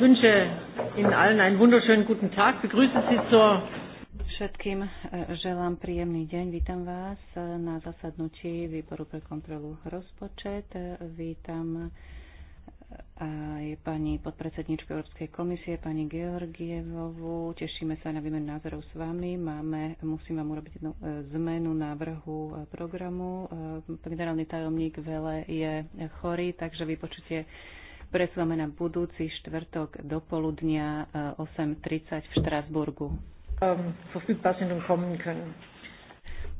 wünsche Ihnen allen einen wunderschönen guten Tag. Begrüße Sie zur Všetkým e, želám príjemný deň. Vítam vás e, na zasadnutí Výboru pre kontrolu rozpočet. E, vítam aj pani podpredsedničku Európskej komisie, pani Georgievovu. Tešíme sa na výmenu názorov s vami. Máme, musím vám urobiť jednu zmenu návrhu programu. Generálny tajomník Vele je chorý, takže vypočutie presúvame na budúci štvrtok do poludnia 8.30 eh, v Štrasburgu. Um,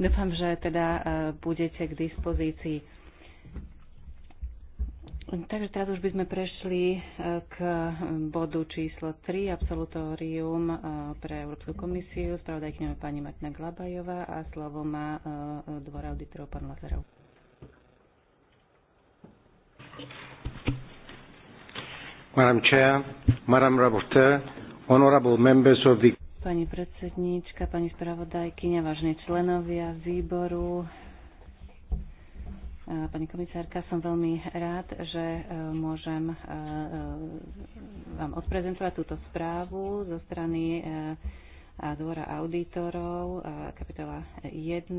Dúfam, že teda eh, budete k dispozícii. Takže teraz už by sme prešli eh, k hm, bodu číslo 3, absolutórium pre Európsku komisiu. Spravodajkňa pani Martina Glabajová a slovo má dvor auditorov pán Lazarov. Madam Chair, Madam Rapporteur, honorable members of the... Pani predsedníčka, pani spravodajkyňa, vážne členovia výboru, Pani komisárka, som veľmi rád, že e, môžem e, e, vám odprezentovať túto správu zo strany dvora auditorov, kapitola 1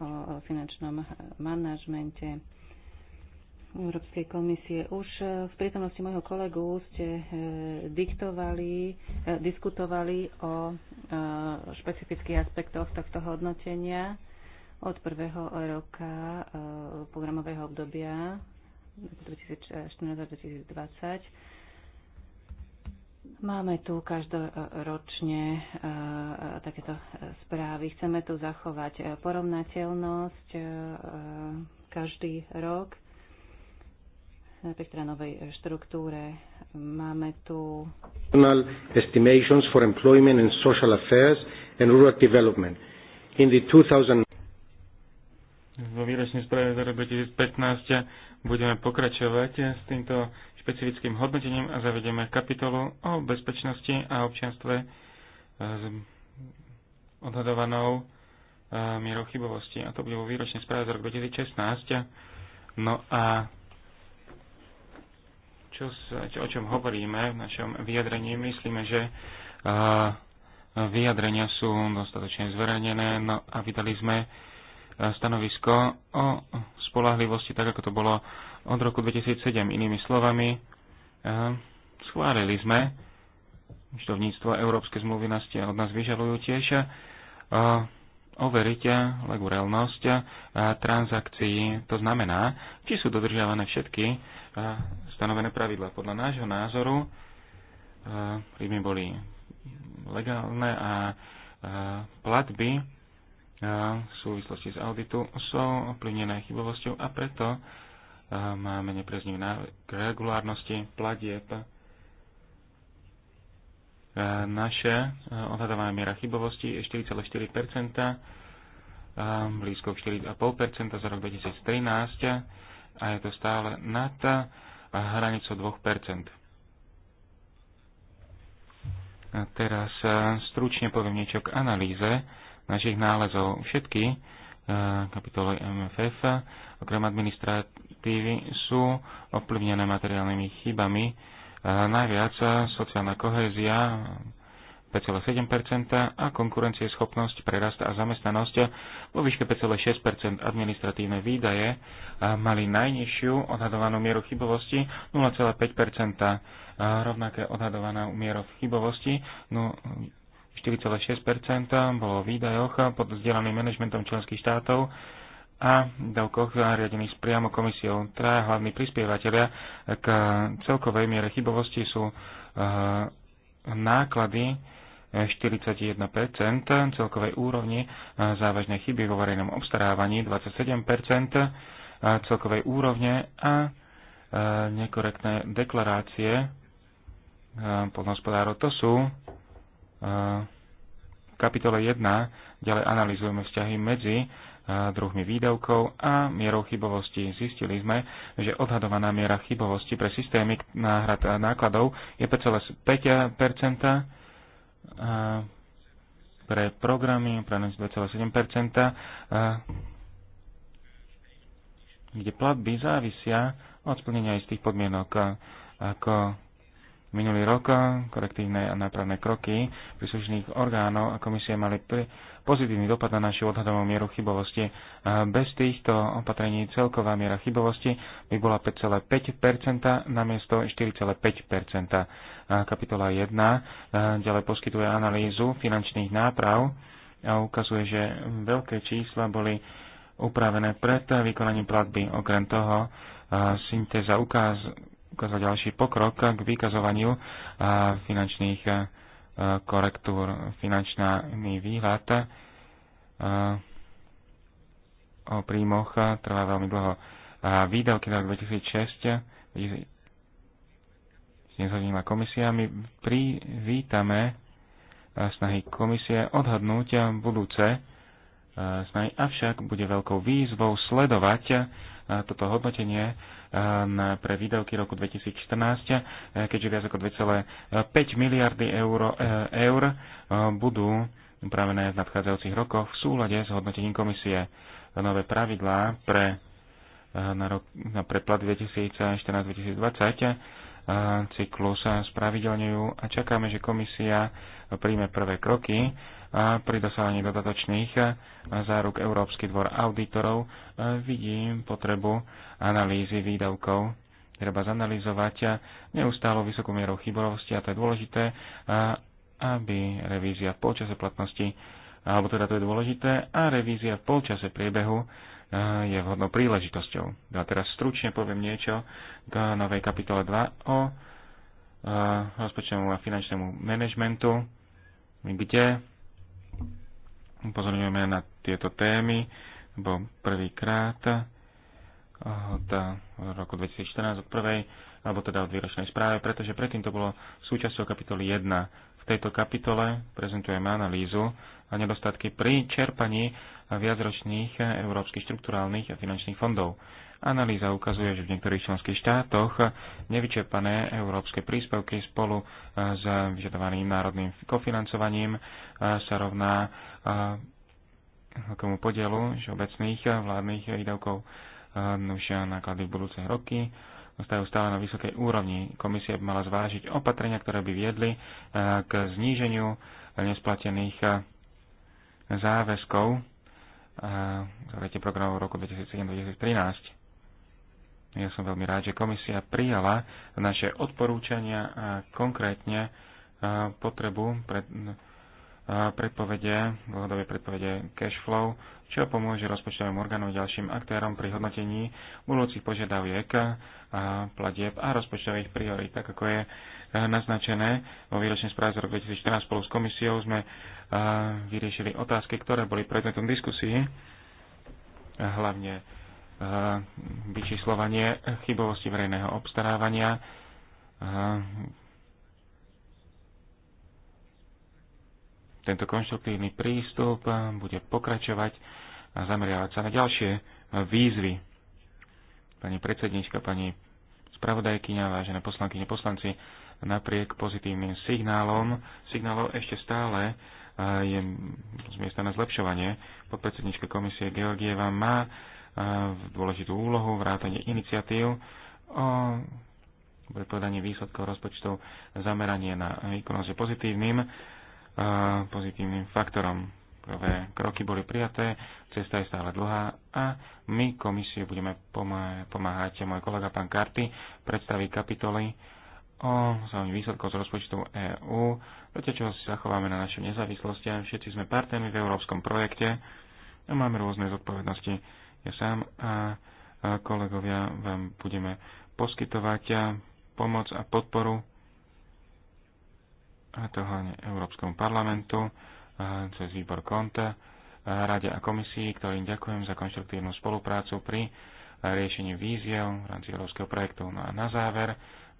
o finančnom manažmente. Európskej komisie. Už eh, v prítomnosti môjho kolegu ste eh, diktovali, eh, diskutovali o špecifických aspektoch tohto hodnotenia od prvého roka programového obdobia 2014-2020. Máme tu každoročne takéto správy. Chceme tu zachovať porovnateľnosť každý rok pestranovej eh, štruktúre. Máme tu estimations for employment and social affairs and rural development. In the 2000 vo výročnej správe za rok 2015 budeme pokračovať s týmto špecifickým hodnotením a zavedeme kapitolu o bezpečnosti a občianstve s eh, odhadovanou eh, mierou chybovosti. A to bude vo výročnej správe za rok 2016. No a čo, čo, o čom hovoríme v našom vyjadrení. Myslíme, že a, vyjadrenia sú dostatočne zverejnené no a vydali sme stanovisko o spolahlivosti, tak ako to bolo od roku 2007. Inými slovami, a, schválili sme, štovníctvo Európske zmluvy ste od nás vyžalujú tiež, a, overiť legurelnosť transakcií. To znamená, či sú dodržiavané všetky stanovené pravidla. Podľa nášho názoru e, príjmy boli legálne a e, platby e, v súvislosti s auditu sú ovplyvnené chybovosťou a preto máme nepreznik na k regulárnosti platieb. Naše odhadovaná miera chybovosti je 4,4 blízko 4,5 za rok 2013 a je to stále nad hranicou 2%. A teraz e, stručne poviem niečo k analýze našich nálezov. Všetky e, kapitoly MFF, okrem administratívy, sú ovplyvnené materiálnymi chybami. E, najviac sociálna kohézia 5,7% a konkurencieschopnosť, prerast a zamestnanosť vo výške 5,6 administratívne výdaje mali najnižšiu odhadovanú mieru chybovosti 0,5 rovnaké odhadovaná miera chybovosti no, 4,6 bolo v výdajoch pod vzdelaným manažmentom členských štátov a dávkoch riadených priamo komisiou. Traja hlavní prispievateľia k celkovej miere chybovosti sú náklady 41 celkovej úrovni závažnej chyby vo verejnom obstarávaní 27 celkovej úrovne a nekorektné deklarácie podhospodárov. To sú v kapitole 1 ďalej analizujeme vzťahy medzi druhmi výdavkov a mierou chybovosti. Zistili sme, že odhadovaná miera chybovosti pre systémy náhrad nákladov je 5,5 pre programy, pre 2,7%, kde platby závisia od splnenia istých podmienok, ako minulý rok korektívne a nápravné kroky príslušných orgánov a komisie mali pozitívny dopad na našu odhadovú mieru chybovosti. Bez týchto opatrení celková miera chybovosti by bola 5,5% namiesto 4,5% kapitola 1 e, ďalej poskytuje analýzu finančných náprav a ukazuje, že veľké čísla boli upravené pred vykonaním platby. Okrem toho, e, syntéza ukáz, ukázala ďalší pokrok k vykazovaniu e, finančných korektúr. Finančný výhľad o príjmoch trvá veľmi dlho. výdavky za 2006 jednotlivými komisia. privítame e, snahy komisie odhadnúť e, budúce e, snahy, avšak bude veľkou výzvou sledovať toto hodnotenie pre výdavky roku 2014, keďže viac ako 2,5 miliardy eur, eur budú upravené v nadchádzajúcich rokoch v súlade s hodnotením komisie. Nové pravidlá pre, na rok, na pre plat 2014-2020 cyklus spravidelňujú a čakáme, že komisia príjme prvé kroky pri dosávaní dodatočných záruk Európsky dvor auditorov. Vidím potrebu analýzy výdavkov. Treba zanalýzovať neustálo vysokú mieru chybovosti a to je dôležité, aby revízia v polčase platnosti, alebo teda to je dôležité, a revízia v polčase priebehu je vhodnou príležitosťou. A teraz stručne poviem niečo k novej kapitole 2 o rozpočtovému a finančnému manažmentu, kde upozorňujeme na tieto témy, bo prvýkrát od roku 2014, od prvej, alebo teda od výročnej správe, pretože predtým to bolo súčasťou kapitoly 1. V tejto kapitole prezentujeme analýzu a nedostatky pri čerpaní viacročných európskych štrukturálnych a finančných fondov. Analýza ukazuje, že v niektorých členských štátoch nevyčerpané európske príspevky spolu e, s vyžadovaným národným kofinancovaním e, sa rovná e, veľkému podielu obecných vládnych výdavkov už náklady v budúce roky ostávajú stále na vysokej úrovni. Komisia by mala zvážiť opatrenia, ktoré by viedli k zníženiu nesplatených záväzkov zavretie programov roku 2007-2013. Ja som veľmi rád, že komisia prijala naše odporúčania a konkrétne potrebu pred, predpovede, dlhodobé predpovede cash flow, čo pomôže rozpočtovým orgánom a ďalším aktérom pri hodnotení budúcich požiadaviek a platieb a rozpočtových priorít, tak ako je Eh, naznačené vo výročnej správe z roku 2014 spolu s komisiou sme eh, vyriešili otázky, ktoré boli predmetom diskusii, eh, hlavne vyčíslovanie chybovosti verejného obstarávania, tento konštruktívny prístup bude pokračovať a zameriavať sa na ďalšie výzvy. Pani predsednička, pani spravodajkyňa, vážené poslankyne, poslanci, napriek pozitívnym signálom, signálov ešte stále e, je z miesta na zlepšovanie. Podpredsednička komisie Georgieva má e, dôležitú úlohu vrátanie iniciatív o predpovedanie výsledkov rozpočtov zameranie na výkonnosť pozitívnym, e, pozitívnym faktorom. Prvé kroky boli prijaté, cesta je stále dlhá a my komisiu budeme pomáhať. Môj kolega pán Karty predstaví kapitoly o zelených výsledkov z rozpočtu EÚ, proti čo si zachováme na našej nezávislosti a všetci sme partnermi v európskom projekte a máme rôzne zodpovednosti. Ja sám a kolegovia vám budeme poskytovať pomoc a podporu a to hlavne Európskom parlamentu cez výbor konta, rade a komisii, ktorým ďakujem za konštruktívnu spoluprácu pri riešení víziev v rámci európskeho projektu. No a na záver,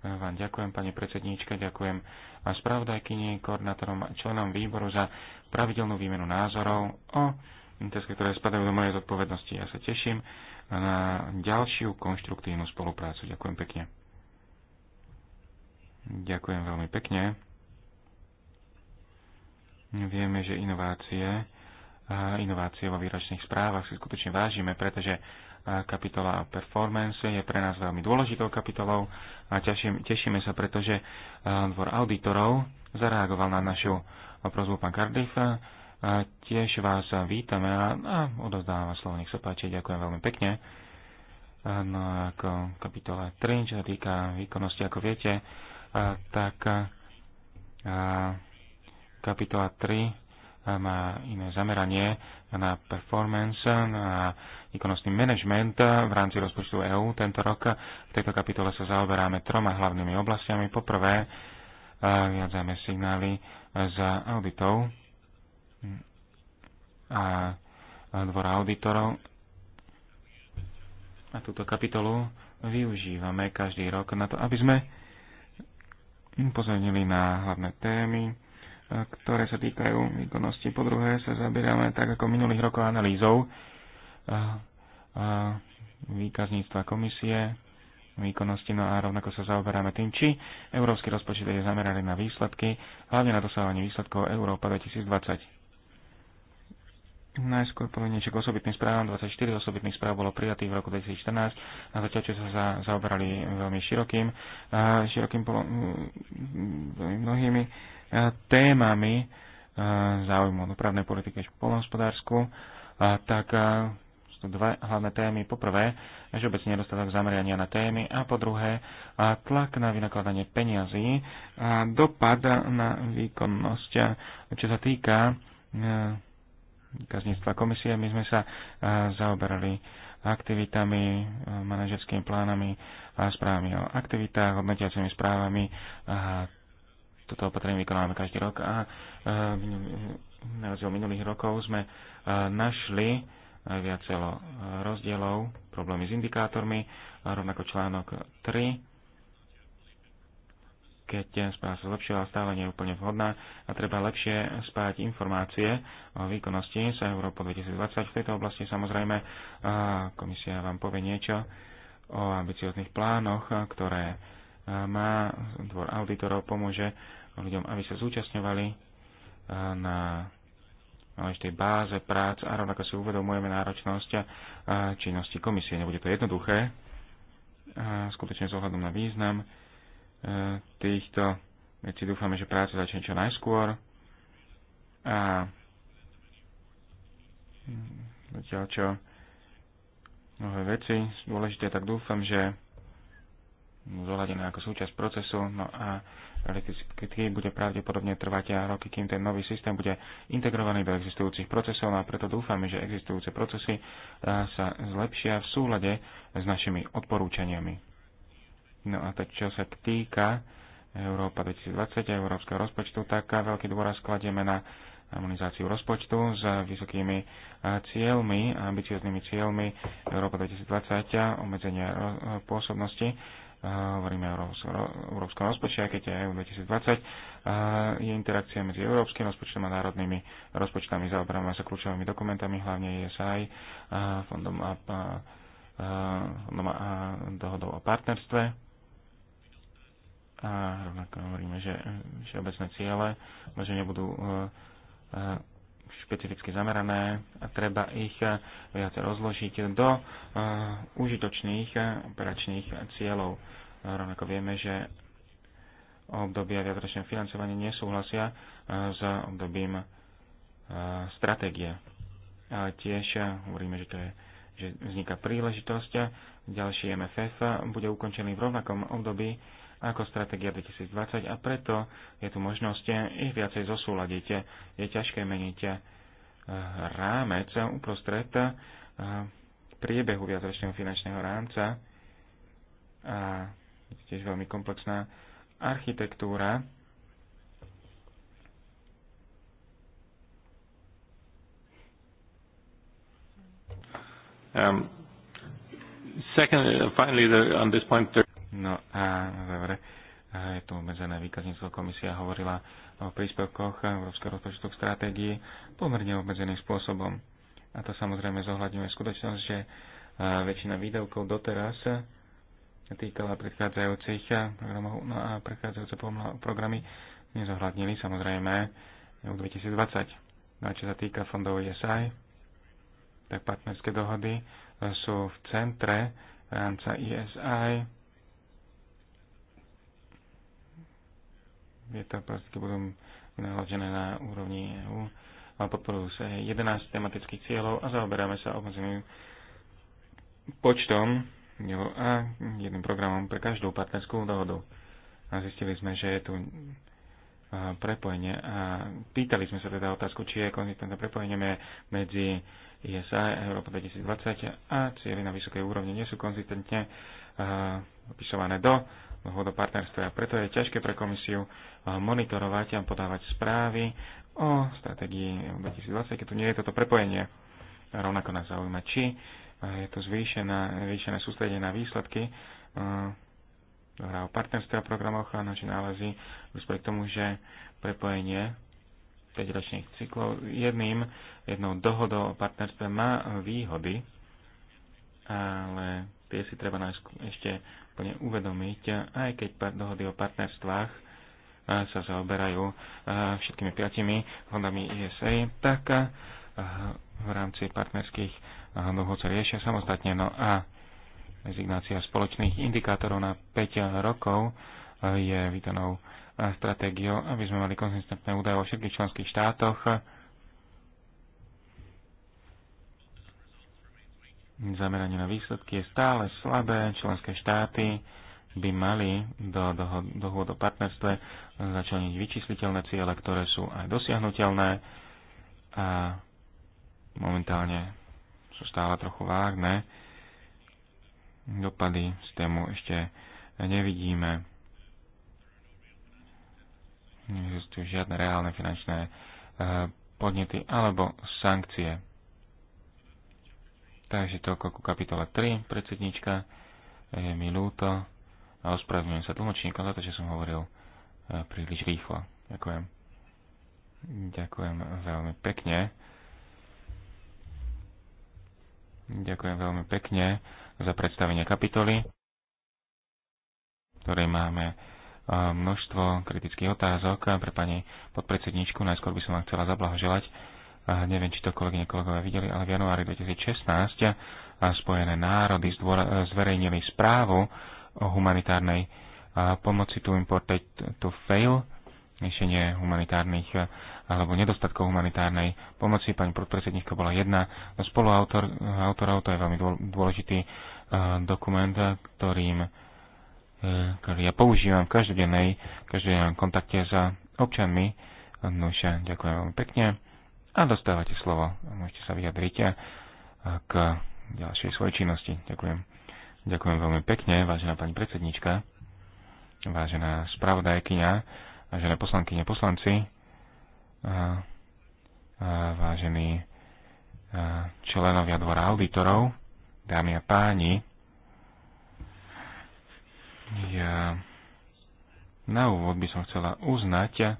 vám ďakujem, pani predsedníčka, ďakujem vám spravodajkyni, koordinátorom a členom výboru za pravidelnú výmenu názorov o otázky, ktoré spadajú do mojej zodpovednosti. Ja sa teším na ďalšiu konštruktívnu spoluprácu. Ďakujem pekne. Ďakujem veľmi pekne. Vieme, že inovácie, inovácie vo výročných správach si skutočne vážime, pretože kapitola performance je pre nás veľmi dôležitou kapitolou a teším, tešíme sa, pretože eh, dvor auditorov zareagoval na našu prozbu pán Cardiff. Eh, tiež vás vítame a, a odovzdávam vás slovo, nech sa páči, ďakujem veľmi pekne. Eh, no ako kapitola 3, čo sa týka výkonnosti, ako viete, tak kapitola 3 má iné zameranie na performance, a výkonnostný manažment eh, v rámci rozpočtu EÚ. Tento rok v tejto kapitole sa zaoberáme troma hlavnými oblastiami. Poprvé, eh, vyhádzame signály z auditov a dvora auditorov. A túto kapitolu využívame každý rok na to, aby sme upozornili na hlavné témy, eh, ktoré sa týkajú výkonnosti. Po druhé sa zabierame tak ako minulých rokov analýzou výkazníctva komisie výkonnosti, no a rovnako sa zaoberáme tým, či európsky rozpočet je zameraný na výsledky, hlavne na dosávanie výsledkov Európa 2020. Najskôr poviem niečo k osobitným správam. 24 osobitných správ bolo prijatých v roku 2014 a zatiaľ, čo sa za, zaoberali veľmi širokým, a širokým mnohými a témami záujmu dopravnej politiky polnohospodársku, a tak a sú dva hlavné témy. Poprvé, vôbec nedostatok zamerania na témy a po druhé, tlak na vynakladanie peňazí a dopad na výkonnosť. Čo sa týka e, kazníctva komisie, my sme sa e, zaoberali aktivitami, e, manažerskými plánami a správami o aktivitách, hodnotiacimi správami. A toto opatrenie vykonávame každý rok a na rozdiel minulých rokov sme našli viacelo e, rozdielov, problémy s indikátormi, a rovnako článok 3, keď správa sa zlepšila, stále nie je úplne vhodná a treba lepšie spájať informácie o výkonnosti sa Európo 2020. V tejto oblasti samozrejme komisia vám povie niečo o ambicioznych plánoch, ktoré má dvor auditorov, pomôže ľuďom, aby sa zúčastňovali na ale v tej báze prác a rovnako si uvedomujeme náročnosť a činnosti komisie. Nebude to jednoduché, a skutočne s ohľadom na význam e, týchto vecí dúfame, že práca začne čo najskôr a mm, zatiaľ čo mnohé veci dôležité, tak dúfam, že zohľadené ako súčasť procesu, no a elektrický bude pravdepodobne trvať a roky, kým ten nový systém bude integrovaný do existujúcich procesov no a preto dúfame, že existujúce procesy e, sa zlepšia v súlade s našimi odporúčaniami. No a teď, čo sa týka Európa 2020 a európskeho rozpočtu, tak veľký dôraz kladieme na harmonizáciu rozpočtu s vysokými e, cieľmi, ambicioznými cieľmi Európa 2020, obmedzenia e, pôsobnosti hovoríme o európskom rozpočte, aj keď je EU 2020, je interakcia medzi európskym rozpočtom a národnými rozpočtami. Zaoberáme sa kľúčovými dokumentami, hlavne ESI, fondom a, fondom a, a dohodou o partnerstve. A rovnako hovoríme, že všeobecné ciele možno nebudú e, e, špecificky zamerané a treba ich viac rozložiť do eh, užitočných operačných cieľov. Rovnako vieme, že obdobia viacročného financovania nesúhlasia eh, s obdobím eh, stratégie. A tiež hovoríme, že, to je, že vzniká príležitosť. Ďalší MFF bude ukončený v rovnakom období ako stratégia 2020 a preto je tu možnosť ich viacej zosúľadiť. Je ťažké meniť eh, rámec uprostred eh, priebehu viacročného finančného rámca a je tiež veľmi komplexná architektúra Um, second, uh, finally, the, on this point, there No a dobre, je tu obmedzené výkazníctvo. Komisia hovorila o príspevkoch Európskeho rozpočtu k stratégii pomerne obmedzeným spôsobom. A to samozrejme zohľadňuje skutočnosť, že väčšina výdavkov doteraz týkala predchádzajúcich programov, no a predchádzajúce programy nezohľadnili samozrejme v 2020. No a čo sa týka fondov ESI, tak partnerské dohody sú v centre rámca ESI, tieto prakticky budú vynaložené na úrovni EU a podporujú sa 11 tematických cieľov a zaoberáme sa obmedzeným počtom a jedným programom pre každú partnerskú dohodu. A zistili sme, že je tu prepojenie a pýtali sme sa teda otázku, či je konzistentné prepojenie medzi ISA e a Európa 2020 a cieľy na vysokej úrovni nie sú konzistentne opisované do dohod a preto je ťažké pre komisiu eh, monitorovať a podávať správy o stratégii 2020, keď tu nie je toto prepojenie. Rovnako nás zaujíma, či eh, je to zvýšené, zvýšené sústredenie na výsledky eh, o partnerstve a programoch a naše nálezy prispeli tomu, že prepojenie 5-ročných cyklov jedným, jednou dohodou o partnerstve má výhody, ale tie si treba nájsť ešte plne uvedomiť, aj keď dohody o partnerstvách sa zaoberajú všetkými piatimi fondami ISA, tak v rámci partnerských dohod sa riešia samostatne. No a rezignácia spoločných indikátorov na 5 rokov je vítanou stratégiou, aby sme mali konzistentné údaje vo všetkých členských štátoch zameranie na výsledky je stále slabé. Členské štáty by mali do dohôd o partnerstve začleniť vyčísliteľné ciele, ktoré sú aj dosiahnutelné a momentálne sú stále trochu vágne. Dopady z tému ešte nevidíme. Neexistujú žiadne reálne finančné eh, podnety alebo sankcie Takže toľko ku kapitole 3, predsednička. Je mi ľúto a ospravedlňujem sa tlmočníkom za to, že som hovoril e, príliš rýchlo. Ďakujem. Ďakujem veľmi pekne. Ďakujem veľmi pekne za predstavenie kapitoly, ktorej máme e, množstvo kritických otázok pre pani podpredsedničku. Najskôr by som vám chcela zablahoželať a neviem, či to kolegyne kolegovia videli, ale v januári 2016 a Spojené národy e, zverejnili správu o humanitárnej pomoci to imported to fail, riešenie humanitárnych e, alebo nedostatkov humanitárnej pomoci. Pani podpredsedníčka bola jedna z spoluautorov, to je veľmi dôležitý e, dokument, ktorým ktorý ja používam v každodennej, každodennom kontakte s občanmi. Nuša, ďakujem veľmi pekne a dostávate slovo. Môžete sa vyjadriť eh, k ďalšej svojej činnosti. Ďakujem. Ďakujem veľmi pekne, vážená pani predsednička, vážená spravodajkyňa, vážené poslankyne, poslanci, a, a vážení a, členovia dvora auditorov, dámy a páni. Ja na úvod by som chcela uznať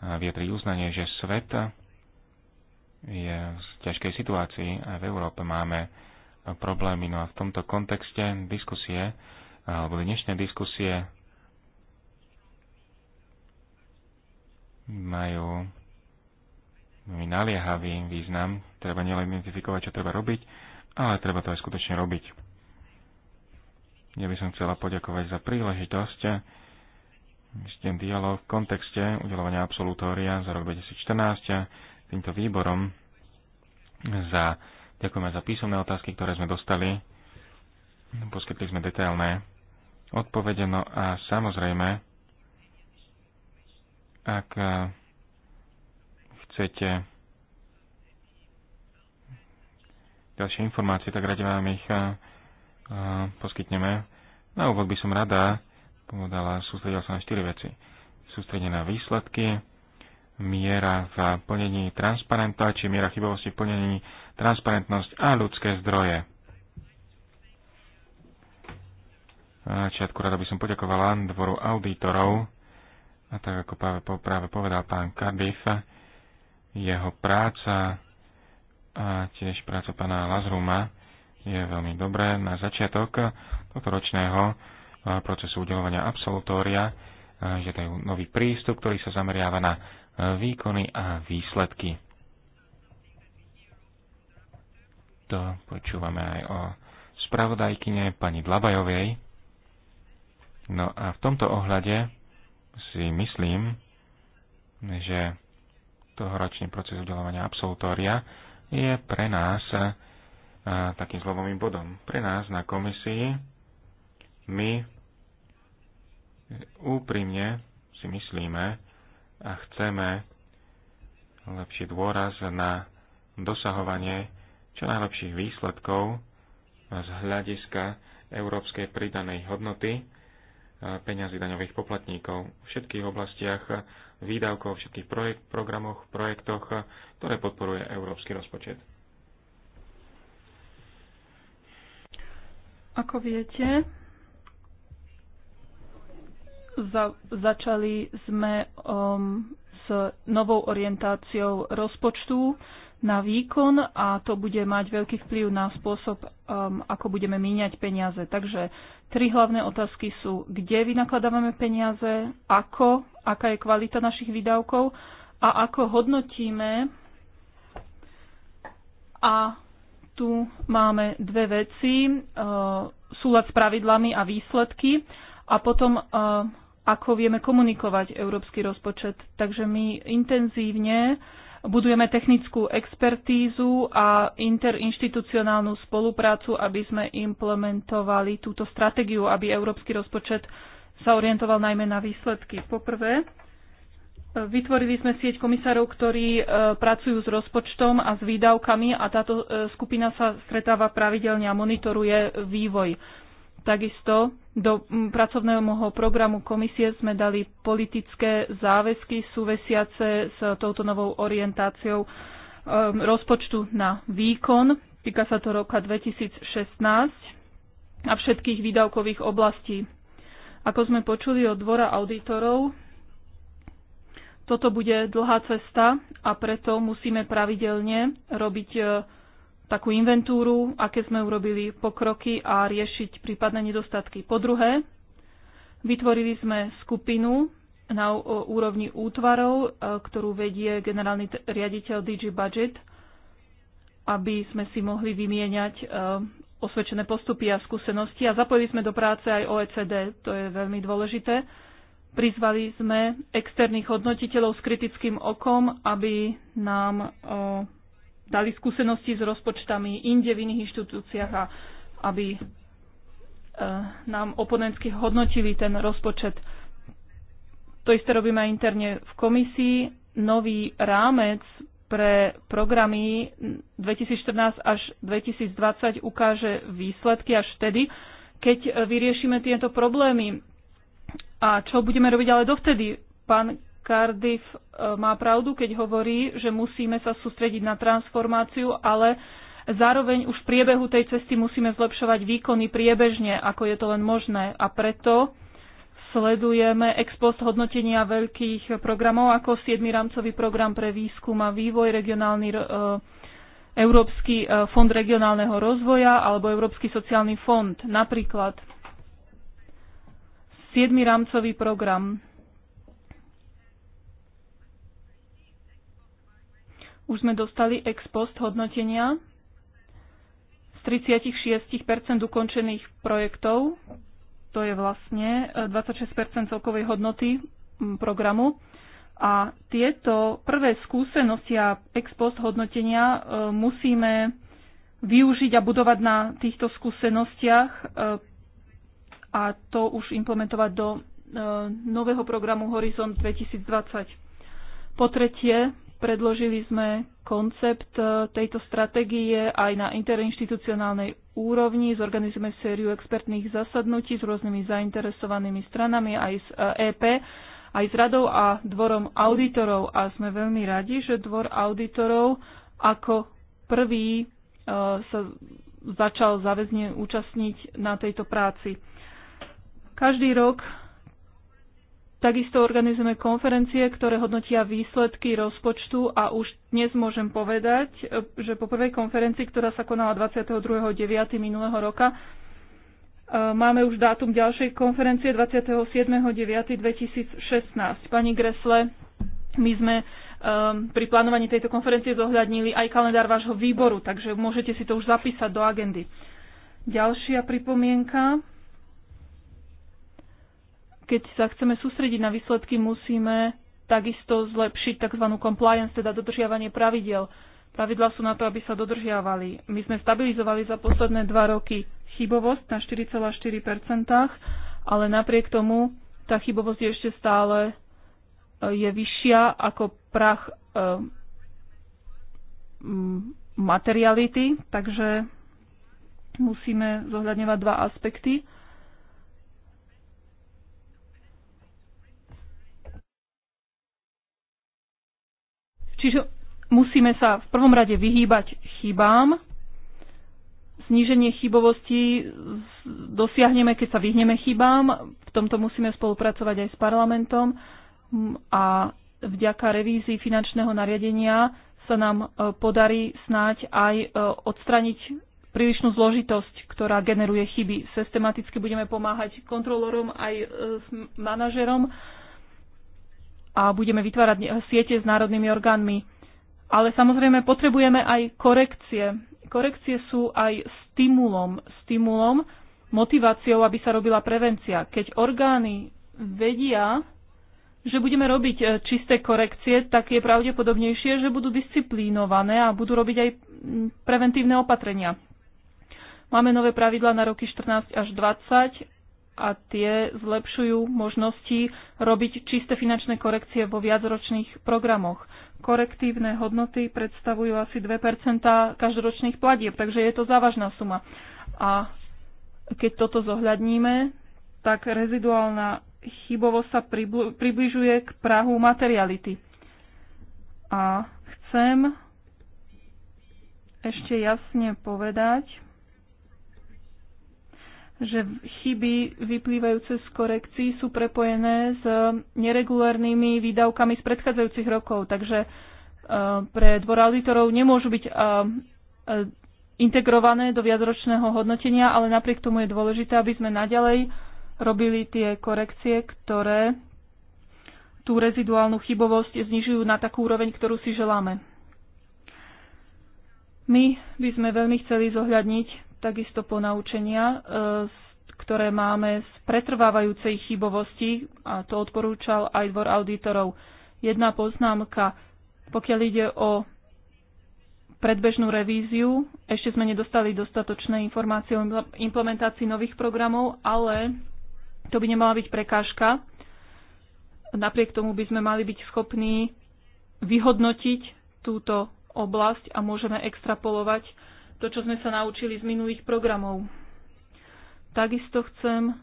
a vyjadriť uznanie, že svet je v ťažkej situácii a v Európe máme problémy. No a v tomto kontexte diskusie, alebo dnešné diskusie majú naliehavý význam. Treba nielen identifikovať, čo treba robiť, ale treba to aj skutočne robiť. Ja by som chcela poďakovať za príležitosť ten dialog v kontexte udelovania absolutória za rok 2014 týmto výborom za, ďakujeme za písomné otázky, ktoré sme dostali. Poskytli sme detailné odpovede, no a samozrejme, ak chcete ďalšie informácie, tak radi vám ich poskytneme. Na úvod by som rada povedala, sústredila sa na 4 veci. Sústredenie na výsledky, miera v plnení transparenta či miera chybovosti v plnení transparentnosť a ľudské zdroje. Začiatku rada by som poďakovala dvoru auditorov, a tak ako práve povedal pán Cardiff, jeho práca a tiež práca pána Lazruma je veľmi dobré na začiatok tohto ročného procesu udelovania absolutória, že to je nový prístup, ktorý sa zameriava na výkony a výsledky. To počúvame aj o spravodajkyne pani Dlabajovej. No a v tomto ohľade si myslím, že tohoročný proces udelovania absolutória je pre nás takým zlomovým bodom. Pre nás na komisii my úprimne si myslíme, a chceme lepší dôraz na dosahovanie čo najlepších výsledkov z hľadiska európskej pridanej hodnoty e, peňazí daňových poplatníkov v všetkých oblastiach výdavkov, všetkých projekt, programoch, projektoch, ktoré podporuje európsky rozpočet. Ako viete, za, začali sme um, s novou orientáciou rozpočtu na výkon a to bude mať veľký vplyv na spôsob, um, ako budeme míňať peniaze. Takže tri hlavné otázky sú, kde vynakladávame peniaze, ako, aká je kvalita našich výdavkov a ako hodnotíme. A tu máme dve veci, uh, súlad s pravidlami a výsledky a potom uh, ako vieme komunikovať európsky rozpočet. Takže my intenzívne budujeme technickú expertízu a interinstitucionálnu spoluprácu, aby sme implementovali túto stratégiu, aby európsky rozpočet sa orientoval najmä na výsledky. Poprvé, vytvorili sme sieť komisárov, ktorí e, pracujú s rozpočtom a s výdavkami a táto e, skupina sa stretáva pravidelne a monitoruje vývoj. Takisto do pracovného programu komisie sme dali politické záväzky súvesiace s touto novou orientáciou ehm, rozpočtu na výkon. Týka sa to roka 2016 a všetkých výdavkových oblastí. Ako sme počuli od dvora auditorov, toto bude dlhá cesta a preto musíme pravidelne robiť e, takú inventúru, aké sme urobili pokroky a riešiť prípadné nedostatky. Po druhé, vytvorili sme skupinu na úrovni útvarov, e, ktorú vedie generálny riaditeľ DG Budget, aby sme si mohli vymieňať e, osvedčené postupy a skúsenosti a zapojili sme do práce aj OECD, to je veľmi dôležité. Prizvali sme externých hodnotiteľov s kritickým okom, aby nám e, dali skúsenosti s rozpočtami inde v iných inštitúciách a aby e, nám oponentsky hodnotili ten rozpočet. To isté robíme aj interne v komisii. Nový rámec pre programy 2014 až 2020 ukáže výsledky až vtedy, keď vyriešime tieto problémy. A čo budeme robiť ale dovtedy? Pán Cardiff e, má pravdu, keď hovorí, že musíme sa sústrediť na transformáciu, ale zároveň už v priebehu tej cesty musíme zlepšovať výkony priebežne, ako je to len možné. A preto sledujeme ex post hodnotenia veľkých programov, ako 7. rámcový program pre výskum a vývoj, regionálny e, Európsky e, fond regionálneho rozvoja alebo Európsky sociálny fond. Napríklad 7. rámcový program Už sme dostali ex post hodnotenia z 36 ukončených projektov, to je vlastne 26 e, celkovej hodnoty programu. A tieto prvé skúsenosti a ex post hodnotenia e, musíme využiť a budovať na týchto skúsenostiach e, a to už implementovať do nového programu Horizont 2020. Po tretie, Predložili sme koncept e, tejto stratégie aj na interinstitucionálnej úrovni. Zorganizujeme sériu expertných zasadnutí s rôznymi zainteresovanými stranami aj z EP, e aj s radou a dvorom auditorov. A sme veľmi radi, že dvor auditorov ako prvý e, sa začal záväzne účastniť na tejto práci. Každý rok Takisto organizujeme konferencie, ktoré hodnotia výsledky rozpočtu a už dnes môžem povedať, že po prvej konferencii, ktorá sa konala 22.9. minulého roka, e, máme už dátum ďalšej konferencie 27.9.2016. Pani Gresle, my sme e, pri plánovaní tejto konferencie zohľadnili aj kalendár vášho výboru, takže môžete si to už zapísať do agendy. Ďalšia pripomienka keď sa chceme sústrediť na výsledky, musíme takisto zlepšiť tzv. compliance, teda dodržiavanie pravidel. Pravidla sú na to, aby sa dodržiavali. My sme stabilizovali za posledné dva roky chybovosť na 4,4%, ale napriek tomu tá chybovosť je ešte stále e, je vyššia ako prach e, materiality, takže musíme zohľadňovať dva aspekty. Čiže musíme sa v prvom rade vyhýbať chybám. Zníženie chybovosti dosiahneme, keď sa vyhneme chybám. V tomto musíme spolupracovať aj s parlamentom a vďaka revízii finančného nariadenia sa nám e, podarí snáď aj e, odstraniť prílišnú zložitosť, ktorá generuje chyby. Systematicky budeme pomáhať kontrolorom aj e, manažerom a budeme vytvárať siete s národnými orgánmi. Ale samozrejme potrebujeme aj korekcie. Korekcie sú aj stimulom, stimulom, motiváciou, aby sa robila prevencia. Keď orgány vedia, že budeme robiť e, čisté korekcie, tak je pravdepodobnejšie, že budú disciplínované a budú robiť aj preventívne opatrenia. Máme nové pravidla na roky 14 až 20 a tie zlepšujú možnosti robiť čisté finančné korekcie vo viacročných programoch. Korektívne hodnoty predstavujú asi 2 každoročných platieb, takže je to závažná suma. A keď toto zohľadníme, tak reziduálna chybovosť sa približuje k prahu materiality. A chcem ešte jasne povedať, že chyby vyplývajúce z korekcií sú prepojené s neregulárnymi výdavkami z predchádzajúcich rokov. Takže e, pre dvor auditorov nemôžu byť e, e, integrované do viacročného hodnotenia, ale napriek tomu je dôležité, aby sme naďalej robili tie korekcie, ktoré tú reziduálnu chybovosť znižujú na takú úroveň, ktorú si želáme. My by sme veľmi chceli zohľadniť takisto ponaučenia, e, ktoré máme z pretrvávajúcej chybovosti, a to odporúčal aj dvor auditorov. Jedna poznámka, pokiaľ ide o predbežnú revíziu, ešte sme nedostali dostatočné informácie o implementácii nových programov, ale to by nemala byť prekážka. Napriek tomu by sme mali byť schopní vyhodnotiť túto oblasť a môžeme extrapolovať to, čo sme sa naučili z minulých programov. Takisto chcem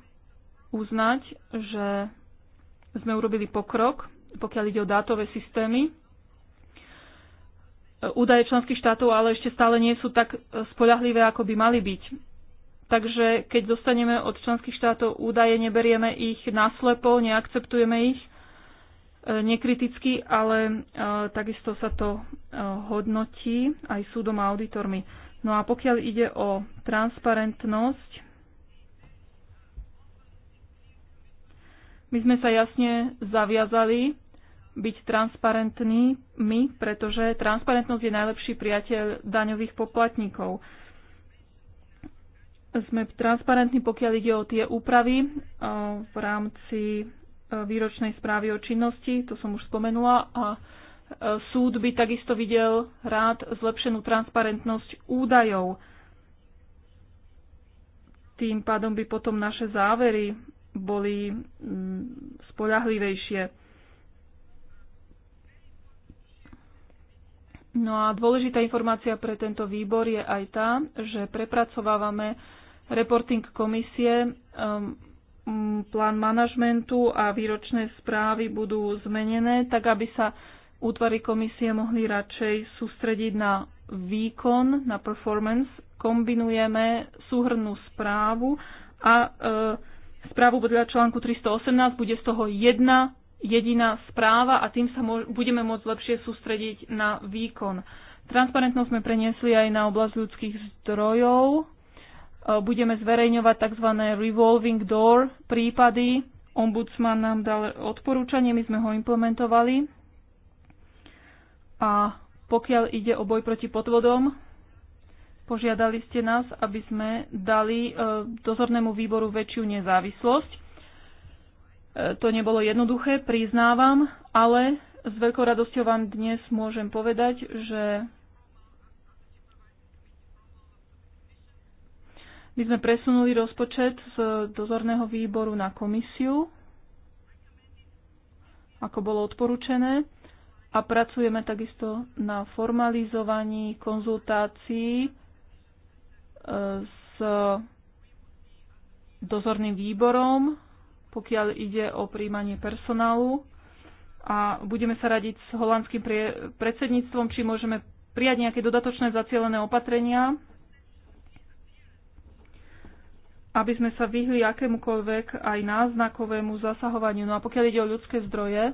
uznať, že sme urobili pokrok, pokiaľ ide o dátové systémy. Údaje členských štátov ale ešte stále nie sú tak spoľahlivé, ako by mali byť. Takže keď dostaneme od členských štátov údaje, neberieme ich naslepo, neakceptujeme ich e, nekriticky, ale e, takisto sa to e, hodnotí aj súdom a auditormi. No a pokiaľ ide o transparentnosť, my sme sa jasne zaviazali byť transparentní my, pretože transparentnosť je najlepší priateľ daňových poplatníkov. Sme transparentní, pokiaľ ide o tie úpravy v rámci výročnej správy o činnosti, to som už spomenula, a Súd by takisto videl rád zlepšenú transparentnosť údajov. Tým pádom by potom naše závery boli mm, spolahlivejšie. No a dôležitá informácia pre tento výbor je aj tá, že prepracovávame reporting komisie, um, plán manažmentu a výročné správy budú zmenené, tak aby sa útvary komisie mohli radšej sústrediť na výkon, na performance. Kombinujeme súhrnú správu a e, správu podľa článku 318 bude z toho jedna jediná správa a tým sa budeme môcť lepšie sústrediť na výkon. Transparentnosť sme preniesli aj na oblasť ľudských zdrojov. E, budeme zverejňovať tzv. revolving door prípady. Ombudsman nám dal odporúčanie, my sme ho implementovali. A pokiaľ ide o boj proti podvodom, požiadali ste nás, aby sme dali e, dozornému výboru väčšiu nezávislosť. E, to nebolo jednoduché, priznávam, ale s veľkou radosťou vám dnes môžem povedať, že my sme presunuli rozpočet z dozorného výboru na komisiu, ako bolo odporúčené a pracujeme takisto na formalizovaní konzultácií e, s dozorným výborom, pokiaľ ide o príjmanie personálu. A budeme sa radiť s holandským predsedníctvom, či môžeme prijať nejaké dodatočné zacielené opatrenia, aby sme sa vyhli akémukoľvek aj náznakovému zasahovaniu. No a pokiaľ ide o ľudské zdroje,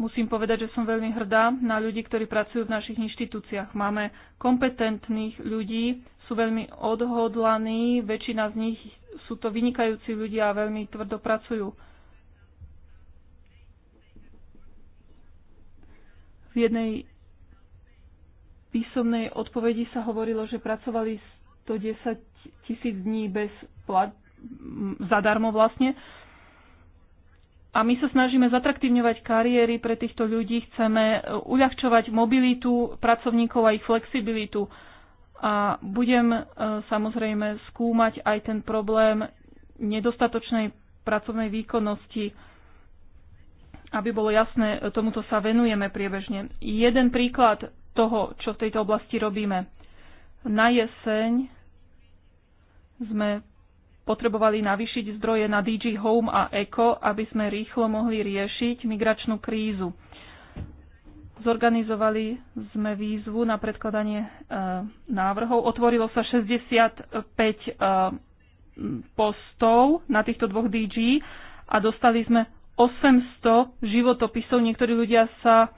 Musím povedať, že som veľmi hrdá na ľudí, ktorí pracujú v našich inštitúciách. Máme kompetentných ľudí, sú veľmi odhodlaní, väčšina z nich sú to vynikajúci ľudia a veľmi tvrdo pracujú. V jednej písomnej odpovedi sa hovorilo, že pracovali 110 tisíc dní bez plat, zadarmo vlastne. A my sa snažíme zatraktívňovať kariéry pre týchto ľudí, chceme e, uľahčovať mobilitu pracovníkov a ich flexibilitu. A budem e, samozrejme skúmať aj ten problém nedostatočnej pracovnej výkonnosti, aby bolo jasné, e, tomuto sa venujeme priebežne. Jeden príklad toho, čo v tejto oblasti robíme. Na jeseň sme potrebovali navýšiť zdroje na DG Home a ECO, aby sme rýchlo mohli riešiť migračnú krízu. Zorganizovali sme výzvu na predkladanie e, návrhov. Otvorilo sa 65 e, postov na týchto dvoch DG a dostali sme 800 životopisov. Niektorí ľudia sa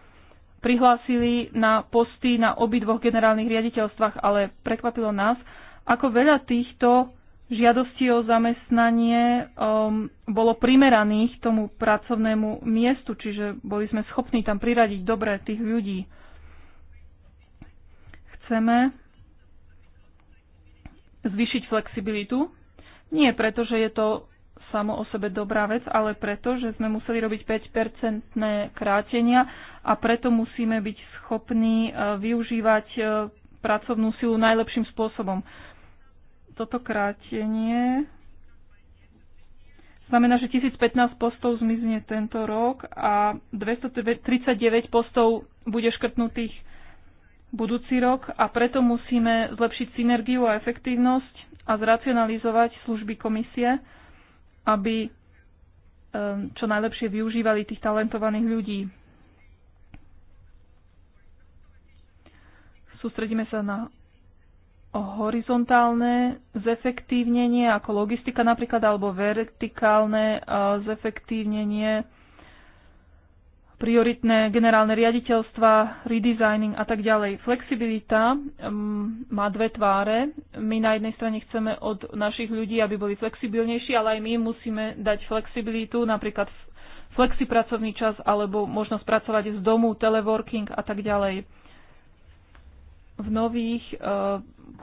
prihlásili na posty na obidvoch generálnych riaditeľstvách, ale prekvapilo nás, ako veľa týchto žiadosti o zamestnanie um, bolo primeraných tomu pracovnému miestu, čiže boli sme schopní tam priradiť dobre tých ľudí. Chceme zvýšiť flexibilitu. Nie preto, že je to samo o sebe dobrá vec, ale preto, že sme museli robiť 5-percentné krátenia a preto musíme byť schopní eh, využívať eh, pracovnú silu najlepším spôsobom toto krátenie znamená, že 1015 postov zmizne tento rok a 239 postov bude škrtnutých budúci rok a preto musíme zlepšiť synergiu a efektívnosť a zracionalizovať služby komisie, aby ehm, čo najlepšie využívali tých talentovaných ľudí. Sústredíme sa na horizontálne zefektívnenie ako logistika napríklad alebo vertikálne e, zefektívnenie prioritné generálne riaditeľstva, redesigning a tak ďalej. Flexibilita má dve tváre. My na jednej strane chceme od našich ľudí, aby boli flexibilnejší, ale aj my musíme dať flexibilitu, napríklad flexi pracovný čas alebo možnosť pracovať z domu, teleworking a tak ďalej v nových e,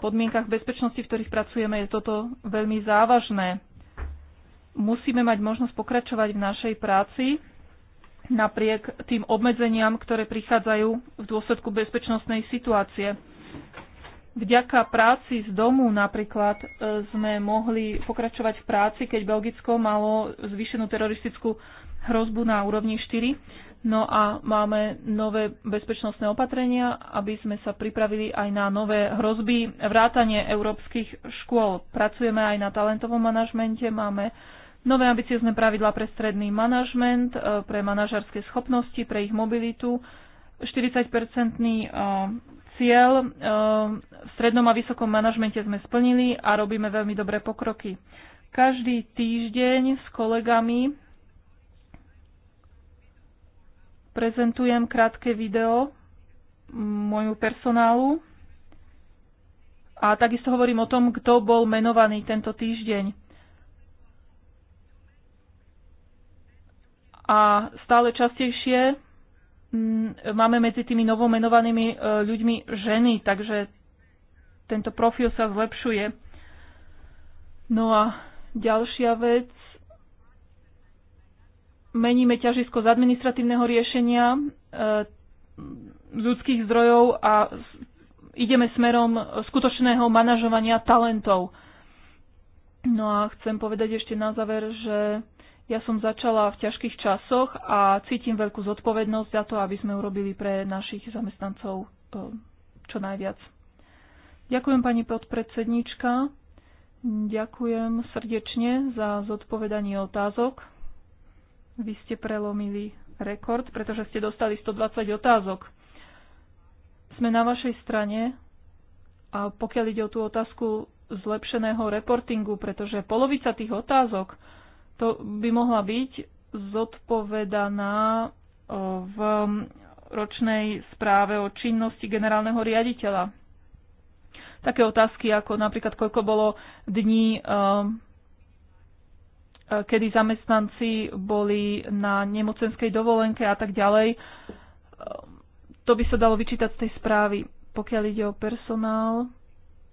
podmienkach bezpečnosti, v ktorých pracujeme, je toto veľmi závažné. Musíme mať možnosť pokračovať v našej práci napriek tým obmedzeniam, ktoré prichádzajú v dôsledku bezpečnostnej situácie. Vďaka práci z domu napríklad e, sme mohli pokračovať v práci, keď Belgicko malo zvýšenú teroristickú hrozbu na úrovni 4 No a máme nové bezpečnostné opatrenia, aby sme sa pripravili aj na nové hrozby, vrátanie európskych škôl. Pracujeme aj na talentovom manažmente, máme nové ambiciozne pravidlá pre stredný manažment, e, pre manažerské schopnosti, pre ich mobilitu, 40-percentný e, cieľ e, v strednom a vysokom manažmente sme splnili a robíme veľmi dobré pokroky. Každý týždeň s kolegami prezentujem krátke video moju personálu a takisto hovorím o tom, kto bol menovaný tento týždeň. A stále častejšie mm, máme medzi tými novomenovanými e, ľuďmi ženy, takže tento profil sa zlepšuje. No a ďalšia vec, meníme ťažisko z administratívneho riešenia e, z ľudských zdrojov a ideme smerom skutočného manažovania talentov. No a chcem povedať ešte na záver, že ja som začala v ťažkých časoch a cítim veľkú zodpovednosť za to, aby sme urobili pre našich zamestnancov e, čo najviac. Ďakujem pani podpredsednička, ďakujem srdečne za zodpovedanie otázok. Vy ste prelomili rekord, pretože ste dostali 120 otázok. Sme na vašej strane a pokiaľ ide o tú otázku zlepšeného reportingu, pretože polovica tých otázok to by mohla byť zodpovedaná e, v ročnej správe o činnosti generálneho riaditeľa. Také otázky ako napríklad, koľko bolo dní e, kedy zamestnanci boli na nemocenskej dovolenke a tak ďalej. To by sa dalo vyčítať z tej správy. Pokiaľ ide o personál,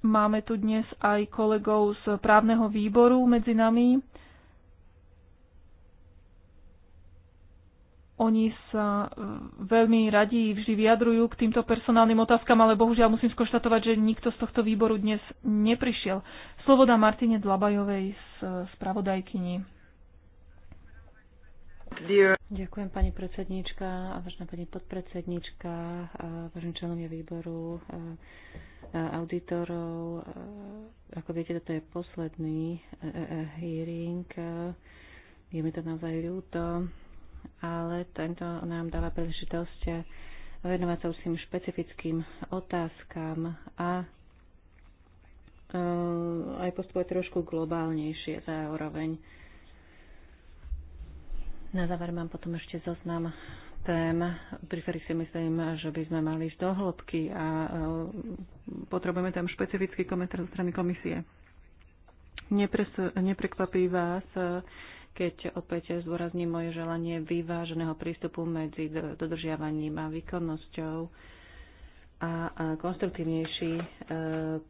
máme tu dnes aj kolegov z právneho výboru medzi nami. Oni sa e, veľmi radi vždy vyjadrujú k týmto personálnym otázkam, ale bohužiaľ musím skonštatovať, že nikto z tohto výboru dnes neprišiel. Slovo dá Martine Dlabajovej z spravodajkyni. Ďakujem pani a vážna pani podpredsedníčka, vážne členovia výboru auditorov. Ako viete, toto je posledný e, e, hearing. Je mi to naozaj ľúto ale tento nám dáva príležitosť venovať sa už tým špecifickým otázkam a eh, aj postupovať trošku globálnejšie za úroveň. Na záver mám potom ešte zoznam tém, pri ktorých si myslím, že by sme mali ísť do hĺbky a eh, potrebujeme tam špecifický komentár zo strany komisie. Nepres, neprekvapí vás, eh, keď opäť zdôrazním moje želanie vyváženého prístupu medzi dodržiavaním a výkonnosťou a konstruktívnejší e,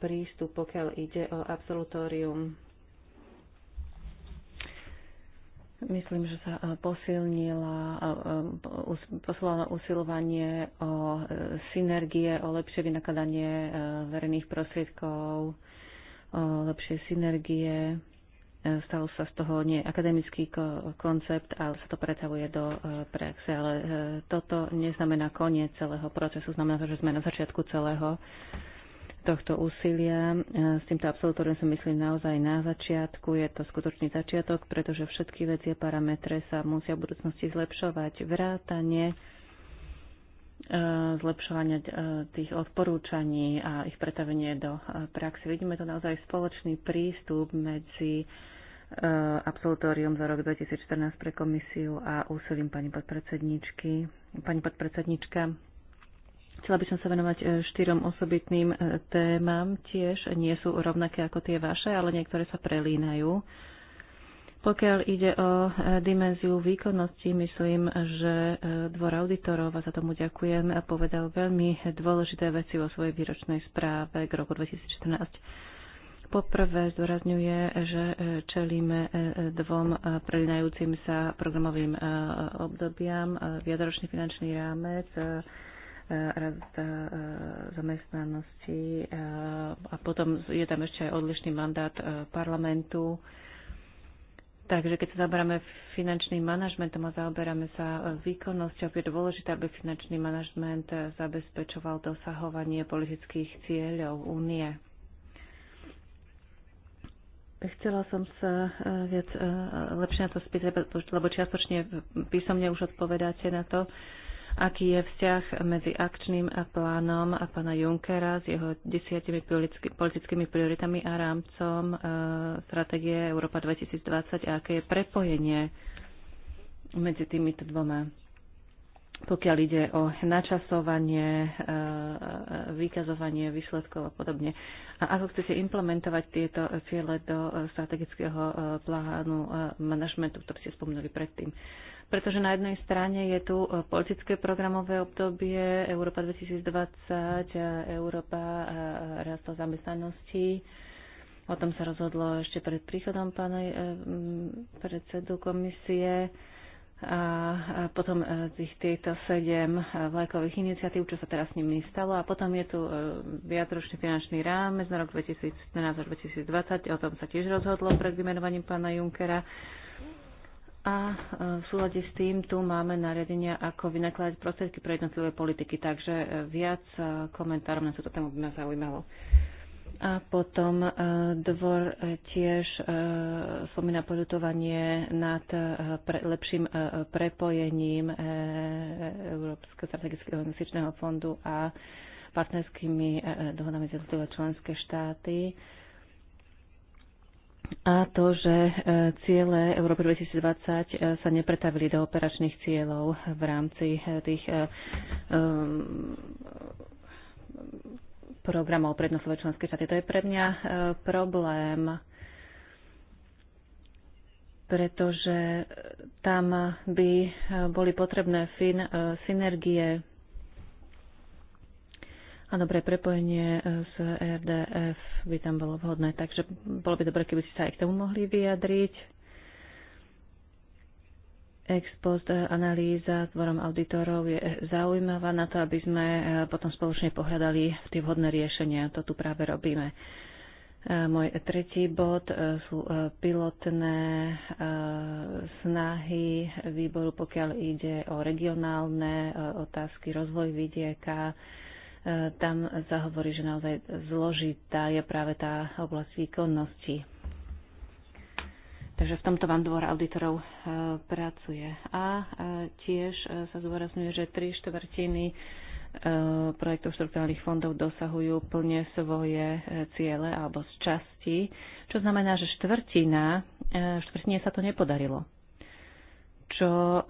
prístup, pokiaľ ide o absolutórium. Myslím, že sa e, posilnila, e, posilnilo usilovanie o synergie, o lepšie vynakladanie verejných prostriedkov, o lepšie synergie Stalo sa z toho nie akademický koncept, ale sa to pretavuje do e, praxe. Ale e, toto neznamená koniec celého procesu, znamená to, že sme na začiatku celého tohto úsilia. E, s týmto absolutórium som myslím naozaj na začiatku. Je to skutočný začiatok, pretože všetky veci a parametre sa musia v budúcnosti zlepšovať. Vrátanie zlepšovania tých odporúčaní a ich pretavenie do praxe. Vidíme to naozaj spoločný prístup medzi Eh, absolutórium za rok 2014 pre komisiu a úsilím pani podpredsedničky. Pani podpredsednička, chcela by som sa venovať eh, štyrom osobitným eh, témam. Tiež nie sú rovnaké ako tie vaše, ale niektoré sa prelínajú. Pokiaľ ide o dimenziu výkonnosti, myslím, že dvor auditorov, a za tomu ďakujem, povedal veľmi dôležité veci vo svojej výročnej správe k roku 2014 Poprvé zdôrazňuje, že e, čelíme e, dvom e, prelinajúcim sa programovým obdobiam, viacročný finančný rámec, rast zamestnanosti a potom je tam ešte aj odlišný mandát parlamentu. Takže keď sa zaberáme finančným manažmentom a zaoberáme sa výkonnosťou, je dôležité, aby finančný manažment zabezpečoval dosahovanie politických cieľov únie. Chcela som sa e, viac e, lepšie na to spýtať, lebo čiastočne písomne už odpovedáte na to, aký je vzťah medzi akčným a plánom a pána Junckera s jeho desiatimi politickými prioritami a rámcom e, stratégie Európa 2020 a aké je prepojenie medzi týmito dvoma pokiaľ ide o načasovanie, e, e, vykazovanie výsledkov a podobne. A ako chcete implementovať tieto ciele do e, strategického plánu manažmentu, ktorý ste spomínali predtým? Pretože na jednej strane je tu politické programové obdobie Európa 2020, Európa rastu zamestnanosti, O tom sa rozhodlo ešte pred príchodom pána predsedu komisie a potom e, tých týchto sedem e, vlajkových iniciatív, čo sa teraz s nimi stalo. A potom je tu e, viacročný finančný rámec na rok 2014 až 2020. O tom sa tiež rozhodlo pred vymenovaním pána Junkera. A v súlade s tým tu máme nariadenia, ako vynakladať prostriedky pre jednotlivé politiky. Takže viac komentárov na túto tému by ma zaujímalo. A potom e, dvor e, tiež spomína e, poľutovanie nad pre, lepším prepojením Európskeho strategického investičného fondu a partnerskými dohodami z jednotlivé členské štáty a to, že ciele Európy 2020 sa nepretavili do operačných cieľov v rámci tých programov pre jednotlivé členské štáty. To je pre mňa e, problém, pretože tam by e, boli potrebné fin, e, synergie a dobré prepojenie s RDF by tam bolo vhodné. Takže bolo by dobre, keby ste sa aj k tomu mohli vyjadriť ex post analýza tvorom auditorov je zaujímavá na to, aby sme e, potom spoločne pohľadali tie vhodné riešenia. To tu práve robíme. E, môj tretí bod e, sú pilotné snahy výboru, pokiaľ ide o regionálne otázky, rozvoj vidieka. Tam sa hovorí, že naozaj zložitá je práve tá oblasť výkonnosti Takže v tomto vám dvor auditorov e, pracuje. A e, tiež e, sa zúrazňuje, že tri štvrtiny projektov štruktúrnych fondov dosahujú plne svoje ciele alebo z časti, čo znamená, že štvrtina, štvrtine sa to nepodarilo, čo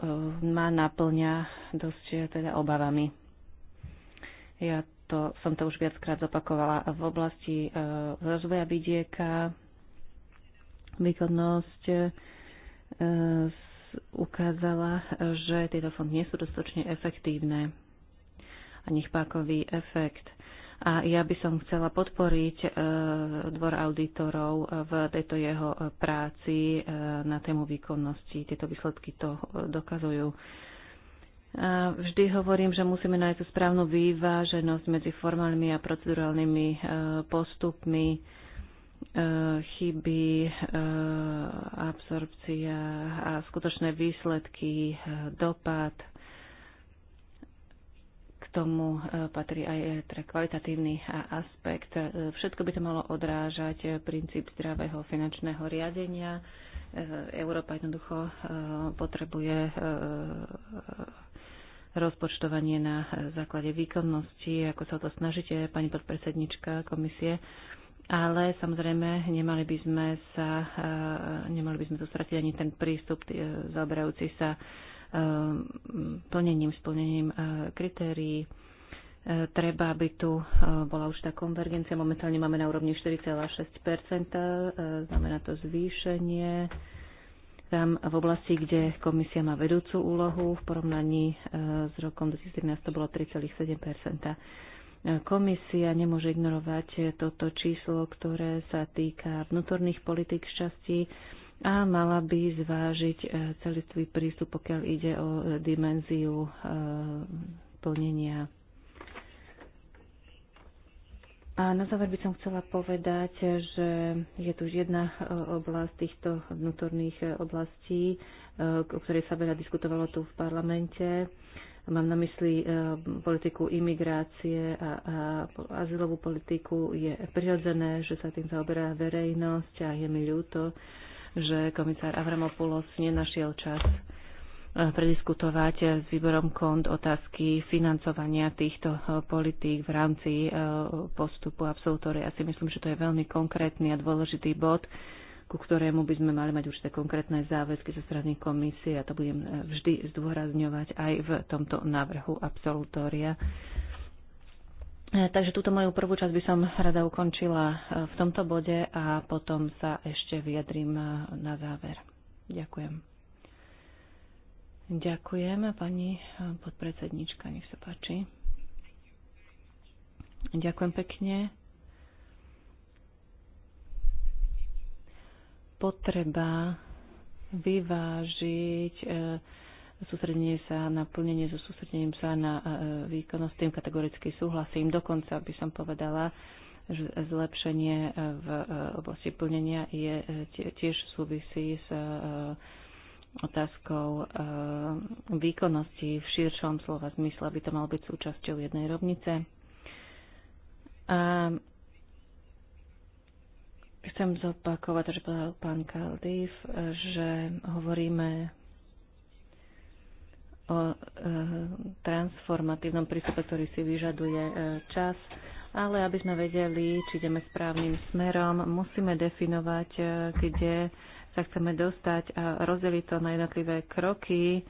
ma naplňa dosť teda obavami. Ja to, som to už viackrát zopakovala v oblasti rozvoja vidieka, výkonnosť e, ukázala, že tieto fondy nie sú dostatočne efektívne ani pákový efekt. A ja by som chcela podporiť e, dvor auditorov v tejto jeho práci e, na tému výkonnosti. Tieto výsledky to dokazujú. A vždy hovorím, že musíme nájsť správnu vyváženosť medzi formálnymi a procedurálnymi postupmi E, chyby, e, absorpcia a skutočné výsledky, e, dopad. K tomu patrí aj teda kvalitatívny aspekt. Všetko by to malo odrážať princíp zdravého finančného riadenia. Európa jednoducho potrebuje rozpočtovanie na základe výkonnosti, ako sa o to snažíte, pani podpredsednička komisie ale samozrejme nemali by sme sa, eh, nemali by sme zostratiť stratiť ani ten prístup eh, zaoberajúci sa eh, plnením, splnením kritérií. Treba, aby tu bola už tá konvergencia. Momentálne máme na úrovni 4,6 znamená to zvýšenie. Tam v oblasti, kde komisia má vedúcu úlohu v porovnaní s rokom 2013 to bolo 3,7 Komisia nemôže ignorovať toto číslo, ktoré sa týka vnútorných politik šťastí a mala by zvážiť e, celistvý prístup, pokiaľ ide o e, dimenziu e, plnenia. A na záver by som chcela povedať, že je tu jedna oblasť týchto vnútorných oblastí, o ktorej sa veľa diskutovalo tu v parlamente. Mám na mysli e, politiku imigrácie a, a azylovú politiku. Je prirodzené, že sa tým zaoberá verejnosť a je mi ľúto, že komisár Avramopoulos nenašiel čas e, prediskutovať s výborom kont otázky financovania týchto e, politík v rámci postupu absolutória. Ja si myslím, že to je veľmi konkrétny a dôležitý bod, ku ktorému by sme mali mať určité konkrétne záväzky zo strany komisie. Ja to budem eh, vždy zdôrazňovať aj v tomto návrhu absolutória. Eh, takže túto moju prvú časť by som rada ukončila eh, v tomto bode a potom sa ešte vyjadrím na záver. Ďakujem. Ďakujem, pani podpredsednička, nech sa páči. Ďakujem pekne. potreba vyvážiť e, sústredenie sa na plnenie so sústredením sa na e, výkonnosť. Tým kategoricky súhlasím. Dokonca by som povedala, že zlepšenie e, v oblasti plnenia je, tiež súvisí s otázkou výkonnosti v širšom slova zmysle, by to malo byť súčasťou jednej rovnice. A Chcem zopakovať, že povedal pán Kaldív, že hovoríme o e, transformatívnom prístupe, ktorý si vyžaduje e, čas, ale aby sme vedeli, či ideme správnym smerom, musíme definovať, e, kde sa chceme dostať a rozdeliť to na jednotlivé kroky,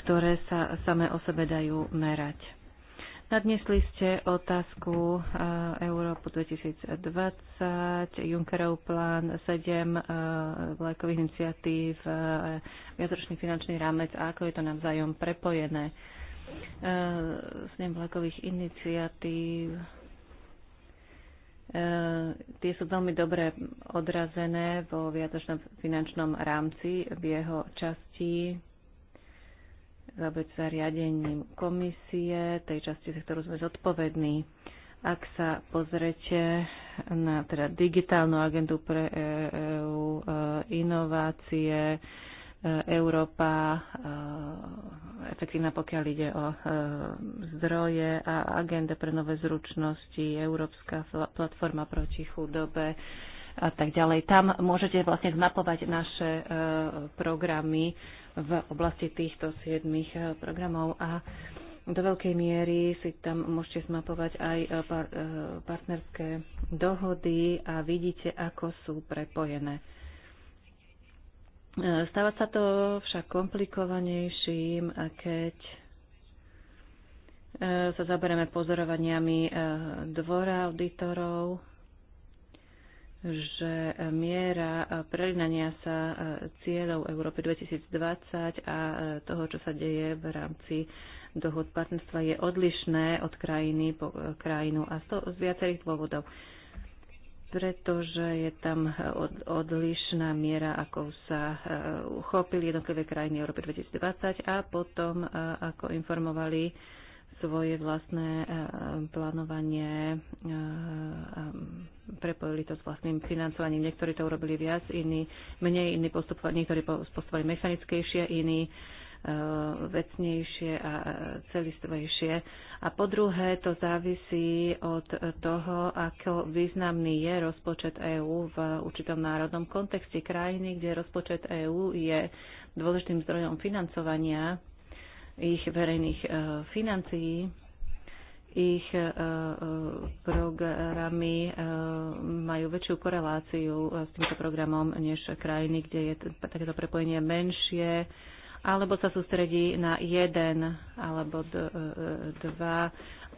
ktoré sa same o sebe dajú merať. Nadnesli ste otázku eh, Európu 2020, Junckerov plán, 7 eh, vlajkových iniciatív, eh, viacročný finančný rámec a ako je to navzájom prepojené. ním vlajkových iniciatív, tie sú veľmi dobre odrazené vo viacročnom finančnom rámci v jeho časti zaoberať sa riadením komisie, tej časti, za ktorú sme zodpovední. Ak sa pozrete na teda digitálnu agendu pre EU, e, e, e, inovácie, Európa efektívna, pokiaľ ide o zdroje a agenda pre nové zručnosti, Európska platforma proti chudobe a tak ďalej. Tam môžete vlastne zmapovať naše programy v oblasti týchto siedmých eh, programov a do veľkej miery si tam môžete zmapovať aj eh, par, eh, partnerské dohody a vidíte, ako sú prepojené. Stáva sa to však komplikovanejším, keď sa zabereme pozorovaniami dvora auditorov že miera prelinania sa e, cieľov Európy 2020 a e, toho, čo sa deje v rámci dohod partnerstva, je odlišné od krajiny po e, krajinu a to z viacerých dôvodov pretože je tam od, odlišná miera, ako sa uchopili jednotlivé krajiny Európy 2020 a potom ako informovali svoje vlastné eh, plánovanie a eh, eh, prepojili to s vlastným financovaním. Niektorí to urobili viac, iní menej, iní postupovali, niektorí postupovali mechanickejšie, iní vecnejšie a celistvejšie. A po druhé, to závisí od toho, ako významný je rozpočet EÚ v určitom národnom kontexte krajiny, kde rozpočet EÚ je dôležitým zdrojom financovania ich verejných e, financií, ich e, e, programy majú väčšiu koreláciu s týmto programom než krajiny, kde je takéto prepojenie menšie, alebo sa sústredí na jeden alebo dva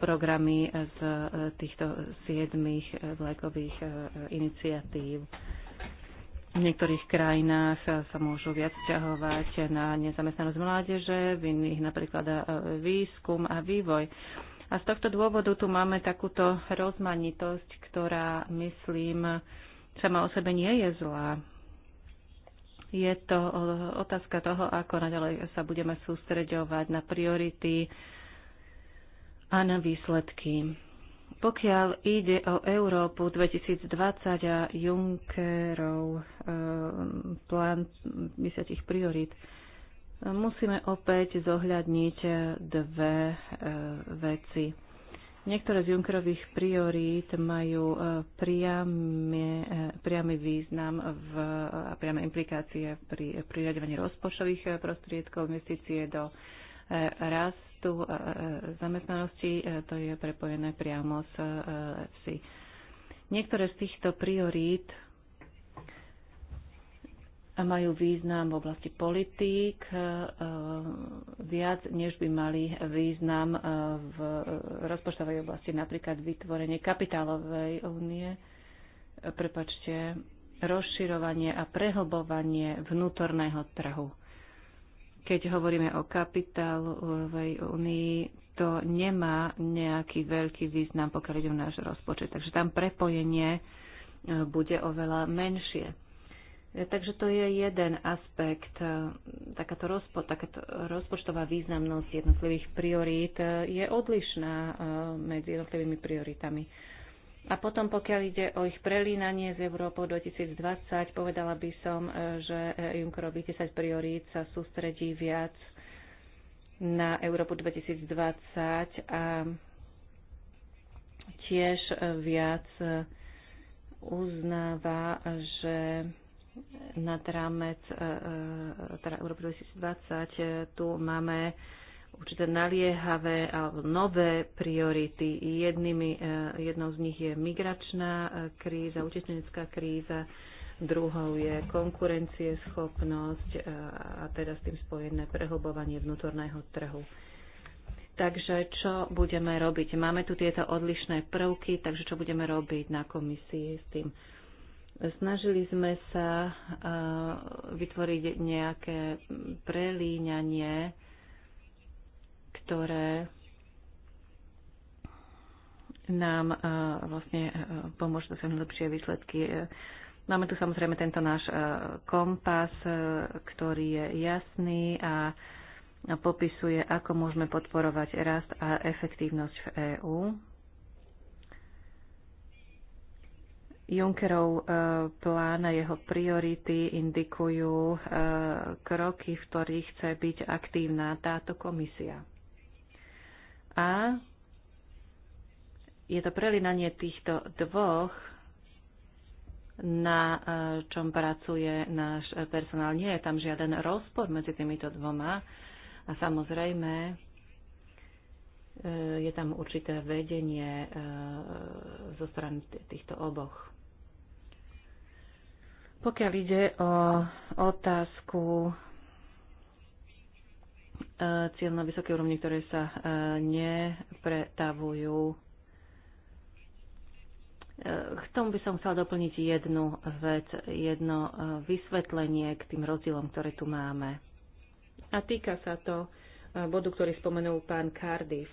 programy z týchto siedmých vlajkových iniciatív. V niektorých krajinách sa môžu viac ťahovať na nezamestnanosť mládeže, v iných napríklad e, výskum a vývoj. A z tohto dôvodu tu máme takúto rozmanitosť, ktorá, myslím, sama o sebe nie je zlá. Je to e, otázka toho, ako naďalej sa budeme sústreďovať na priority a na výsledky. Pokiaľ ide o Európu 2020 a Junckerov eh, plán 10 priorít, musíme opäť zohľadniť dve eh, veci. Niektoré z Junckerových priorít majú eh, priamy, priamy význam v, a priame implikácie pri priraďovaní rozpočtových prostriedkov, investície do rast rastu e, e, zamestnanosti, e, to je prepojené priamo s EFSI. Niektoré z týchto priorít majú význam v oblasti politík viac, než by mali význam v rozpočtovej oblasti, napríklad vytvorenie kapitálovej únie, prepačte, rozširovanie a prehlbovanie vnútorného trhu. Keď hovoríme o kapitálovej únii, to nemá nejaký veľký význam, pokiaľ ide o náš rozpočet. Takže tam prepojenie e, bude oveľa menšie. E, takže to je jeden aspekt. E, takáto, rozpo, takáto rozpočtová významnosť jednotlivých priorít je odlišná medzi jednotlivými prioritami. A potom, pokiaľ ide o ich prelínanie z Európou 2020, povedala by som, e, že e, Junckerovi 10 priorít sa sústredí viac na Európu 2020 a tiež e, viac uznáva, že nad rámec teda Európy 2020 tu máme určité naliehavé alebo nové priority. Jednými, e, jednou z nich je migračná e, kríza, utečenecká kríza, druhou je konkurencieschopnosť e, a teda s tým spojené prehlbovanie vnútorného trhu. Takže čo budeme robiť? Máme tu tieto odlišné prvky, takže čo budeme robiť na komisii s tým? Snažili sme sa vytvoriť nejaké prelíňanie ktoré nám e, vlastne e, pomôžu dosiahnuť lepšie výsledky. E, máme tu samozrejme tento náš kompas, ktorý je jasný a popisuje, ako môžeme podporovať rast a efektívnosť v EÚ. Junckerov plán a jeho priority indikujú kroky, v ktorých chce byť aktívna táto komisia. A je to prelinanie týchto dvoch, na eh, čom pracuje náš personál. Nie je tam žiaden rozpor medzi týmito dvoma. A samozrejme, eh, je tam určité vedenie eh, zo strany týchto oboch. Pokiaľ ide o otázku cieľ na vysokej úrovni, ktoré sa e, nepretavujú. E, k tomu by som chcela doplniť jednu vec, jedno e, vysvetlenie k tým rozdielom, ktoré tu máme. A týka sa to bodu, ktorý spomenul pán Cardiff.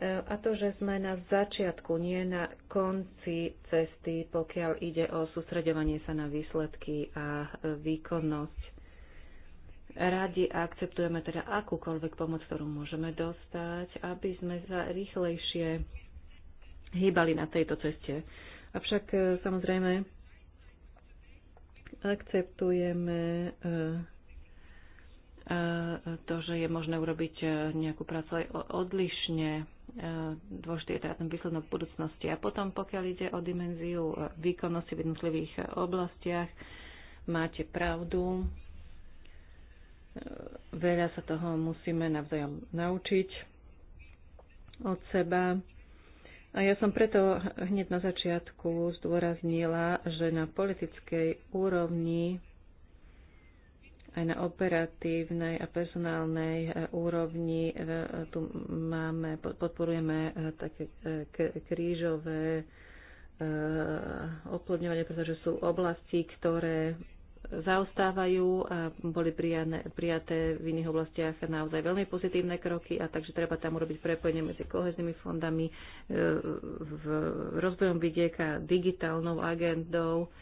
A to, že sme na začiatku, nie na konci cesty, pokiaľ ide o sústredovanie sa na výsledky a výkonnosť radi akceptujeme teda akúkoľvek pomoc, ktorú môžeme dostať, aby sme sa rýchlejšie hýbali na tejto ceste. Avšak e, samozrejme akceptujeme e, to, že je možné urobiť e, nejakú prácu aj odlišne. Dôležité je teda ten výsledok budúcnosti. A potom, pokiaľ ide o dimenziu výkonnosti v jednotlivých oblastiach, máte pravdu Veľa sa toho musíme navzájom naučiť od seba. A ja som preto hneď na začiatku zdôraznila, že na politickej úrovni aj na operatívnej a personálnej úrovni e, tu máme, podporujeme e, také e, krížové oplodňovanie, pretože sú oblasti, ktoré zaostávajú a boli prijané, prijaté v iných oblastiach naozaj veľmi pozitívne kroky a takže treba tam urobiť prepojenie medzi koheznými fondami, e, v rozvojom vidieka, digitálnou agendou.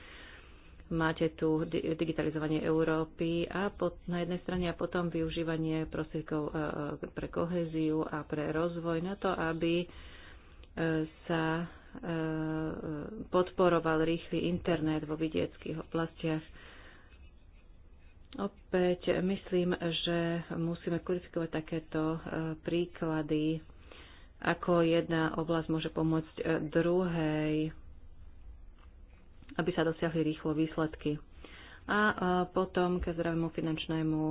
Máte tu digitalizovanie Európy a pod, na jednej strane a potom využívanie prostriedkov e, e, pre koheziu a pre rozvoj na to, aby sa podporoval rýchly internet vo vidieckých oblastiach. Opäť myslím, že musíme kvalifikovať takéto e, príklady, ako jedna oblasť môže pomôcť e, druhej, aby sa dosiahli rýchlo výsledky. A e, potom ke zdravému finančnému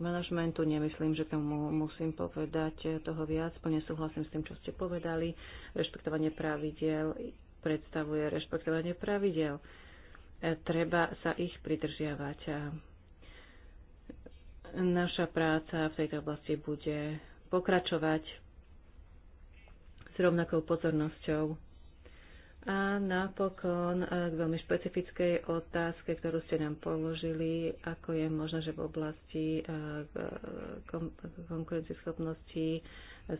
manažmentu, nemyslím, že tomu musím povedať toho viac, plne súhlasím s tým, čo ste povedali. Rešpektovanie pravidel predstavuje rešpektovanie pravidel. Treba sa ich pridržiavať. Naša práca v tejto oblasti bude pokračovať s rovnakou pozornosťou. A napokon e, k veľmi špecifickej otázke, ktorú ste nám položili, ako je možné, že v oblasti e, e, konkurencieschopnosti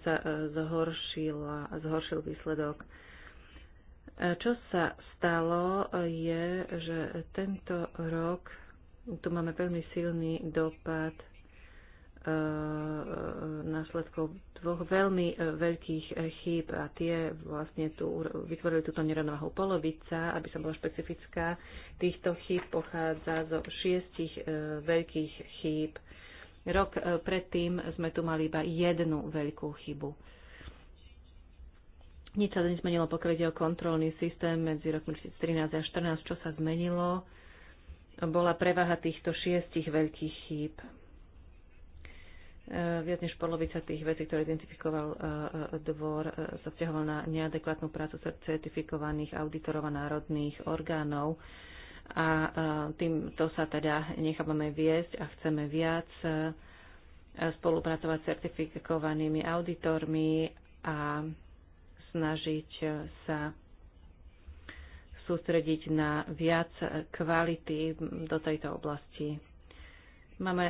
sa zhoršila, zhoršil výsledok. Čo sa stalo je, že tento rok tu máme veľmi silný dopad e, e, následkov dvoch veľmi e, veľkých chýb a tie vlastne tu vytvorili túto nerovnováhu. Polovica, aby som bola špecifická, týchto chýb pochádza zo šiestich veľkých chýb. Rok predtým sme tu mali iba jednu veľkú chybu. Nič sa nezmenilo, pokiaľ ide o kontrolný systém medzi rokmi 2013 a 2014. Čo sa zmenilo? bola prevaha týchto šiestich veľkých chýb. E, viac než polovica tých vecí, ktoré identifikoval e, e, dvor, sa vzťahoval na neadekvátnu prácu certifikovaných auditorov a národných orgánov. A týmto sa teda nechávame viesť a chceme viac spolupracovať s certifikovanými auditormi a snažiť sa sústrediť na viac kvality do tejto oblasti. Máme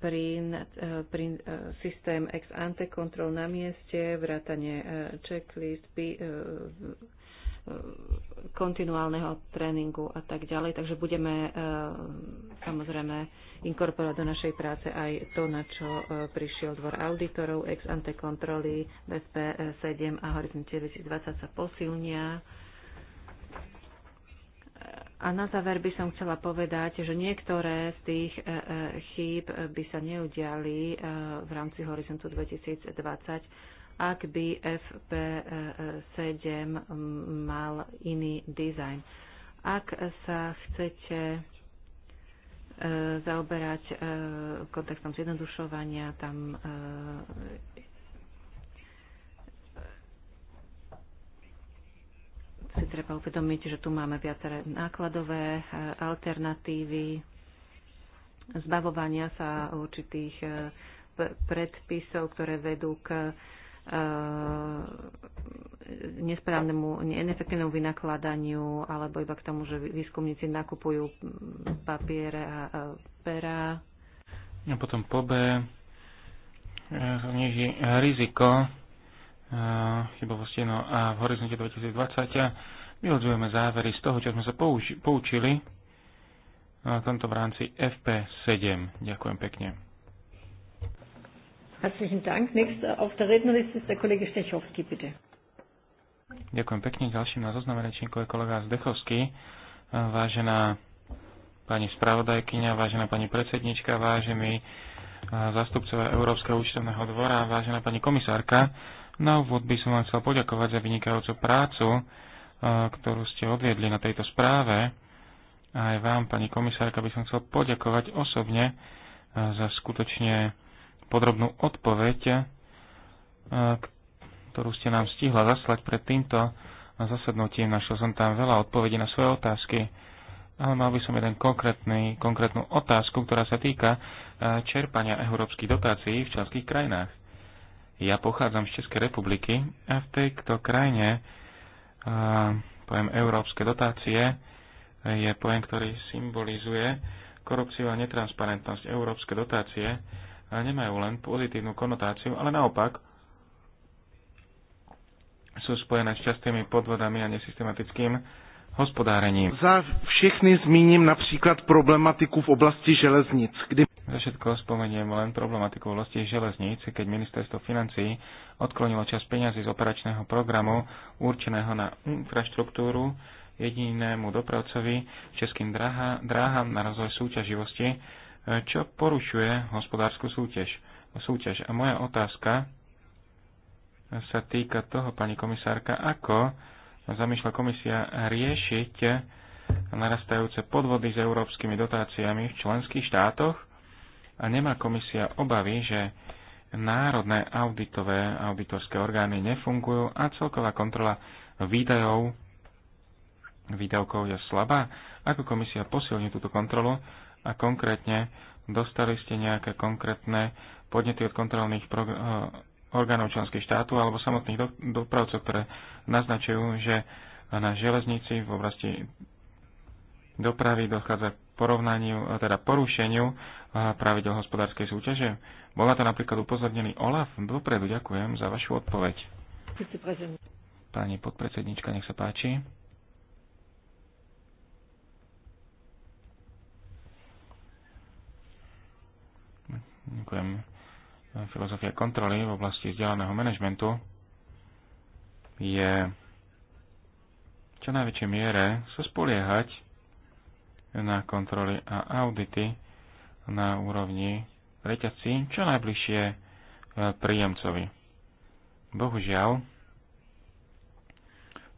pri, e, pri e, e, systém ex ante kontrol na mieste, vrátanie checklist, kontinuálneho tréningu a tak ďalej. Takže budeme samozrejme inkorporovať do našej práce aj to, na čo prišiel dvor auditorov, ex ante kontroly, VSP 7 a Horizon 2020 sa posilnia a na záver by som chcela povedať, že niektoré z tých e, e, chýb by sa neudiali e, v rámci horizontu 2020, ak by FP7 mal iný dizajn. Ak sa chcete zaoberať kontextom zjednodušovania, tam si treba uvedomiť, že tu máme viaceré nákladové e, alternatívy, zbavovania sa určitých e, predpisov, ktoré vedú k e, nesprávnemu, neefektívnemu vynakladaniu alebo iba k tomu, že výskumníci nakupujú papiere a pera. A potom po B, riziko Eh, chybovosti. No a v horizonte 2020 eh, vyhodzujeme závery z toho, čo sme sa pouči- poučili na eh, tomto v rámci FP7. Ďakujem pekne. Herzlichen Dank. auf der Rednerliste ist der Kollege Stechowski, bitte. Ďakujem pekne. Ďalším na zozname rečníkov je kolega Zdechovský. Vážená pani spravodajkyňa, vážená pani predsednička, vážení zastupcovia Európskeho účtovného dvora, vážená pani komisárka, na úvod by som vám chcel poďakovať za vynikajúcu prácu, e, ktorú ste odviedli na tejto správe. A aj vám, pani komisárka, by som chcel poďakovať osobne e, za skutočne podrobnú odpoveď, e, ktorú ste nám stihla zaslať pred týmto zasadnutím. Našiel som tam veľa odpovedí na svoje otázky, ale mal by som jeden konkrétny, konkrétnu otázku, ktorá sa týka čerpania európskych dotácií v členských krajinách. Ja pochádzam z Českej republiky a v tejto krajine pojem európske dotácie je pojem, ktorý symbolizuje korupciu a netransparentnosť. Európske dotácie nemajú len pozitívnu konotáciu, ale naopak sú spojené s častými podvodami a nesystematickým hospodárením. Za všechny zmíním napríklad problematiku v oblasti železnic, kdy za všetko spomeniem len problematiku vlastí železníc, keď ministerstvo financí odklonilo čas peňazí z operačného programu určeného na infraštruktúru jedinému dopravcovi českým dráham na rozvoj súťaživosti, čo porušuje hospodárskú súťaž. súťaž. A moja otázka sa týka toho, pani komisárka, ako zamýšľa komisia riešiť narastajúce podvody s európskymi dotáciami v členských štátoch a nemá komisia obavy, že národné auditové auditorské orgány nefungujú a celková kontrola výdajov výdavkov je slabá. Ako komisia posilní túto kontrolu a konkrétne dostali ste nejaké konkrétne podnety od kontrolných eh, orgánov členských štátu alebo samotných do, dopravcov, ktoré naznačujú, že na železnici v oblasti dopravy dochádza porovnaniu, eh, teda porušeniu eh, pravidel hospodárskej súťaže? Bola to napríklad upozornený Olaf? Dopredu ďakujem za vašu odpoveď. Pani podpredsednička, nech sa páči. Ďakujem. Filozofia kontroly v oblasti vzdelaného manažmentu je v čo najväčšej miere sa spoliehať na kontroly a audity na úrovni reťazci čo najbližšie e, príjemcovi. Bohužiaľ,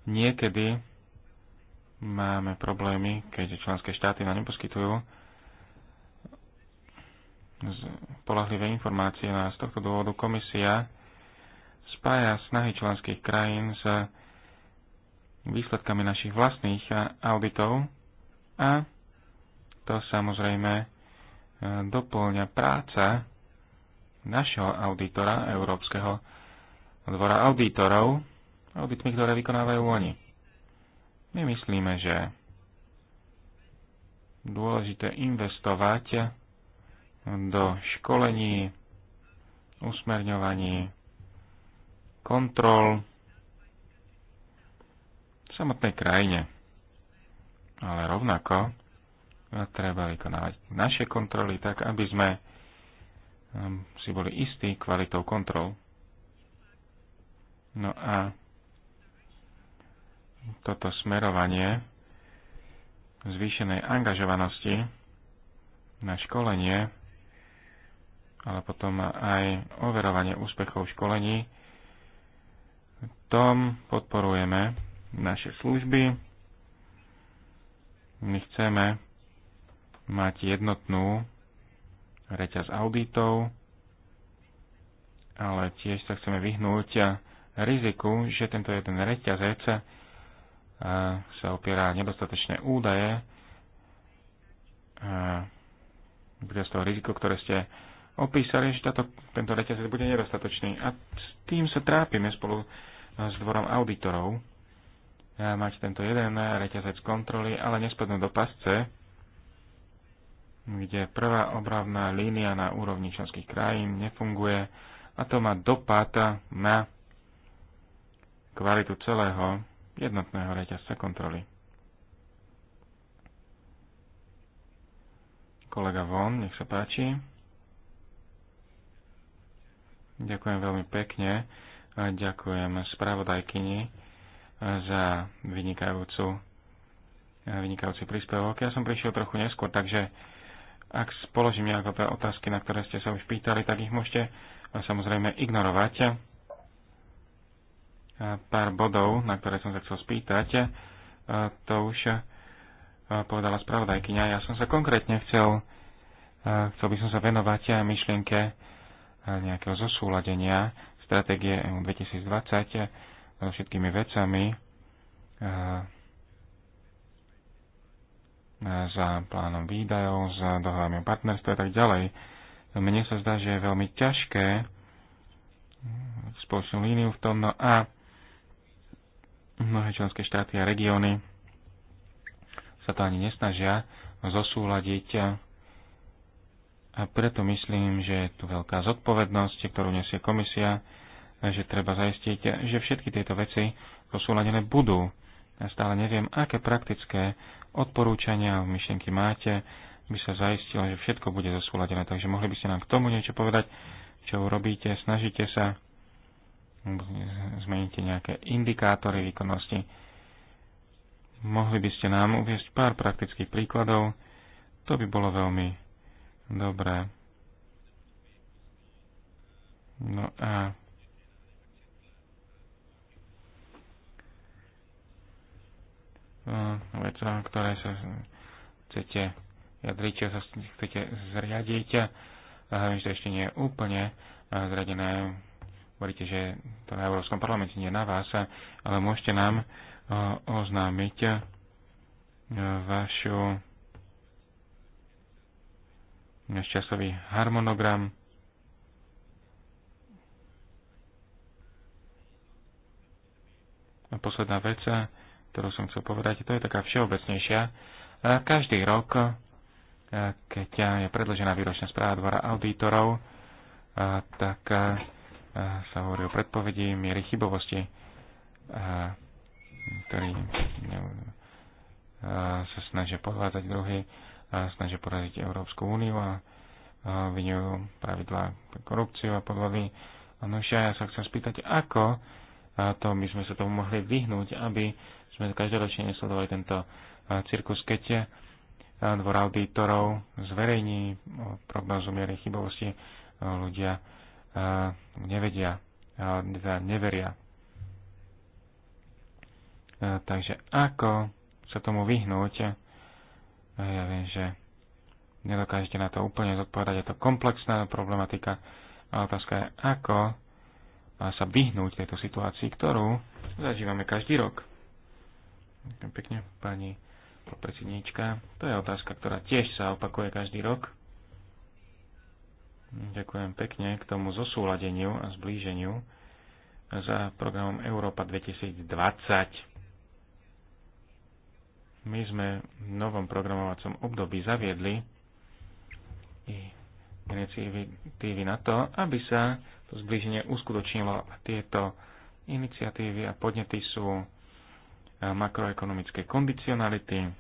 niekedy máme problémy, keďže členské štáty nám neposkytujú polahlivé informácie a z tohto dôvodu komisia spája snahy členských krajín s výsledkami našich vlastných auditov a to samozrejme e, doplňa práca našeho auditora, Európskeho dvora auditorov, auditmi, ktoré vykonávajú oni. My myslíme, že dôležité investovať do školení, usmerňovaní, kontrol v samotnej krajine. Ale rovnako treba vykonávať naše kontroly tak, aby sme ehm, si boli istí kvalitou kontrol. No a toto smerovanie zvýšenej angažovanosti na školenie, ale potom aj overovanie úspechov školení, tom podporujeme naše služby. My chceme mať jednotnú reťaz auditov, ale tiež sa chceme vyhnúť riziku, že tento jeden reťazec eh, sa opiera nedostatečné údaje, eh, bude z toho riziko, ktoré ste opísali, že táto, tento reťazec bude nedostatočný. A s tým sa trápime spolu eh, s dvorom auditorov. Mať tento jeden reťazec kontroly, ale nespadnú do pasce, kde prvá obravná línia na úrovni členských krajín nefunguje a to má dopad na kvalitu celého jednotného reťazca kontroly. Kolega Von, nech sa páči. Ďakujem veľmi pekne. A ďakujem spravodajkyni za vynikajúcu, vynikajúci príspevok. Ja som prišiel trochu neskôr, takže ak položím nejaké otázky, na ktoré ste sa už pýtali, tak ich môžete eh, samozrejme ignorovať. Pár bodov, na ktoré som sa chcel spýtať, eh, to už eh, povedala spravodajkyňa. Ja som sa konkrétne chcel, chcel by som sa venovať myšlienke nejakého zosúladenia stratégie EU 2020 so všetkými vecami, za plánom výdajov, za dohodami o partnerstve a tak ďalej. Mne sa zdá, že je veľmi ťažké spoločnú líniu v tom, no a mnohé členské štáty a regióny sa to ani nesnažia zosúľadiť a preto myslím, že je tu veľká zodpovednosť, ktorú nesie komisia, že treba zaistiť, že všetky tieto veci zosúladené budú. Ja stále neviem, aké praktické odporúčania a myšlienky máte, by sa zaistilo, že všetko bude zosúladené. Takže mohli by ste nám k tomu niečo povedať, čo urobíte, snažíte sa, zmeníte nejaké indikátory výkonnosti. Mohli by ste nám uviesť pár praktických príkladov, to by bolo veľmi dobré. No a Eh, vec, ktoré sa chcete jadriť, sa chcete zriadiť, eh, že ešte nie je úplne eh, zradené. Hovoríte, že to na Európskom parlamente nie je na vás, ale môžete nám oznámiť vašu časový harmonogram. A posledná vec, ktorú som chcel povedať, to je taká všeobecnejšia. Každý rok, keď je predložená výročná správa dvora auditorov, tak sa hovorí o predpovedi miery chybovosti, ktorý sa snažia podvádzať druhy, snažia poraziť Európsku úniu a vyňujú pravidlá korupciu a podvody. No ja sa chcem spýtať, ako to my sme sa tomu mohli vyhnúť, aby sme každoročne nesledovali tento eh, cirkus, keď eh, dvor auditorov zverejní prognozu miery chybovosti, eh, ľudia nevedia, teda neveria. Takže ako sa tomu vyhnúť? Ja viem, že nedokážete na to úplne zodpovedať, je to komplexná problematika a otázka je, ako sa vyhnúť tejto situácii, ktorú zažívame každý rok. Ďakujem pekne, pani podpredsedníčka. To je otázka, ktorá tiež sa opakuje každý rok. Ďakujem pekne k tomu zosúladeniu a zblíženiu za programom Európa 2020. My sme v novom programovacom období zaviedli iniciatívy na to, aby sa to zblíženie uskutočnilo. Tieto iniciatívy a podnety sú makroekonomické kondicionality,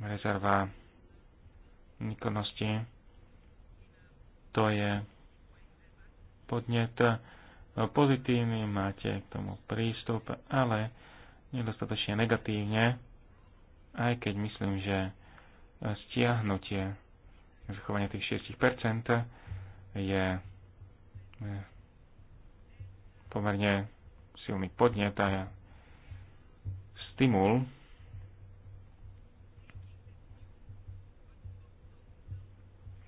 rezerva nikonosti to je podnet pozitívny, máte k tomu prístup, ale nedostatočne negatívne, aj keď myslím, že stiahnutie zachovania tých 6% je pomerne silný podnet a stimul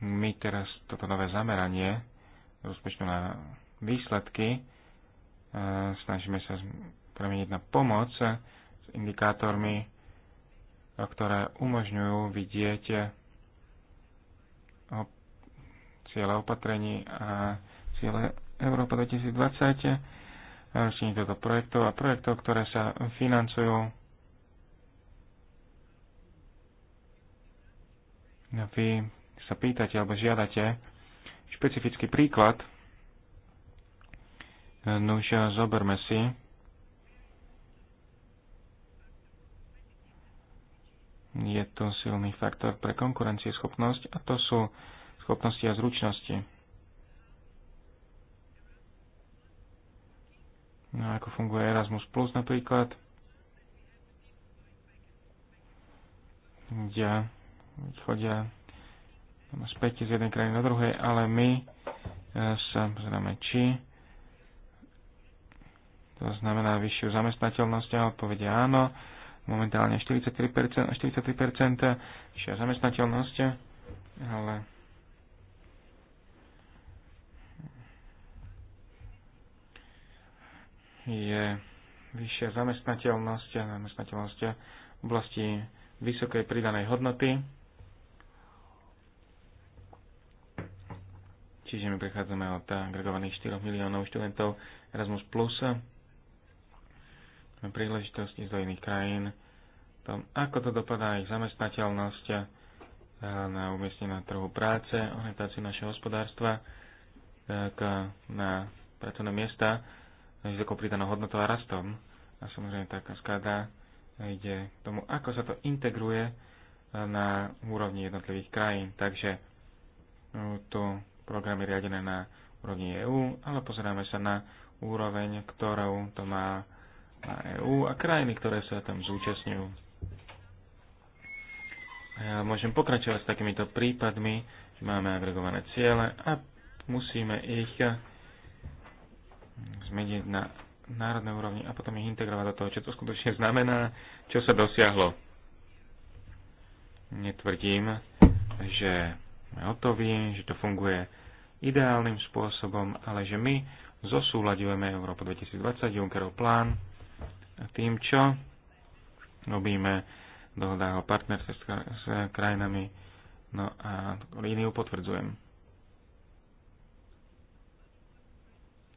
my teraz toto nové zameranie rozpočtu na výsledky e, snažíme sa premeniť na pomoc s indikátormi, ktoré umožňujú vidieť e, cieľe opatrení a cieľe Európa 2020 navýšení tohto projektov a projektov, ktoré sa financujú vy sa pýtate alebo žiadate špecifický príklad, už zoberme si je to silný faktor pre konkurencieschopnosť a to sú schopnosti a zručnosti. no, ako funguje Erasmus Plus napríklad, ľudia chodia späť z jednej krajiny do druhej, ale my e, sa pozrieme, či to znamená vyššiu zamestnateľnosť a odpovede áno. Momentálne 43%, 43% vyššia zamestnateľnosť, ale je vyššia zamestnateľnosť a zamestnateľnosť v oblasti vysokej pridanej hodnoty. Čiže my prechádzame od agregovaných 4 miliónov študentov Erasmus+, príležitosti z iných krajín, tom, ako to dopadá ich zamestnateľnosť eh, na umiestnenie na trhu práce, orientáciu našeho hospodárstva, tak eh, na pracovné miesta, vysokou pridanou hodnotou a rastom. A samozrejme tá kaskáda ide k tomu, ako sa to integruje e, na úrovni jednotlivých krajín. Takže e, tu je riadené na úrovni EÚ, ale pozeráme sa na úroveň, ktorou to má na EÚ a krajiny, ktoré sa tam zúčastňujú. Ja môžem pokračovať s takýmito prípadmi, že máme agregované ciele a musíme ich zmeniť na národnej úrovni a potom ich integrovať do toho, čo to skutočne znamená, čo sa dosiahlo. Netvrdím, že sme hotoví, že to funguje ideálnym spôsobom, ale že my zosúľadujeme Európu 2020, Junckerov plán, tým, čo robíme v dohodách o partnerstve s krajinami. No a líniu potvrdzujem.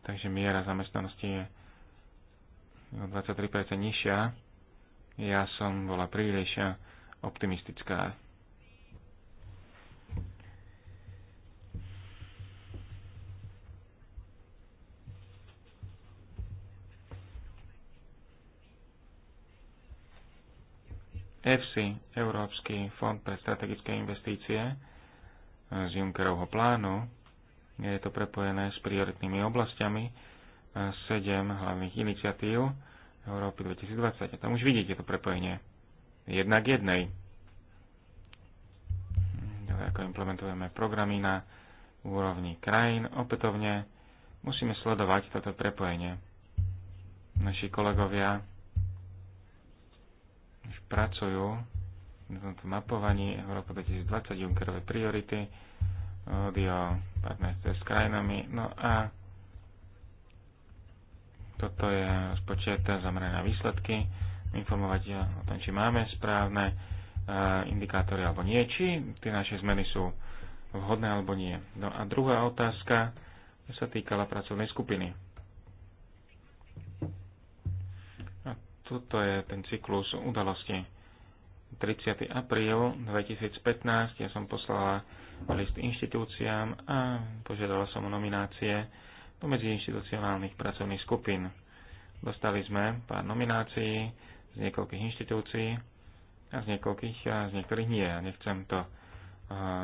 takže miera zamestnanosti je o 23% nižšia. Ja som bola príliš optimistická. EFSI, Európsky fond pre strategické investície z Junckerovho plánu, kde je to prepojené s prioritnými oblastiami, 7 e, hlavných iniciatív Európy 2020. A tam už vidíte to prepojenie. Jedna k jednej. Ďalej ako implementujeme programy na úrovni krajín, opätovne musíme sledovať toto prepojenie. Naši kolegovia už pracujú na tomto mapovaní Európa 2020, Junckerovej priority, audio o partnerstve s krajinami. No a toto je rozpočet zamerané na výsledky, informovať o tom, či máme správne e, indikátory alebo nie, či tie naše zmeny sú vhodné alebo nie. No a druhá otázka sa týkala pracovnej skupiny. A toto je ten cyklus udalosti. 30. apríl 2015 ja som poslala list inštitúciám a požiadala som o nominácie do medziinštitucionálnych pracovných skupín. Dostali sme pár nominácií z niekoľkých inštitúcií a z niekoľkých a z niektorých nie. Ja nechcem to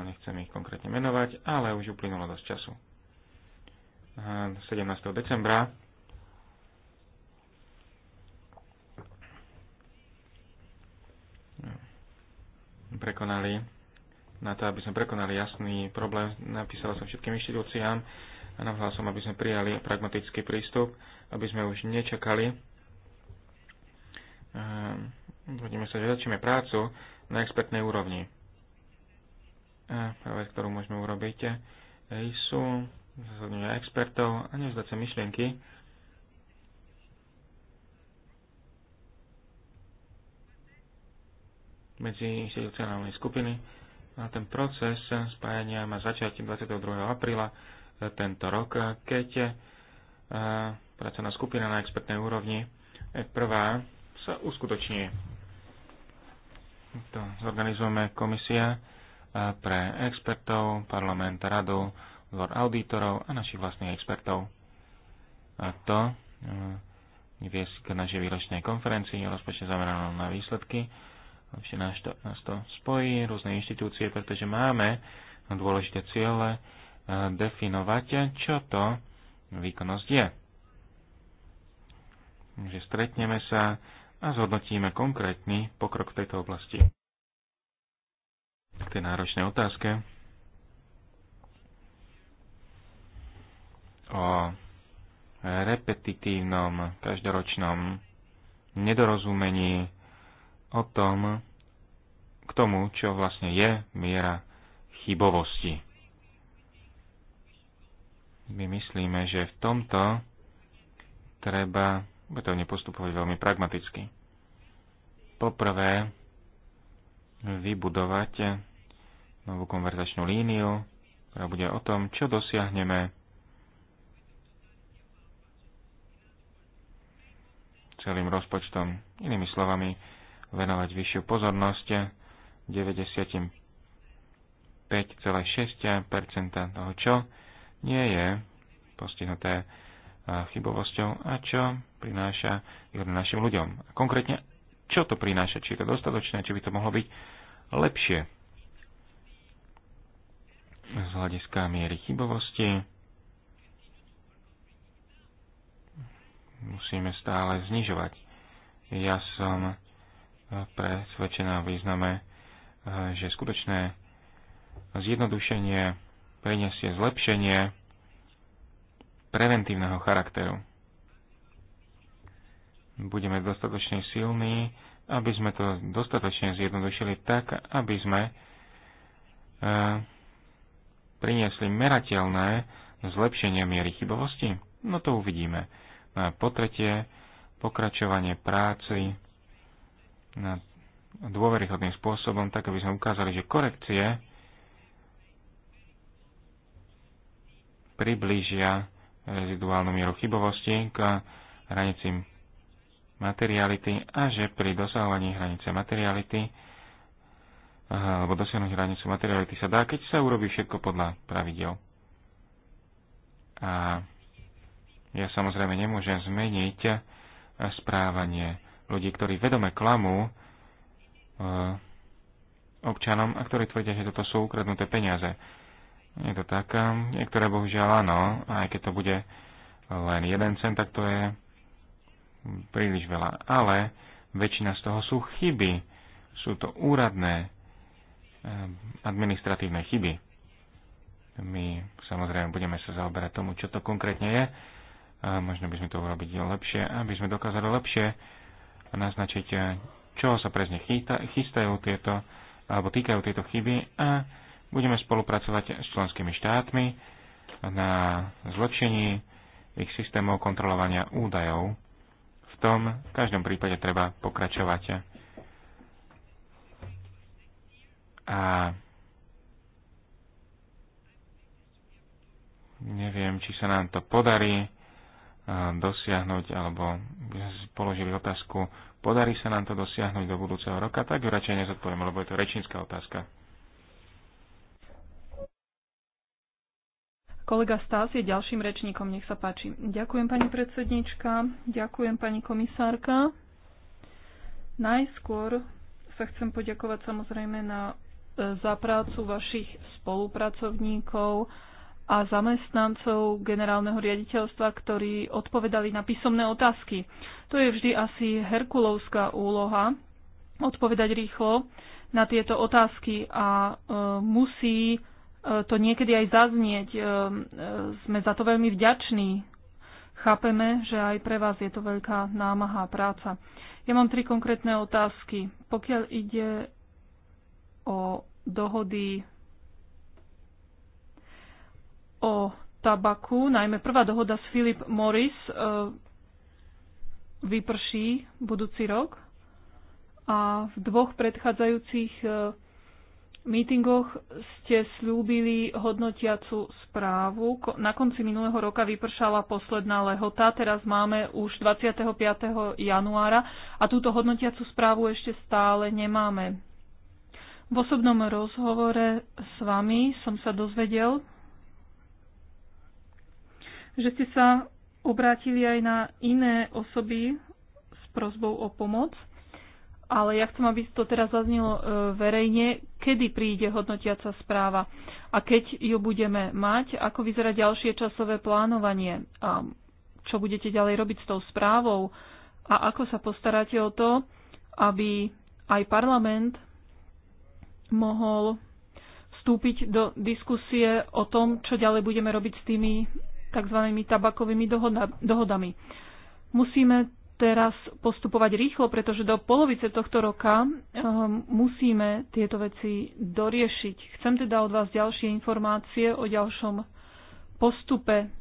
nechcem ich konkrétne menovať, ale už uplynulo dosť času. 17. decembra prekonali na to, aby sme prekonali jasný problém. Napísal som všetkým inštitúciám a navrhla som, aby sme prijali pragmatický prístup, aby sme už nečakali. Budeme ehm, sa, že začneme prácu na expertnej úrovni. A práve, ktorú môžeme urobiť, eh, sú zasadnutia expertov a nevzdať sa myšlienky, medzi inštitucionálnej skupiny a ten proces spájania má začiatím 22. apríla e, tento rok, e, keď e, pracovná skupina na expertnej úrovni prvá sa uskutoční. To zorganizujeme komisia pre expertov, parlament, radu, dvor auditorov a našich vlastných expertov. A to viesť k našej výročnej konferencii, rozpočne zameranom na výsledky ešte nás to, nás to spojí, rôzne inštitúcie, pretože máme dôležité ciele e, definovať, čo to výkonnosť je. Takže stretneme sa a zhodnotíme konkrétny pokrok v tejto oblasti. K tej náročnej otázke o repetitívnom, každoročnom nedorozumení o tom, k tomu, čo vlastne je miera chybovosti. My myslíme, že v tomto treba opätovne postupovať veľmi pragmaticky. Poprvé, vybudovať novú konverzačnú líniu, ktorá bude o tom, čo dosiahneme celým rozpočtom. Inými slovami, venovať vyššiu pozornosť 95,6% toho, čo nie je postihnuté eh, chybovosťou a čo prináša našim ľuďom. Konkrétne, čo to prináša, či je to dostatočné, či by to mohlo byť lepšie z hľadiska miery chybovosti. Musíme stále znižovať. Ja som presvedčená svedčená význame, e, že skutočné zjednodušenie prinesie zlepšenie preventívneho charakteru. Budeme dostatočne silní, aby sme to dostatočne zjednodušili tak, aby sme e, priniesli merateľné zlepšenie miery chybovosti? No to uvidíme. No a po tretie, pokračovanie práci na dôveryhodným spôsobom, tak aby sme ukázali, že korekcie priblížia reziduálnu mieru chybovosti k hranicím materiality a že pri dosahovaní hranice materiality alebo dosiahnuť hranicu materiality sa dá, keď sa urobí všetko podľa pravidel. A ja samozrejme nemôžem zmeniť správanie ľudí, ktorí vedome klamú e, občanom a ktorí tvrdia, že toto sú ukradnuté peniaze. Je to tak, e, niektoré bohužiaľ áno, aj keď to bude len jeden cent, tak to je príliš veľa. Ale väčšina z toho sú chyby. Sú to úradné e, administratívne chyby. My samozrejme budeme sa zaoberať tomu, čo to konkrétne je. A možno by sme to urobiť lepšie, aby sme dokázali lepšie naznačiť, eh, čo sa presne chystajú tieto, alebo týkajú tieto chyby a budeme spolupracovať s členskými štátmi na zlepšení ich systémov kontrolovania údajov. V tom v každom prípade treba pokračovať. A neviem, či sa nám to podarí dosiahnuť, alebo sme položili otázku, podarí sa nám to dosiahnuť do budúceho roka, tak ju radšej nezodpoviem, lebo je to rečnícka otázka. Kolega Stás je ďalším rečníkom, nech sa páči. Ďakujem pani predsednička, ďakujem pani komisárka. Najskôr sa chcem poďakovať samozrejme na, e, za prácu vašich spolupracovníkov, a zamestnancov generálneho riaditeľstva, ktorí odpovedali na písomné otázky. To je vždy asi herkulovská úloha odpovedať rýchlo na tieto otázky a e, musí e, to niekedy aj zaznieť. E, e, sme za to veľmi vďační. Chápeme, že aj pre vás je to veľká námaha práca. Ja mám tri konkrétne otázky. Pokiaľ ide o dohody o tabaku, najmä prvá dohoda s Philip Morris e, vyprší budúci rok a v dvoch predchádzajúcich e, mítingoch ste slúbili hodnotiacu správu. Na konci minulého roka vypršala posledná lehota, teraz máme už 25. januára a túto hodnotiacu správu ešte stále nemáme. V osobnom rozhovore s vami som sa dozvedel, že ste sa obrátili aj na iné osoby s prozbou o pomoc. Ale ja chcem, aby to teraz zaznelo e, verejne, kedy príde hodnotiaca správa a keď ju budeme mať, ako vyzerá ďalšie časové plánovanie, a čo budete ďalej robiť s tou správou a ako sa postaráte o to, aby aj parlament mohol vstúpiť do diskusie o tom, čo ďalej budeme robiť s tými tzv. tabakovými dohodami. Musíme teraz postupovať rýchlo, pretože do polovice tohto roka um, musíme tieto veci doriešiť. Chcem teda od vás ďalšie informácie o ďalšom postupe.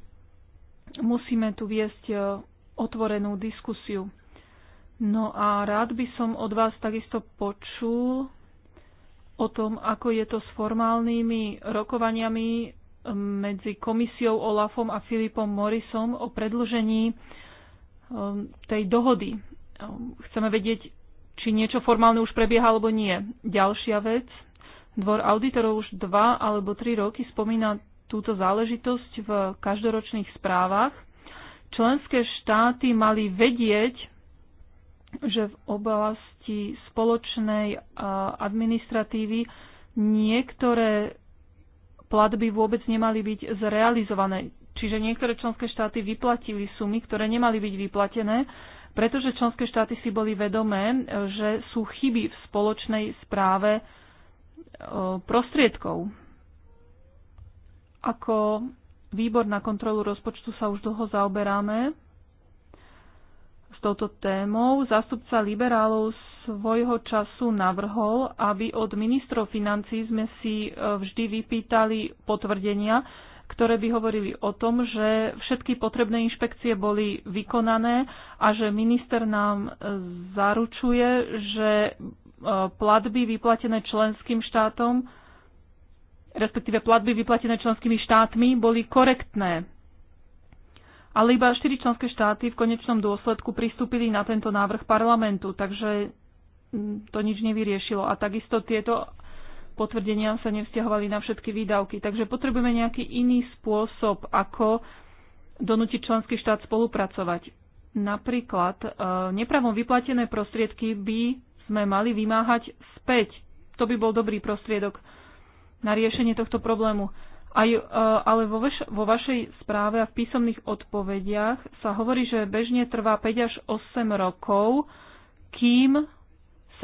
Musíme tu viesť eh, otvorenú diskusiu. No a rád by som od vás takisto počul o tom, ako je to s formálnymi rokovaniami medzi komisiou Olafom a Filipom Morrisom o predlžení um, tej dohody. Um, chceme vedieť, či niečo formálne už prebieha alebo nie. Ďalšia vec. Dvor auditorov už dva alebo tri roky spomína túto záležitosť v každoročných správach. Členské štáty mali vedieť, že v oblasti spoločnej administratívy niektoré platby vôbec nemali byť zrealizované. Čiže niektoré členské štáty vyplatili sumy, ktoré nemali byť vyplatené, pretože členské štáty si boli vedomé, že sú chyby v spoločnej správe e, prostriedkov. Ako výbor na kontrolu rozpočtu sa už dlho zaoberáme s touto témou. Zástupca liberálov svojho času navrhol, aby od ministrov financí sme si e, vždy vypýtali potvrdenia, ktoré by hovorili o tom, že všetky potrebné inšpekcie boli vykonané a že minister nám e, zaručuje, že e, platby vyplatené členským štátom, respektíve platby vyplatené členskými štátmi boli korektné. Ale iba štyri členské štáty v konečnom dôsledku pristúpili na tento návrh parlamentu, takže to nič nevyriešilo. A takisto tieto potvrdenia sa nevzťahovali na všetky výdavky. Takže potrebujeme nejaký iný spôsob, ako donútiť členský štát spolupracovať. Napríklad e, nepravom vyplatené prostriedky by sme mali vymáhať späť. To by bol dobrý prostriedok na riešenie tohto problému. Aj, e, ale vo, vaš, vo vašej správe a v písomných odpovediach sa hovorí, že bežne trvá 5 až 8 rokov, kým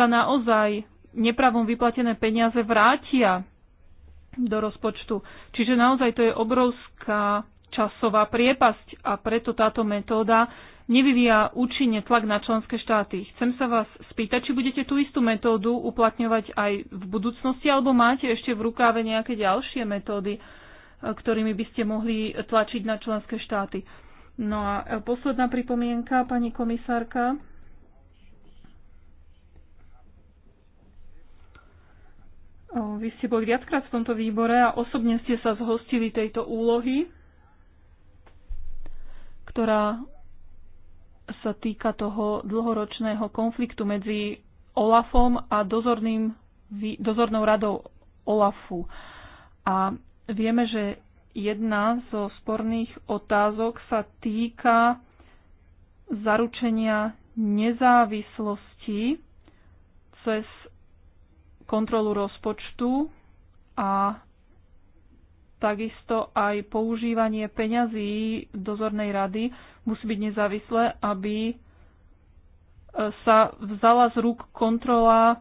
sa naozaj nepravom vyplatené peniaze vrátia do rozpočtu. Čiže naozaj to je obrovská časová priepasť a preto táto metóda nevyvíja účinne tlak na členské štáty. Chcem sa vás spýtať, či budete tú istú metódu uplatňovať aj v budúcnosti, alebo máte ešte v rukáve nejaké ďalšie metódy, ktorými by ste mohli tlačiť na členské štáty. No a posledná pripomienka, pani komisárka. Vy ste boli viackrát v tomto výbore a osobne ste sa zhostili tejto úlohy, ktorá sa týka toho dlhoročného konfliktu medzi OLAFom a dozorným, dozornou radou OLAFu. A vieme, že jedna zo sporných otázok sa týka zaručenia nezávislosti cez kontrolu rozpočtu a takisto aj používanie peňazí dozornej rady musí byť nezávislé, aby e, sa vzala z rúk kontrola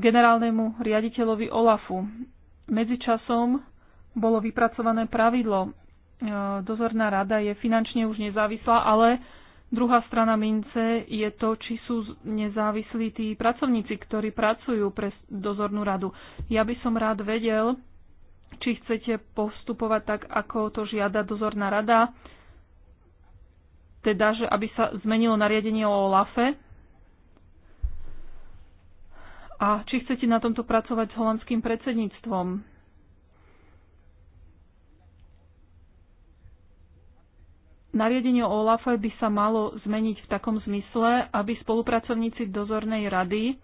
generálnemu riaditeľovi Olafu. Medzičasom bolo vypracované pravidlo. E, dozorná rada je finančne už nezávislá, ale Druhá strana mince je to, či sú nezávislí tí pracovníci, ktorí pracujú pre dozornú radu. Ja by som rád vedel, či chcete postupovať tak, ako to žiada dozorná rada, teda, že aby sa zmenilo nariadenie o OLAFE a či chcete na tomto pracovať s holandským predsedníctvom. Nariadenie OLAFE by sa malo zmeniť v takom zmysle, aby spolupracovníci dozornej rady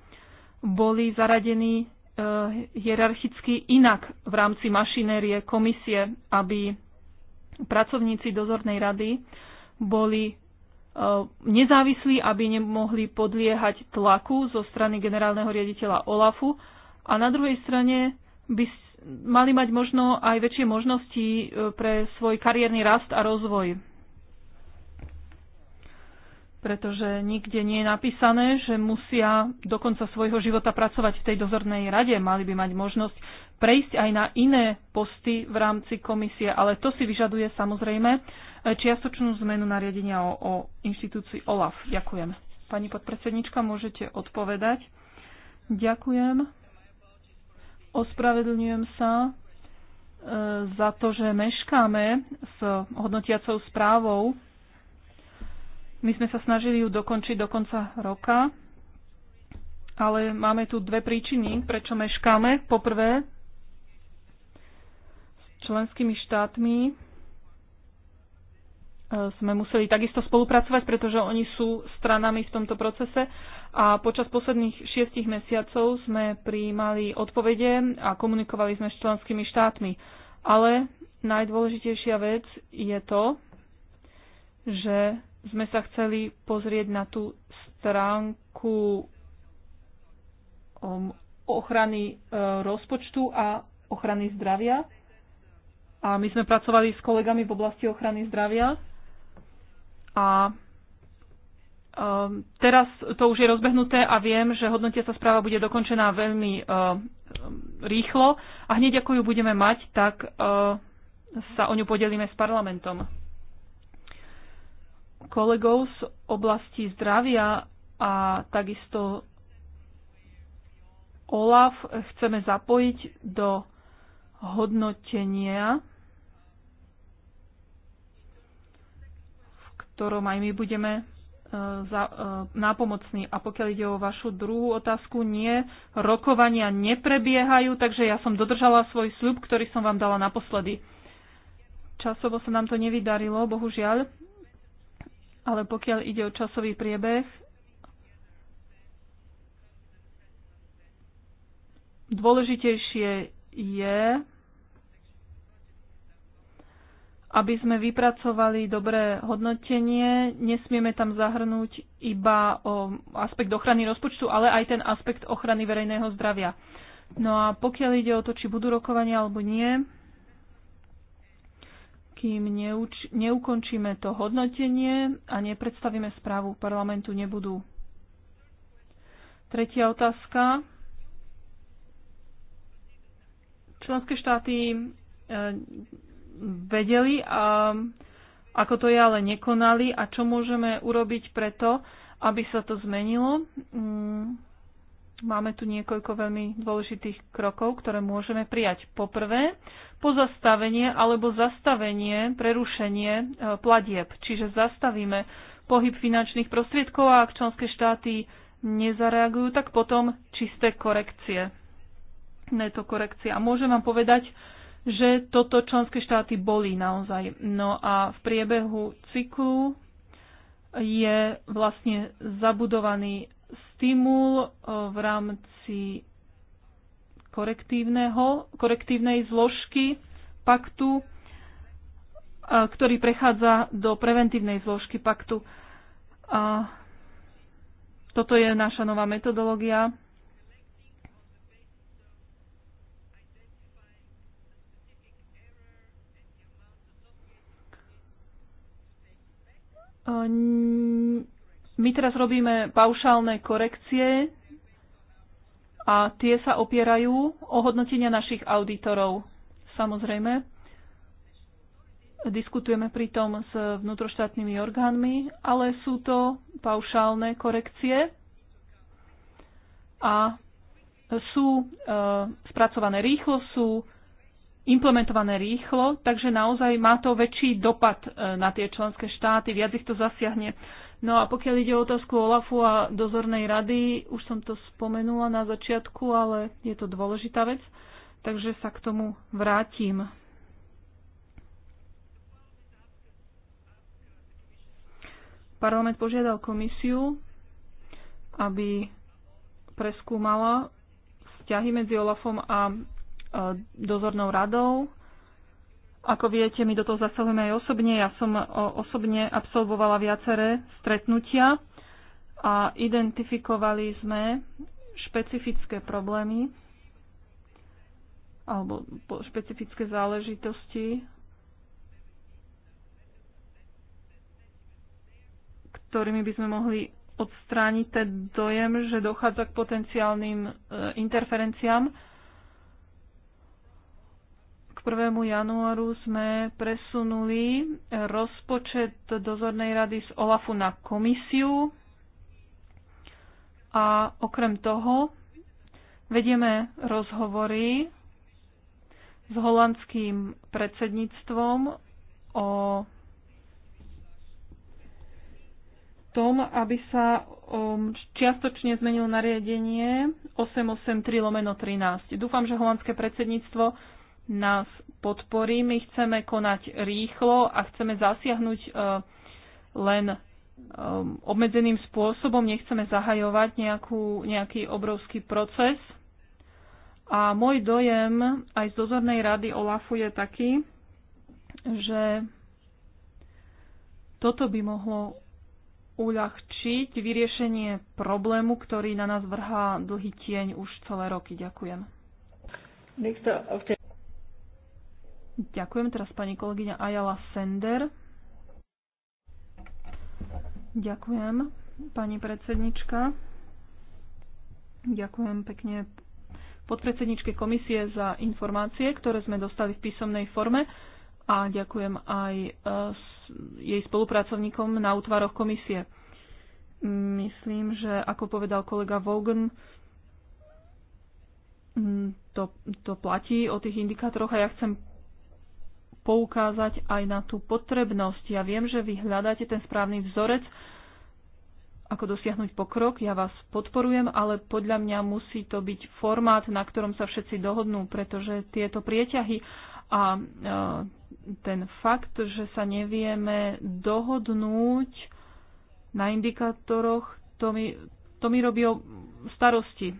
boli zaradení e, hierarchicky inak v rámci mašinérie komisie, aby pracovníci dozornej rady boli e, nezávislí, aby nemohli podliehať tlaku zo strany generálneho riaditeľa OLAFu a na druhej strane by mali mať možno aj väčšie možnosti e, pre svoj kariérny rast a rozvoj pretože nikde nie je napísané, že musia do konca svojho života pracovať v tej dozornej rade. Mali by mať možnosť prejsť aj na iné posty v rámci komisie, ale to si vyžaduje samozrejme čiastočnú zmenu nariadenia o, o inštitúcii OLAF. Ďakujem. Pani podpredsednička, môžete odpovedať. Ďakujem. Ospravedlňujem sa e, za to, že meškáme s hodnotiacou správou my sme sa snažili ju dokončiť do konca roka, ale máme tu dve príčiny, prečo meškáme. Poprvé, s členskými štátmi e, sme museli takisto spolupracovať, pretože oni sú stranami v tomto procese a počas posledných šiestich mesiacov sme prijímali odpovede a komunikovali sme s členskými štátmi. Ale najdôležitejšia vec je to, že sme sa chceli pozrieť na tú stránku um, ochrany e, rozpočtu a ochrany zdravia. A my sme pracovali s kolegami v oblasti ochrany zdravia. A um, teraz to už je rozbehnuté a viem, že hodnotiaca správa bude dokončená veľmi e, rýchlo a hneď ako ju budeme mať, tak e, sa o ňu podelíme s parlamentom kolegov z oblasti zdravia a takisto OLAF chceme zapojiť do hodnotenia, v ktorom aj my budeme e, za, e, nápomocný. A pokiaľ ide o vašu druhú otázku, nie, rokovania neprebiehajú, takže ja som dodržala svoj sľub, ktorý som vám dala naposledy. Časovo sa nám to nevydarilo, bohužiaľ, ale pokiaľ ide o časový priebeh, dôležitejšie je, aby sme vypracovali dobré hodnotenie. Nesmieme tam zahrnúť iba o aspekt ochrany rozpočtu, ale aj ten aspekt ochrany verejného zdravia. No a pokiaľ ide o to, či budú rokovania alebo nie, kým neuč- neukončíme to hodnotenie a nepredstavíme správu parlamentu, nebudú. Tretia otázka. Členské štáty e, vedeli, a, ako to je, ale nekonali a čo môžeme urobiť preto, aby sa to zmenilo. Mm, Máme tu niekoľko veľmi dôležitých krokov, ktoré môžeme prijať. Poprvé, pozastavenie alebo zastavenie, prerušenie e, platieb. Čiže zastavíme pohyb finančných prostriedkov a ak členské štáty nezareagujú, tak potom čisté korekcie. Neto korekcia. Môžem vám povedať, že toto členské štáty boli naozaj. No a v priebehu cyklu je vlastne zabudovaný stimul e, v rámci korektívneho, korektívnej zložky paktu, e, ktorý prechádza do preventívnej zložky paktu. A toto je naša nová metodológia. Um, my teraz robíme paušálne korekcie a tie sa opierajú o hodnotenia našich auditorov. Samozrejme, diskutujeme pritom s vnútroštátnymi orgánmi, ale sú to paušálne korekcie a sú e, spracované rýchlo, sú implementované rýchlo, takže naozaj má to väčší dopad e, na tie členské štáty, viac ich to zasiahne. No a pokiaľ ide o otázku OLAFu a dozornej rady, už som to spomenula na začiatku, ale je to dôležitá vec, takže sa k tomu vrátim. Parlament požiadal komisiu, aby preskúmala vzťahy medzi OLAFom a dozornou radou ako viete, my do toho zasahujeme aj osobne. Ja som osobne absolvovala viaceré stretnutia a identifikovali sme špecifické problémy alebo špecifické záležitosti, ktorými by sme mohli odstrániť ten dojem, že dochádza k potenciálnym e, interferenciám 1. januáru sme presunuli rozpočet dozornej rady z OLAFu na komisiu a okrem toho vedieme rozhovory s holandským predsedníctvom o tom, aby sa um, čiastočne zmenilo nariadenie 883 lomeno 13. Dúfam, že holandské predsedníctvo nás podporí. My chceme konať rýchlo a chceme zasiahnuť e, len e, obmedzeným spôsobom. Nechceme zahajovať nejakú, nejaký obrovský proces. A môj dojem aj z dozornej rady OLAFu je taký, že toto by mohlo uľahčiť vyriešenie problému, ktorý na nás vrhá dlhý tieň už celé roky. Ďakujem. Ďakujem teraz pani kolegyňa Ajala Sender. Ďakujem, pani predsednička. Ďakujem pekne podpredsedničke komisie za informácie, ktoré sme dostali v písomnej forme a ďakujem aj e, jej spolupracovníkom na útvaroch komisie. Myslím, že ako povedal kolega Vogan, mm, to, to platí o tých indikátoroch a ja chcem poukázať aj na tú potrebnosť. Ja viem, že vy hľadáte ten správny vzorec, ako dosiahnuť pokrok, ja vás podporujem, ale podľa mňa musí to byť formát, na ktorom sa všetci dohodnú, pretože tieto prieťahy a e, ten fakt, že sa nevieme dohodnúť na indikátoroch, to mi, to mi robí starosti.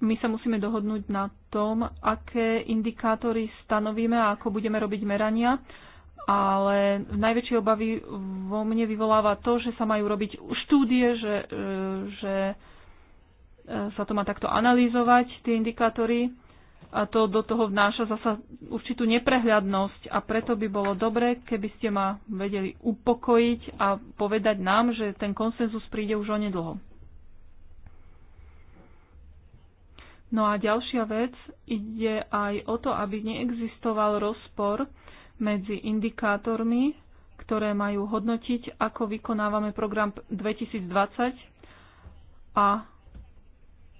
my sa musíme dohodnúť na tom, aké indikátory stanovíme a ako budeme robiť merania, ale najväčšie obavy vo mne vyvoláva to, že sa majú robiť štúdie, že, e, že e, sa to má takto analýzovať, tie indikátory. A to do toho vnáša zasa určitú neprehľadnosť a preto by bolo dobre, keby ste ma vedeli upokojiť a povedať nám, že ten konsenzus príde už onedlho. No a ďalšia vec ide aj o to, aby neexistoval rozpor medzi indikátormi, ktoré majú hodnotiť, ako vykonávame program 2020 a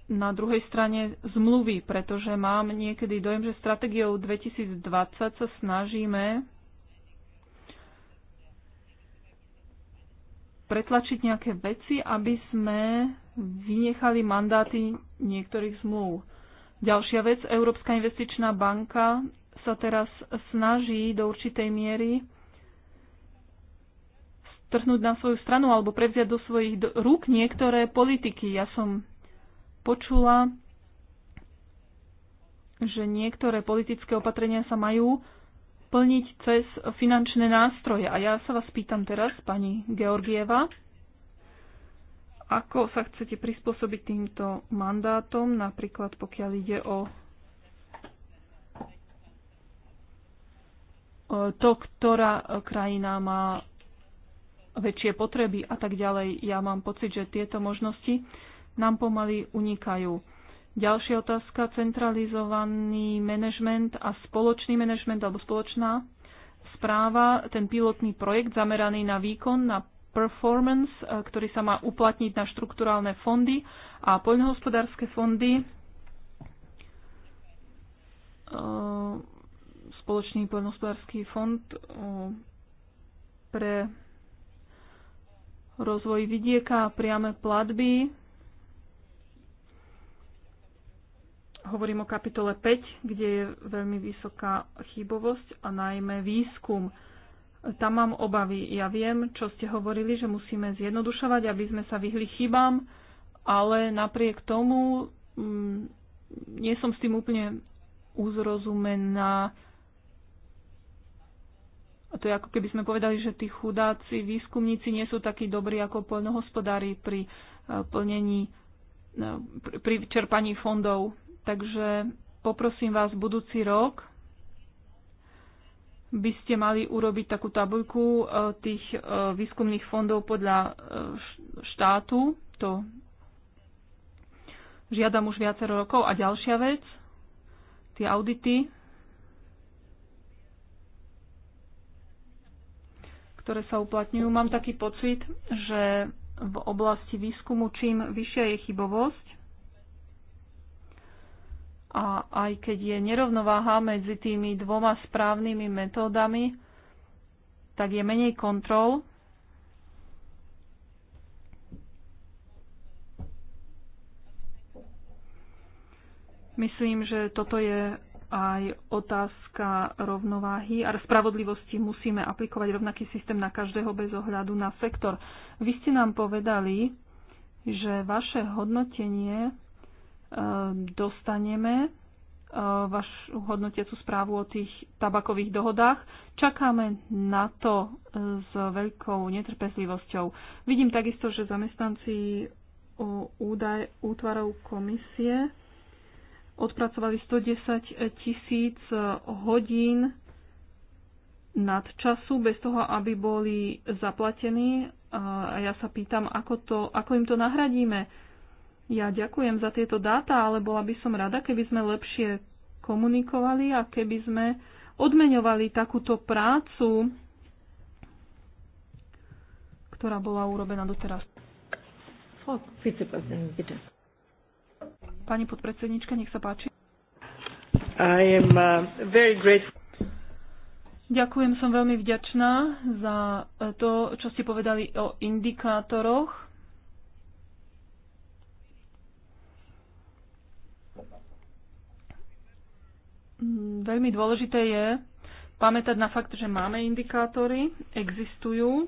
na druhej strane zmluvy, pretože mám niekedy dojem, že stratégiou 2020 sa snažíme pretlačiť nejaké veci, aby sme vynechali mandáty niektorých zmluv. Ďalšia vec, Európska investičná banka sa teraz snaží do určitej miery strhnúť na svoju stranu alebo prevziať do svojich rúk niektoré politiky. Ja som počula, že niektoré politické opatrenia sa majú plniť cez finančné nástroje. A ja sa vás pýtam teraz, pani Georgieva, ako sa chcete prispôsobiť týmto mandátom, napríklad pokiaľ ide o to, ktorá krajina má väčšie potreby a tak ďalej. Ja mám pocit, že tieto možnosti nám pomaly unikajú. Ďalšia otázka, centralizovaný manažment a spoločný manažment alebo spoločná správa, ten pilotný projekt zameraný na výkon, na performance, e, ktorý sa má uplatniť na štrukturálne fondy a poľnohospodárske fondy. E, spoločný poľnohospodársky fond e, pre rozvoj vidieka a priame platby. Hovorím o kapitole 5, kde je veľmi vysoká chybovosť a najmä výskum. Tam mám obavy. Ja viem, čo ste hovorili, že musíme zjednodušovať, aby sme sa vyhli chybám, ale napriek tomu mm, nie som s tým úplne uzrozumená. A to je ako keby sme povedali, že tí chudáci výskumníci nie sú takí dobrí ako poľnohospodári pri e, plnení, e, pri čerpaní fondov. Takže poprosím vás budúci rok by ste mali urobiť takú tabuľku e, tých e, výskumných fondov podľa e, štátu. To žiadam už viacero rokov. A ďalšia vec, tie audity, ktoré sa uplatňujú. Mám taký pocit, že v oblasti výskumu čím vyššia je chybovosť, a aj keď je nerovnováha medzi tými dvoma správnymi metódami, tak je menej kontrol. Myslím, že toto je aj otázka rovnováhy a spravodlivosti. Musíme aplikovať rovnaký systém na každého bez ohľadu na sektor. Vy ste nám povedali, že vaše hodnotenie Ehm, dostaneme ehm, vašu hodnotiacu správu o tých tabakových dohodách. Čakáme na to ehm, s veľkou netrpezlivosťou. Vidím takisto, že zamestnanci údaj útvarov komisie odpracovali 110 tisíc hodín nad času bez toho, aby boli zaplatení. A ja sa pýtam, ako, to, ako im to nahradíme ja ďakujem za tieto dáta, ale bola by som rada, keby sme lepšie komunikovali a keby sme odmeňovali takúto prácu, ktorá bola urobená doteraz. Pani podpredsednička, nech sa páči. I am, uh, very Ďakujem, som veľmi vďačná za eh, to, čo ste povedali o indikátoroch Mm, veľmi dôležité je pamätať na fakt, že máme indikátory, existujú.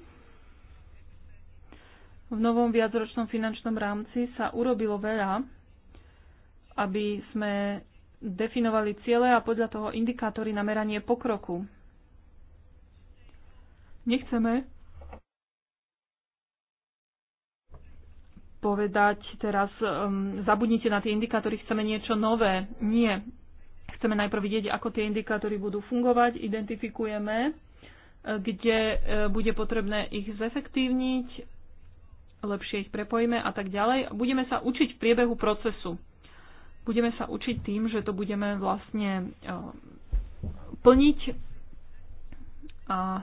V novom viacročnom finančnom rámci sa urobilo veľa, aby sme definovali ciele a podľa toho indikátory na meranie pokroku. Nechceme povedať teraz, um, zabudnite na tie indikátory, chceme niečo nové. Nie, Chceme najprv vidieť, ako tie indikátory budú fungovať, identifikujeme, e, kde e, bude potrebné ich zefektívniť, lepšie ich prepojíme a tak ďalej. Budeme sa učiť v priebehu procesu. Budeme sa učiť tým, že to budeme vlastne e, plniť a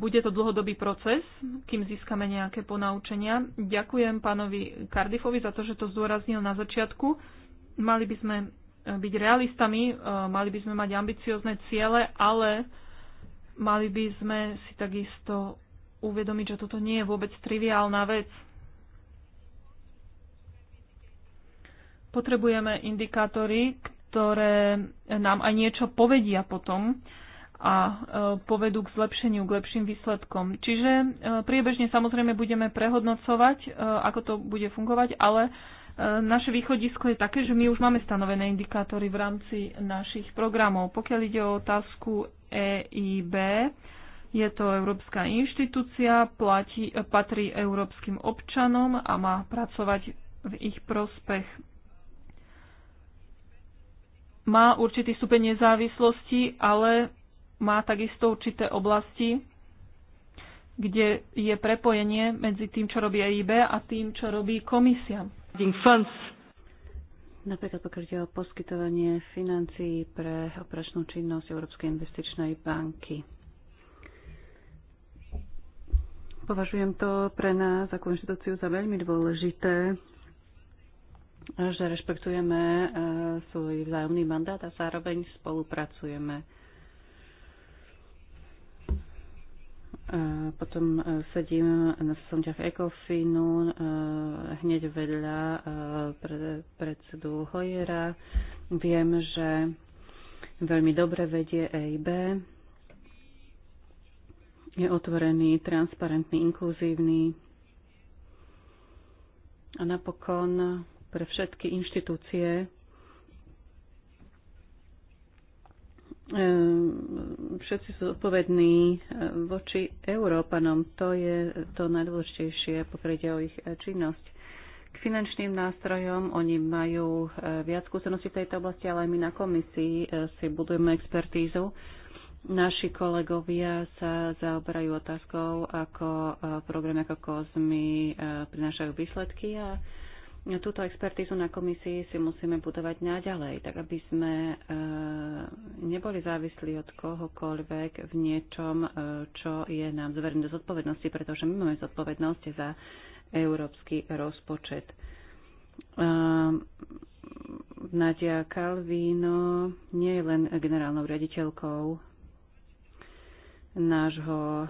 bude to dlhodobý proces, kým získame nejaké ponaučenia. Ďakujem pánovi Cardiffovi za to, že to zdôraznil na začiatku. Mali by sme E, byť realistami, e, mali by sme mať ambiciozne ciele, ale mali by sme si takisto uvedomiť, že toto nie je vôbec triviálna vec. Potrebujeme indikátory, ktoré nám aj niečo povedia potom a e, povedú k zlepšeniu, k lepším výsledkom. Čiže priebežne samozrejme budeme prehodnocovať, ako to bude fungovať, ale E, naše východisko je také, že my už máme stanovené indikátory v rámci našich programov. Pokiaľ ide o otázku EIB, je to európska inštitúcia, platí, patrí európskym občanom a má pracovať v ich prospech. Má určitý stupeň nezávislosti, ale má takisto určité oblasti, kde je prepojenie medzi tým, čo robí EIB a tým, čo robí komisia. Napríklad pokiaľ ide o poskytovanie financií pre operačnú činnosť Európskej investičnej banky. Považujem to pre nás ako inštitúciu za veľmi dôležité, že rešpektujeme e, svoj vzájomný mandát a zároveň spolupracujeme. Eh, potom eh, sedím na súťaž Ekofinu eh, hneď vedľa predsedu Hojera. Viem, že veľmi dobre vedie EIB. Je otvorený, transparentný, inkluzívny. A napokon pre všetky inštitúcie Ehm, všetci sú zodpovední ehm, voči Európanom. To je to najdôležitejšie, pokrytie o ich eh, činnosť. K finančným nástrojom oni majú eh, viac skúseností v tejto oblasti, ale aj my na komisii eh, si budujeme expertízu. Naši kolegovia sa zaoberajú otázkou, ako program ako COSMI prinášajú výsledky a túto expertízu na komisii si musíme budovať naďalej, tak aby sme eh, neboli závislí od kohokoľvek v niečom, eh, čo je nám zverené do zodpovednosti, pretože my máme zodpovednosť za európsky rozpočet. Eh, Nadia Calvino nie je len generálnou riaditeľkou nášho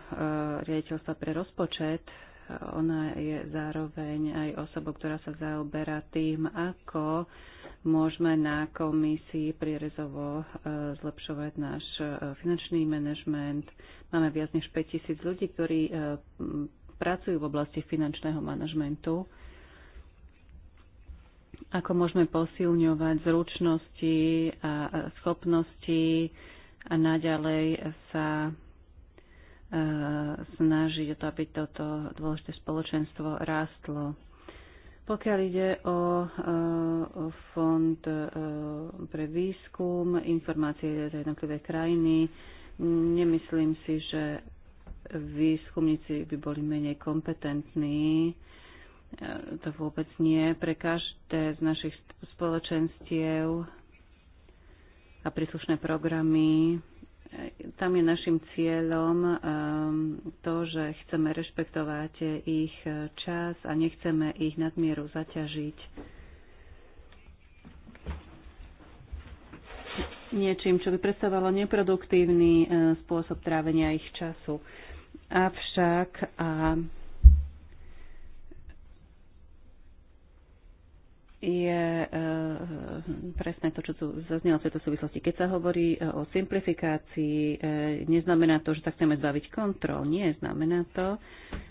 riaditeľstva pre rozpočet, ona je zároveň aj osobou, ktorá sa zaoberá tým, ako môžeme na komisii prierezovo e, zlepšovať náš e, finančný manažment. Máme viac než 5000 ľudí, ktorí e, pracujú v oblasti finančného manažmentu ako môžeme posilňovať zručnosti a schopnosti a naďalej sa E, snažiť o to, aby toto dôležité spoločenstvo rástlo. Pokiaľ ide o, e, o fond e, pre výskum, informácie z jednotlivé krajiny, nemyslím si, že výskumníci by boli menej kompetentní. To vôbec nie. Pre každé z našich spoločenstiev a príslušné programy tam je našim cieľom um, to, že chceme rešpektovať ich čas a nechceme ich nadmieru zaťažiť niečím, čo by predstavovalo neproduktívny uh, spôsob trávenia ich času. Avšak a je eh, presne to, čo tu zaznelo v tejto súvislosti. Keď sa hovorí eh, o simplifikácii, eh, neznamená to, že sa chceme zbaviť kontrol. Nie, znamená to,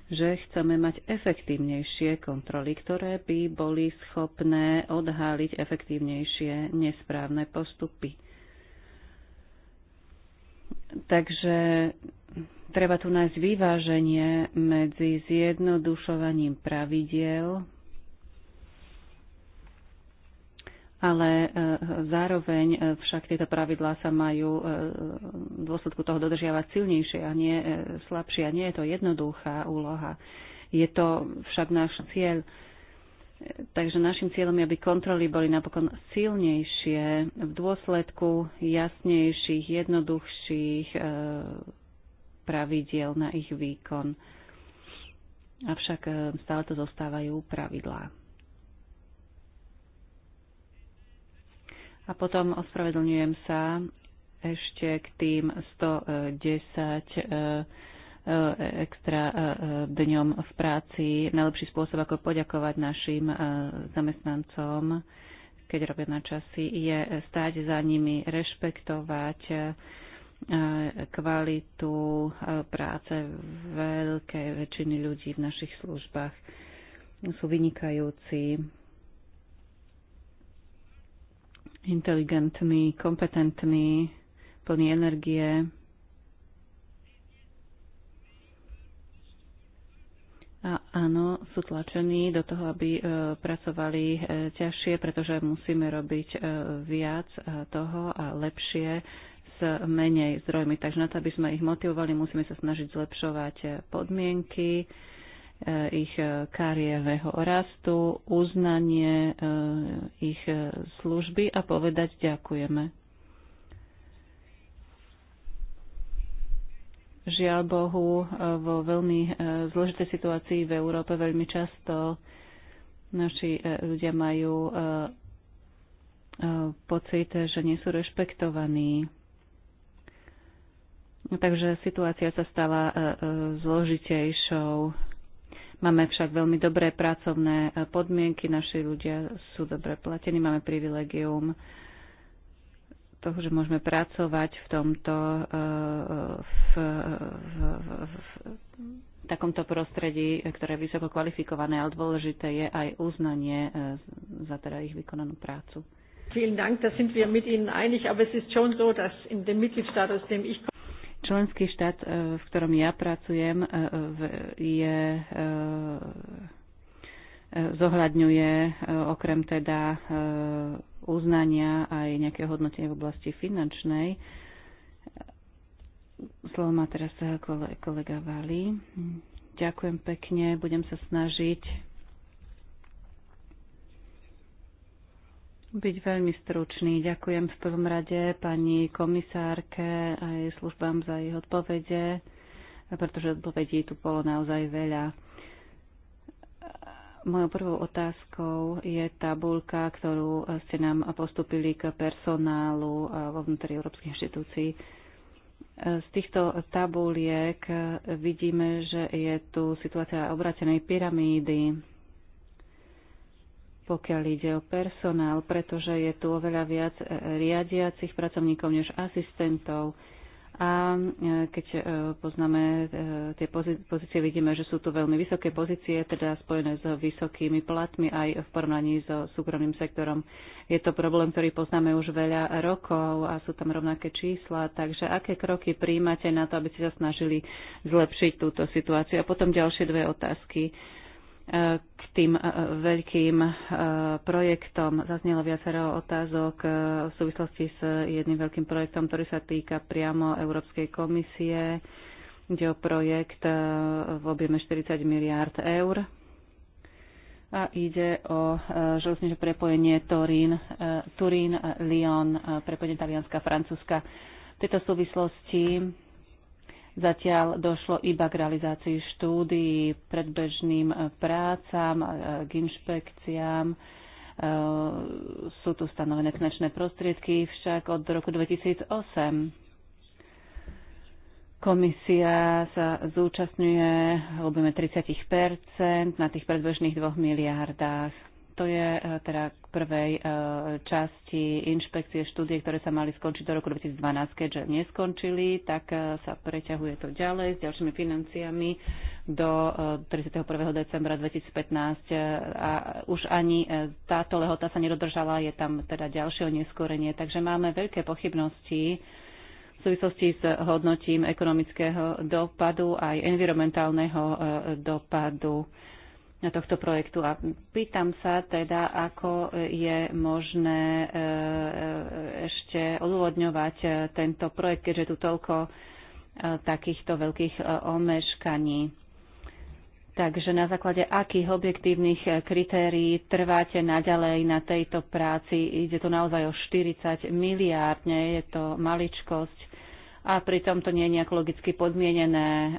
že chceme mať efektívnejšie kontroly, ktoré by boli schopné odhaliť efektívnejšie nesprávne postupy. Takže treba tu nájsť vyváženie medzi zjednodušovaním pravidiel ale e, zároveň e, však tieto pravidlá sa majú e, v dôsledku toho dodržiavať silnejšie a nie slabšie. A nie je to jednoduchá úloha. Je to však náš cieľ. Takže našim cieľom je, aby kontroly boli napokon silnejšie v dôsledku jasnejších, jednoduchších pravidiel na ich výkon. Avšak stále to zostávajú pravidlá. A potom ospravedlňujem sa ešte k tým 110 e, e, extra e, dňom v práci. Najlepší spôsob, ako poďakovať našim zamestnancom, keď robia na časy, je stáť za nimi, rešpektovať kvalitu práce veľkej väčšiny ľudí v našich službách. Sú vynikajúci, inteligentný, kompetentný, plný energie. A áno, sú tlačení do toho, aby e, pracovali e, ťažšie, pretože musíme robiť e, viac toho a lepšie s menej zdrojmi. Takže na to, aby sme ich motivovali, musíme sa snažiť zlepšovať podmienky, Eh, ich eh, kariérneho rastu, uznanie eh, ich služby a povedať ďakujeme. Žiaľ Bohu, vo veľmi zložitej situácii v Európe veľmi často naši ľudia majú pocit, že nie sú rešpektovaní. Takže situácia sa stala zložitejšou Máme však veľmi dobré pracovné e, podmienky, naši ľudia sú dobre platení, máme privilegium toho, že môžeme pracovať v tomto v, e, v, v, v v takomto prostredí, ktoré je vysoko kvalifikované, ale dôležité je aj uznanie e, za teda ich vykonanú prácu. Vielen Dank, da sind wir mit Ihnen einig, aber es ist schon so, dass in dem Mitgliedstaat, aus dem ich komme, Členský štát, e, v ktorom ja pracujem, e, je e, zohľadňuje okrem teda uznania aj nejaké hodnotenie v oblasti finančnej. Slovo má teraz kolega Vali. Ďakujem pekne, budem sa snažiť byť veľmi stručný. Ďakujem v prvom rade pani komisárke a jej službám za jej odpovede, pretože odpovedí tu bolo naozaj veľa. Mojou prvou otázkou je tabulka, ktorú ste nám postupili k personálu vo vnútri európskych inštitúcií. Z týchto tabuliek vidíme, že je tu situácia obratenej pyramídy pokiaľ ide o personál, pretože je tu oveľa viac e, riadiacich pracovníkov než asistentov. A e, keď e, poznáme tie pozície, vidíme, že sú tu veľmi vysoké pozície, teda spojené s vysokými platmi aj v porovnaní so súkromným sektorom. Je to problém, ktorý poznáme už veľa rokov a sú tam rovnaké čísla, takže aké kroky príjmate na to, aby ste sa snažili zlepšiť túto situáciu? A potom ďalšie dve otázky k tým e, e, veľkým e, projektom. Zaznelo viacero otázok v súvislosti s jedným veľkým projektom, ktorý sa týka priamo Európskej komisie. Ide o projekt v objeme 40 miliárd eur a ide o železničné prepojenie Turín, Turín Lyon, prepojenie Talianska, Francúzska. V tejto súvislosti Zatiaľ došlo iba k realizácii štúdií, predbežným eh, prácam, eh, k inšpekciám. Eh, sú tu stanovené finančné prostriedky však od roku 2008. Komisia sa zúčastňuje, robíme 30 na tých predbežných 2 miliardách to je e, teda k prvej e, časti inšpekcie štúdie, ktoré sa mali skončiť do roku 2012, keďže neskončili, tak e, sa preťahuje to ďalej s ďalšími financiami do 31. decembra 2015 a už ani táto lehota sa nedodržala, je tam teda ďalšie oneskorenie, takže máme veľké pochybnosti v súvislosti s hodnotím ekonomického dopadu aj environmentálneho dopadu na tohto projektu. A pýtam sa teda, ako je možné e, e, ešte odôvodňovať e, tento projekt, keďže je tu toľko takýchto veľkých omeškaní. Takže na základe akých objektívnych kritérií trváte naďalej na tejto práci? Ide tu naozaj o 40 miliárd, nie je to maličkosť a pritom to nie je nejak logicky podmienené e,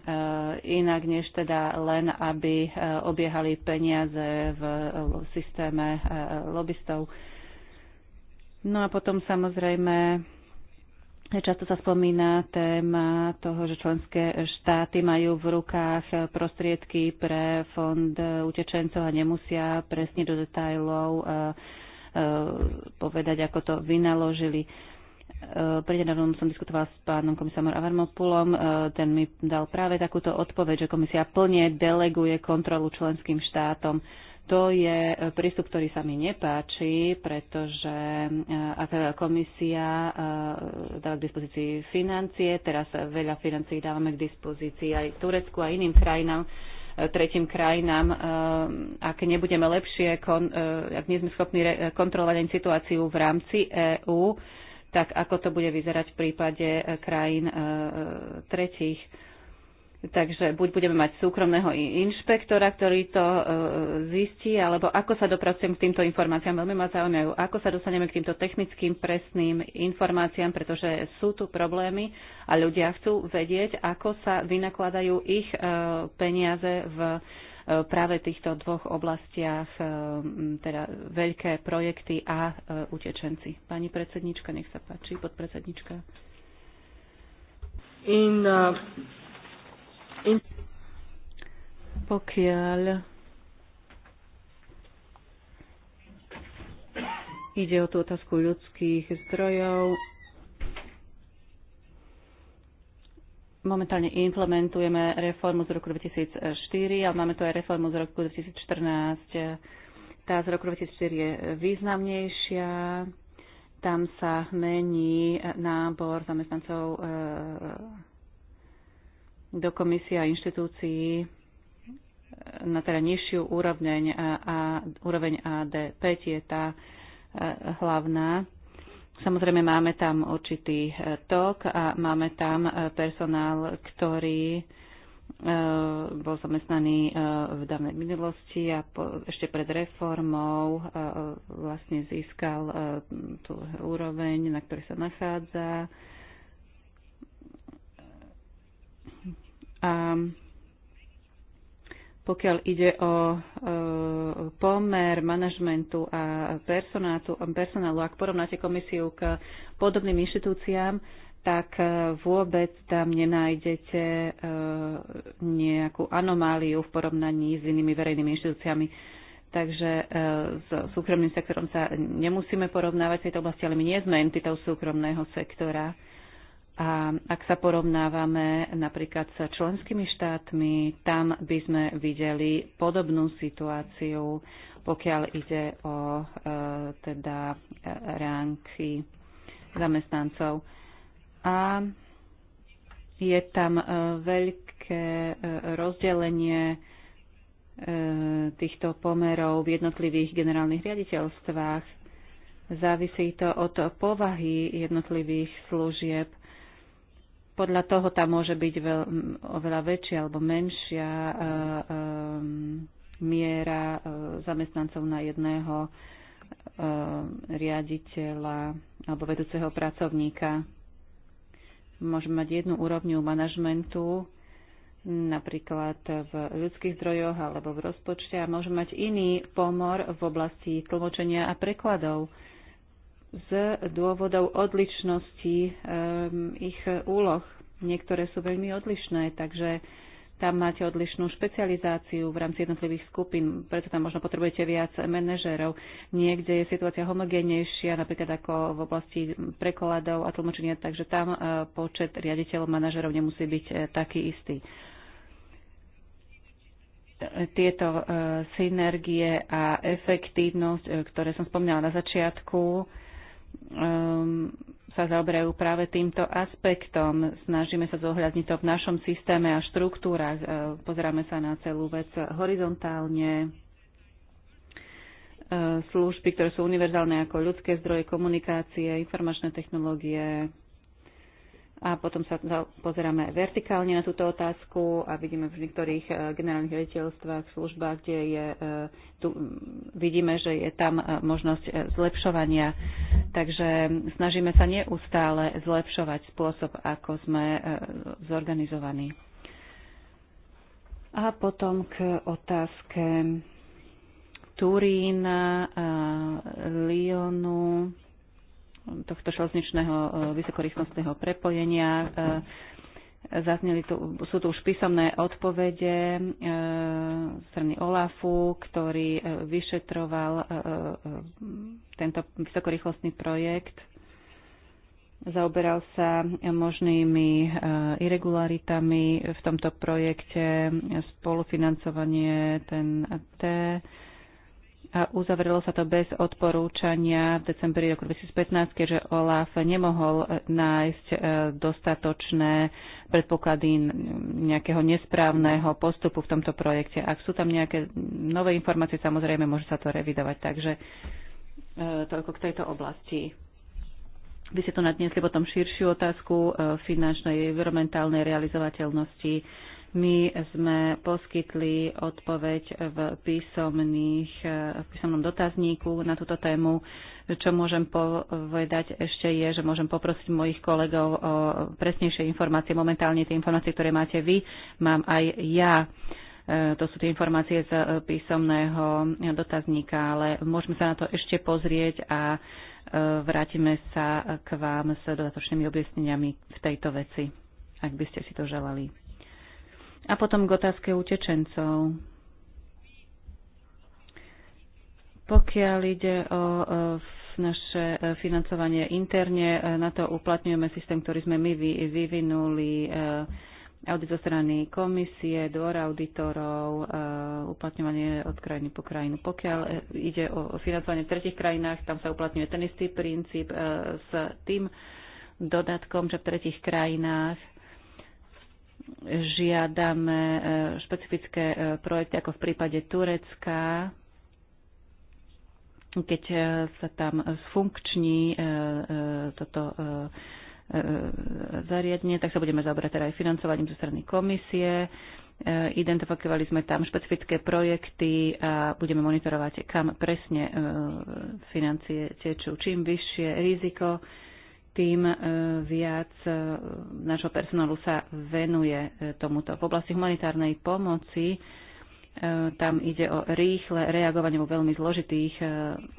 inak, než teda len, aby e, obiehali peniaze v systéme e, lobbystov. No a potom samozrejme Často sa spomína téma toho, že členské štáty majú v rukách prostriedky pre fond utečencov a nemusia presne do detajlov povedať, ako to vynaložili. Eh, Prednedávnom som diskutovala s pánom komisárom Avarmopulom, eh, ten mi dal práve takúto odpoveď, že komisia plne deleguje kontrolu členským štátom. To je eh, prístup, ktorý sa mi nepáči, pretože ak komisia dáva k dispozícii financie, teraz veľa financií dávame k dispozícii aj Turecku a iným krajinám, tretím krajinám, ak nebudeme lepšie, ak nie sme schopní kontrolovať ani situáciu v rámci EÚ, tak ako to bude vyzerať v prípade e, krajín e, e, tretích. Takže buď budeme mať súkromného inšpektora, ktorý to zistí, alebo ako sa dopracujem k týmto informáciám. Veľmi ma zaujímajú, ako sa dostaneme k týmto technickým presným informáciám, pretože sú tu problémy a ľudia chcú vedieť, ako sa vynakladajú ich peniaze v práve v týchto dvoch oblastiach e, teda veľké projekty a e, utečenci. Pani predsednička, nech sa páči, podpredsednička. In, uh, in... Pokiaľ ide o tú otázku ľudských zdrojov, momentálne implementujeme reformu z roku 2004, ale máme tu aj reformu z roku 2014. Tá z roku 2004 je významnejšia. Tam sa mení nábor zamestnancov e, do komisie a inštitúcií na teda nižšiu úroveň a, a úroveň AD5 je tá e, hlavná Samozrejme máme tam určitý e, tok a máme tam e, personál, ktorý e, bol zamestnaný v dávnej minulosti a po, ešte pred reformou vlastne získal tú úroveň, na ktorej sa nachádza. A pokiaľ ide o e, pomer manažmentu a personálu, ak porovnáte komisiu k podobným inštitúciám, tak e, vôbec tam nenájdete e, nejakú anomáliu v porovnaní s inými verejnými inštitúciami. Takže e, s súkromným sektorom sa nemusíme porovnávať v tejto oblasti, ale my nie sme entitou súkromného sektora. A ak sa porovnávame napríklad s členskými štátmi, tam by sme videli podobnú situáciu, pokiaľ ide o e, teda e, ránky zamestnancov. A je tam e, veľké e, rozdelenie e, týchto pomerov v jednotlivých generálnych riaditeľstvách. Závisí to od povahy jednotlivých služieb podľa toho tam môže byť veľ, oveľa väčšia alebo menšia e, e, miera e, zamestnancov na jedného riaditeľa alebo vedúceho pracovníka. Môžeme mať jednu úrovňu manažmentu, napríklad v ľudských zdrojoch alebo v rozpočte a môžeme mať iný pomor v oblasti tlmočenia a prekladov z dôvodov odlišnosti ich úloh. Niektoré sú veľmi odlišné, takže tam máte odlišnú špecializáciu v rámci jednotlivých skupín, preto tam možno potrebujete viac manažérov. Niekde je situácia homogénejšia, napríklad ako v oblasti prekladov a tlmočenia, takže tam e, počet riaditeľov, manažérov nemusí byť e, taký istý. Tieto e, synergie a efektívnosť, ktoré som spomínala na začiatku, um, sa zaoberajú práve týmto aspektom. Snažíme sa zohľadniť to v našom systéme a štruktúrach. Uh, pozeráme sa na celú vec horizontálne. Uh, služby, ktoré sú univerzálne ako ľudské zdroje, komunikácie, informačné technológie, a potom sa pozeráme vertikálne na túto otázku a vidíme v niektorých e, generálnych riaditeľstvách, službách, kde je, e, tu, vidíme, že je tam e, možnosť zlepšovania. Takže snažíme sa neustále zlepšovať spôsob, ako sme zorganizovaní. A potom k otázke Turína, Lyonu tohto železničného e, vysokorýchlostného prepojenia. E, zazneli tu, sú tu už písomné odpovede e, strany OLAFu, ktorý vyšetroval tento vysokorýchlostný projekt. Zaoberal sa možnými irregularitami v tomto projekte, spolufinancovanie ten T a uzavrelo sa to bez odporúčania v decembri roku 2015, keďže OLAF nemohol nájsť e, dostatočné predpoklady nejakého nesprávneho postupu v tomto projekte. Ak sú tam nejaké nové informácie, samozrejme môže sa to revidovať. Takže e, toľko k tejto oblasti. Vy ste tu nadniesli potom širšiu otázku e, finančnej, environmentálnej realizovateľnosti my sme poskytli odpoveď v, písomných, v písomnom dotazníku na túto tému. Čo môžem povedať ešte je, že môžem poprosiť mojich kolegov o presnejšie informácie. Momentálne tie informácie, ktoré máte vy, mám aj ja. E, to sú tie informácie z písomného dotazníka, ale môžeme sa na to ešte pozrieť a e, vrátime sa k vám s dodatočnými objasneniami v tejto veci, ak by ste si to želali. A potom k otázke utečencov. Pokiaľ ide o naše financovanie interne, e, na to uplatňujeme systém, ktorý sme my vyvinuli, e, audit zo strany komisie, dvor auditorov, e, uplatňovanie od krajiny po krajinu. Pokiaľ ide o financovanie v tretich krajinách, tam sa uplatňuje ten istý princíp s tým dodatkom, že v tretich krajinách žiadame eh, špecifické eh, projekty, ako v prípade Turecka, keď eh, sa tam zfunkční toto zariadenie, tak sa budeme zaoberať teda aj financovaním zo strany komisie. Identifikovali sme tam špecifické projekty a budeme monitorovať, kam presne financie tečú. Čím vyššie riziko, tým e, viac e, nášho personálu sa venuje e, tomuto. V oblasti humanitárnej pomoci tam ide o rýchle reagovanie vo veľmi zložitých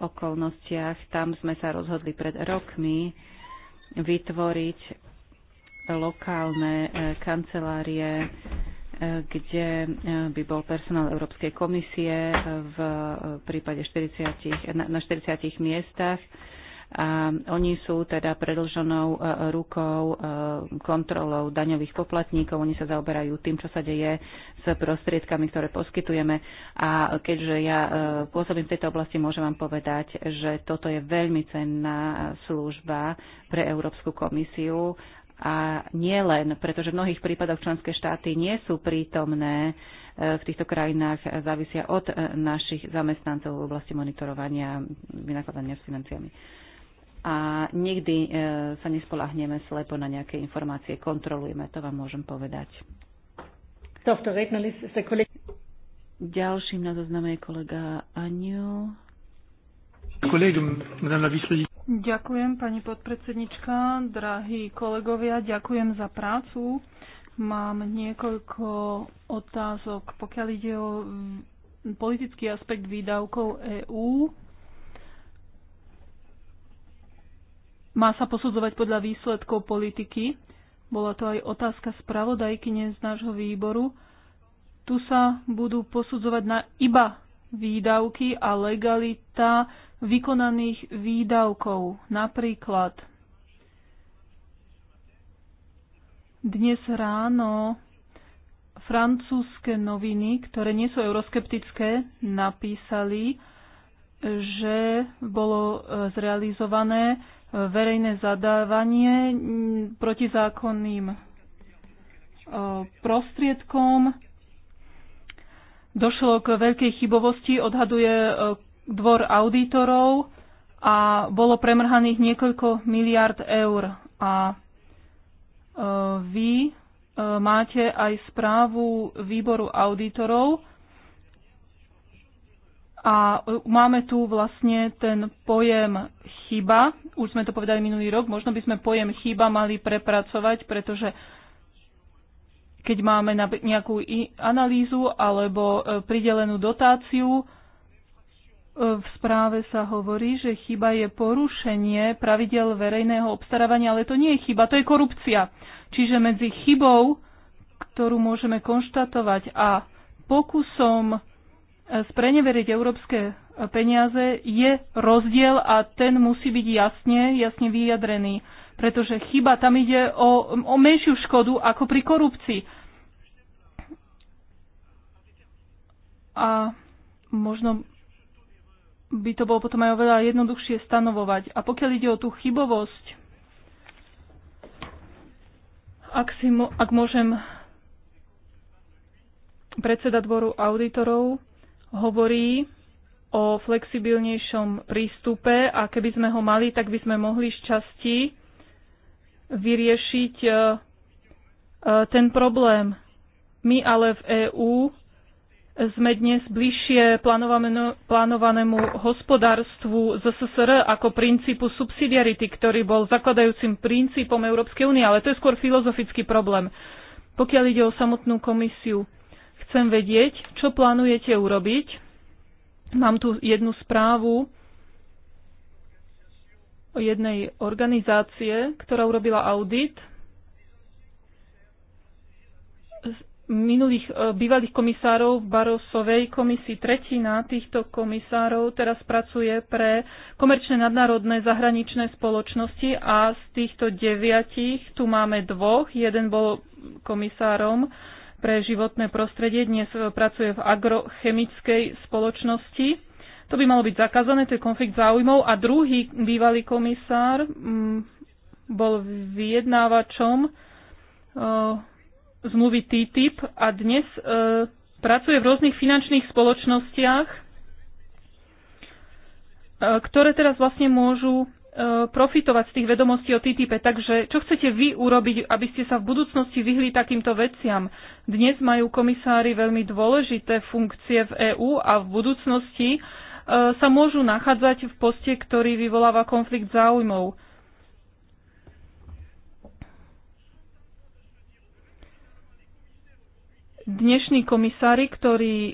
okolnostiach. Tam sme sa rozhodli pred rokmi vytvoriť lokálne kancelárie, kde by bol personál Európskej komisie v prípade 40, na 40 miestach a oni sú teda predlženou e, rukou e, kontrolou daňových poplatníkov. Oni sa zaoberajú tým, čo sa deje s prostriedkami, ktoré poskytujeme. A keďže ja e, pôsobím v tejto oblasti, môžem vám povedať, že toto je veľmi cenná služba pre Európsku komisiu a nie len, pretože v mnohých prípadoch členské štáty nie sú prítomné v týchto krajinách, závisia od našich zamestnancov v oblasti monitorovania vynakladania s financiami a nikdy e, sa nespolahneme slepo na nejaké informácie. Kontrolujeme, to vám môžem povedať. Ďalším na zozname je kolega Aniu. Ďakujem, pani podpredsednička, drahí kolegovia, ďakujem za prácu. Mám niekoľko otázok, pokiaľ ide o politický aspekt výdavkov EÚ má sa posudzovať podľa výsledkov politiky. Bola to aj otázka spravodajkyne z nášho výboru. Tu sa budú posudzovať na iba výdavky a legalita vykonaných výdavkov. Napríklad dnes ráno francúzske noviny, ktoré nie sú euroskeptické, napísali, že bolo e, zrealizované verejné zadávanie mm, protizákonným e, prostriedkom. Došlo k veľkej chybovosti, odhaduje e, dvor auditorov a bolo premrhaných niekoľko miliard eur. A e, vy máte aj správu výboru auditorov, a e, máme tu vlastne ten pojem chyba. Už sme to povedali minulý rok. Možno by sme pojem chyba mali prepracovať, pretože keď máme nejakú analýzu alebo e, pridelenú dotáciu, e, v správe sa hovorí, že chyba je porušenie pravidel verejného obstarávania, ale to nie je chyba, to je korupcia. Čiže medzi chybou, ktorú môžeme konštatovať, a pokusom spreneveriť európske peniaze je rozdiel a ten musí byť jasne, jasne vyjadrený. Pretože chyba tam ide o, o menšiu škodu ako pri korupcii. A možno by to bolo potom aj oveľa jednoduchšie stanovovať. A pokiaľ ide o tú chybovosť, ak, si, ak môžem predseda dvoru auditorov hovorí o flexibilnejšom prístupe a keby sme ho mali, tak by sme mohli z časti vyriešiť e, e, ten problém. My ale v EÚ sme dnes bližšie plánovanému hospodárstvu ZSSR ako princípu subsidiarity, ktorý bol zakladajúcim princípom Európskej únie, ale to je skôr filozofický problém. Pokiaľ ide o samotnú komisiu, Chcem vedieť, čo plánujete urobiť. Mám tu jednu správu o jednej organizácie, ktorá urobila audit minulých e, bývalých komisárov v Barosovej komisii. Tretina týchto komisárov teraz pracuje pre komerčné nadnárodné zahraničné spoločnosti a z týchto deviatich tu máme dvoch. Jeden bol komisárom pre životné prostredie. Dnes e, pracuje v agrochemickej spoločnosti. To by malo byť zakázané, to je konflikt záujmov. A druhý bývalý komisár mm, bol vyjednávačom e, zmluvy TTIP a dnes e, pracuje v rôznych finančných spoločnostiach, ktoré teraz vlastne môžu profitovať z tých vedomostí o TTIP. Takže čo chcete vy urobiť, aby ste sa v budúcnosti vyhli takýmto veciam? Dnes majú komisári veľmi dôležité funkcie v EÚ a v budúcnosti e, sa môžu nachádzať v poste, ktorý vyvoláva konflikt záujmov. Dnešní komisári, ktorí e,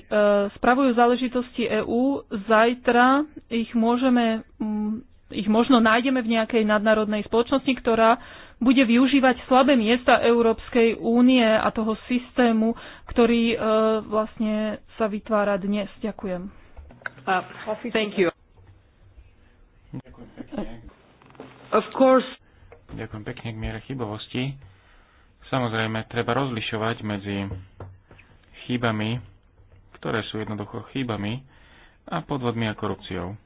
spravujú záležitosti EÚ, zajtra ich môžeme mm, ich možno nájdeme v nejakej nadnárodnej spoločnosti, ktorá bude využívať slabé miesta Európskej únie a toho systému, ktorý e, vlastne sa vytvára dnes. Ďakujem. Uh, thank you. Ďakujem pekne. Of course. Ďakujem pekne k miere chybovosti. Samozrejme, treba rozlišovať medzi chybami, ktoré sú jednoducho chybami, a podvodmi a korupciou.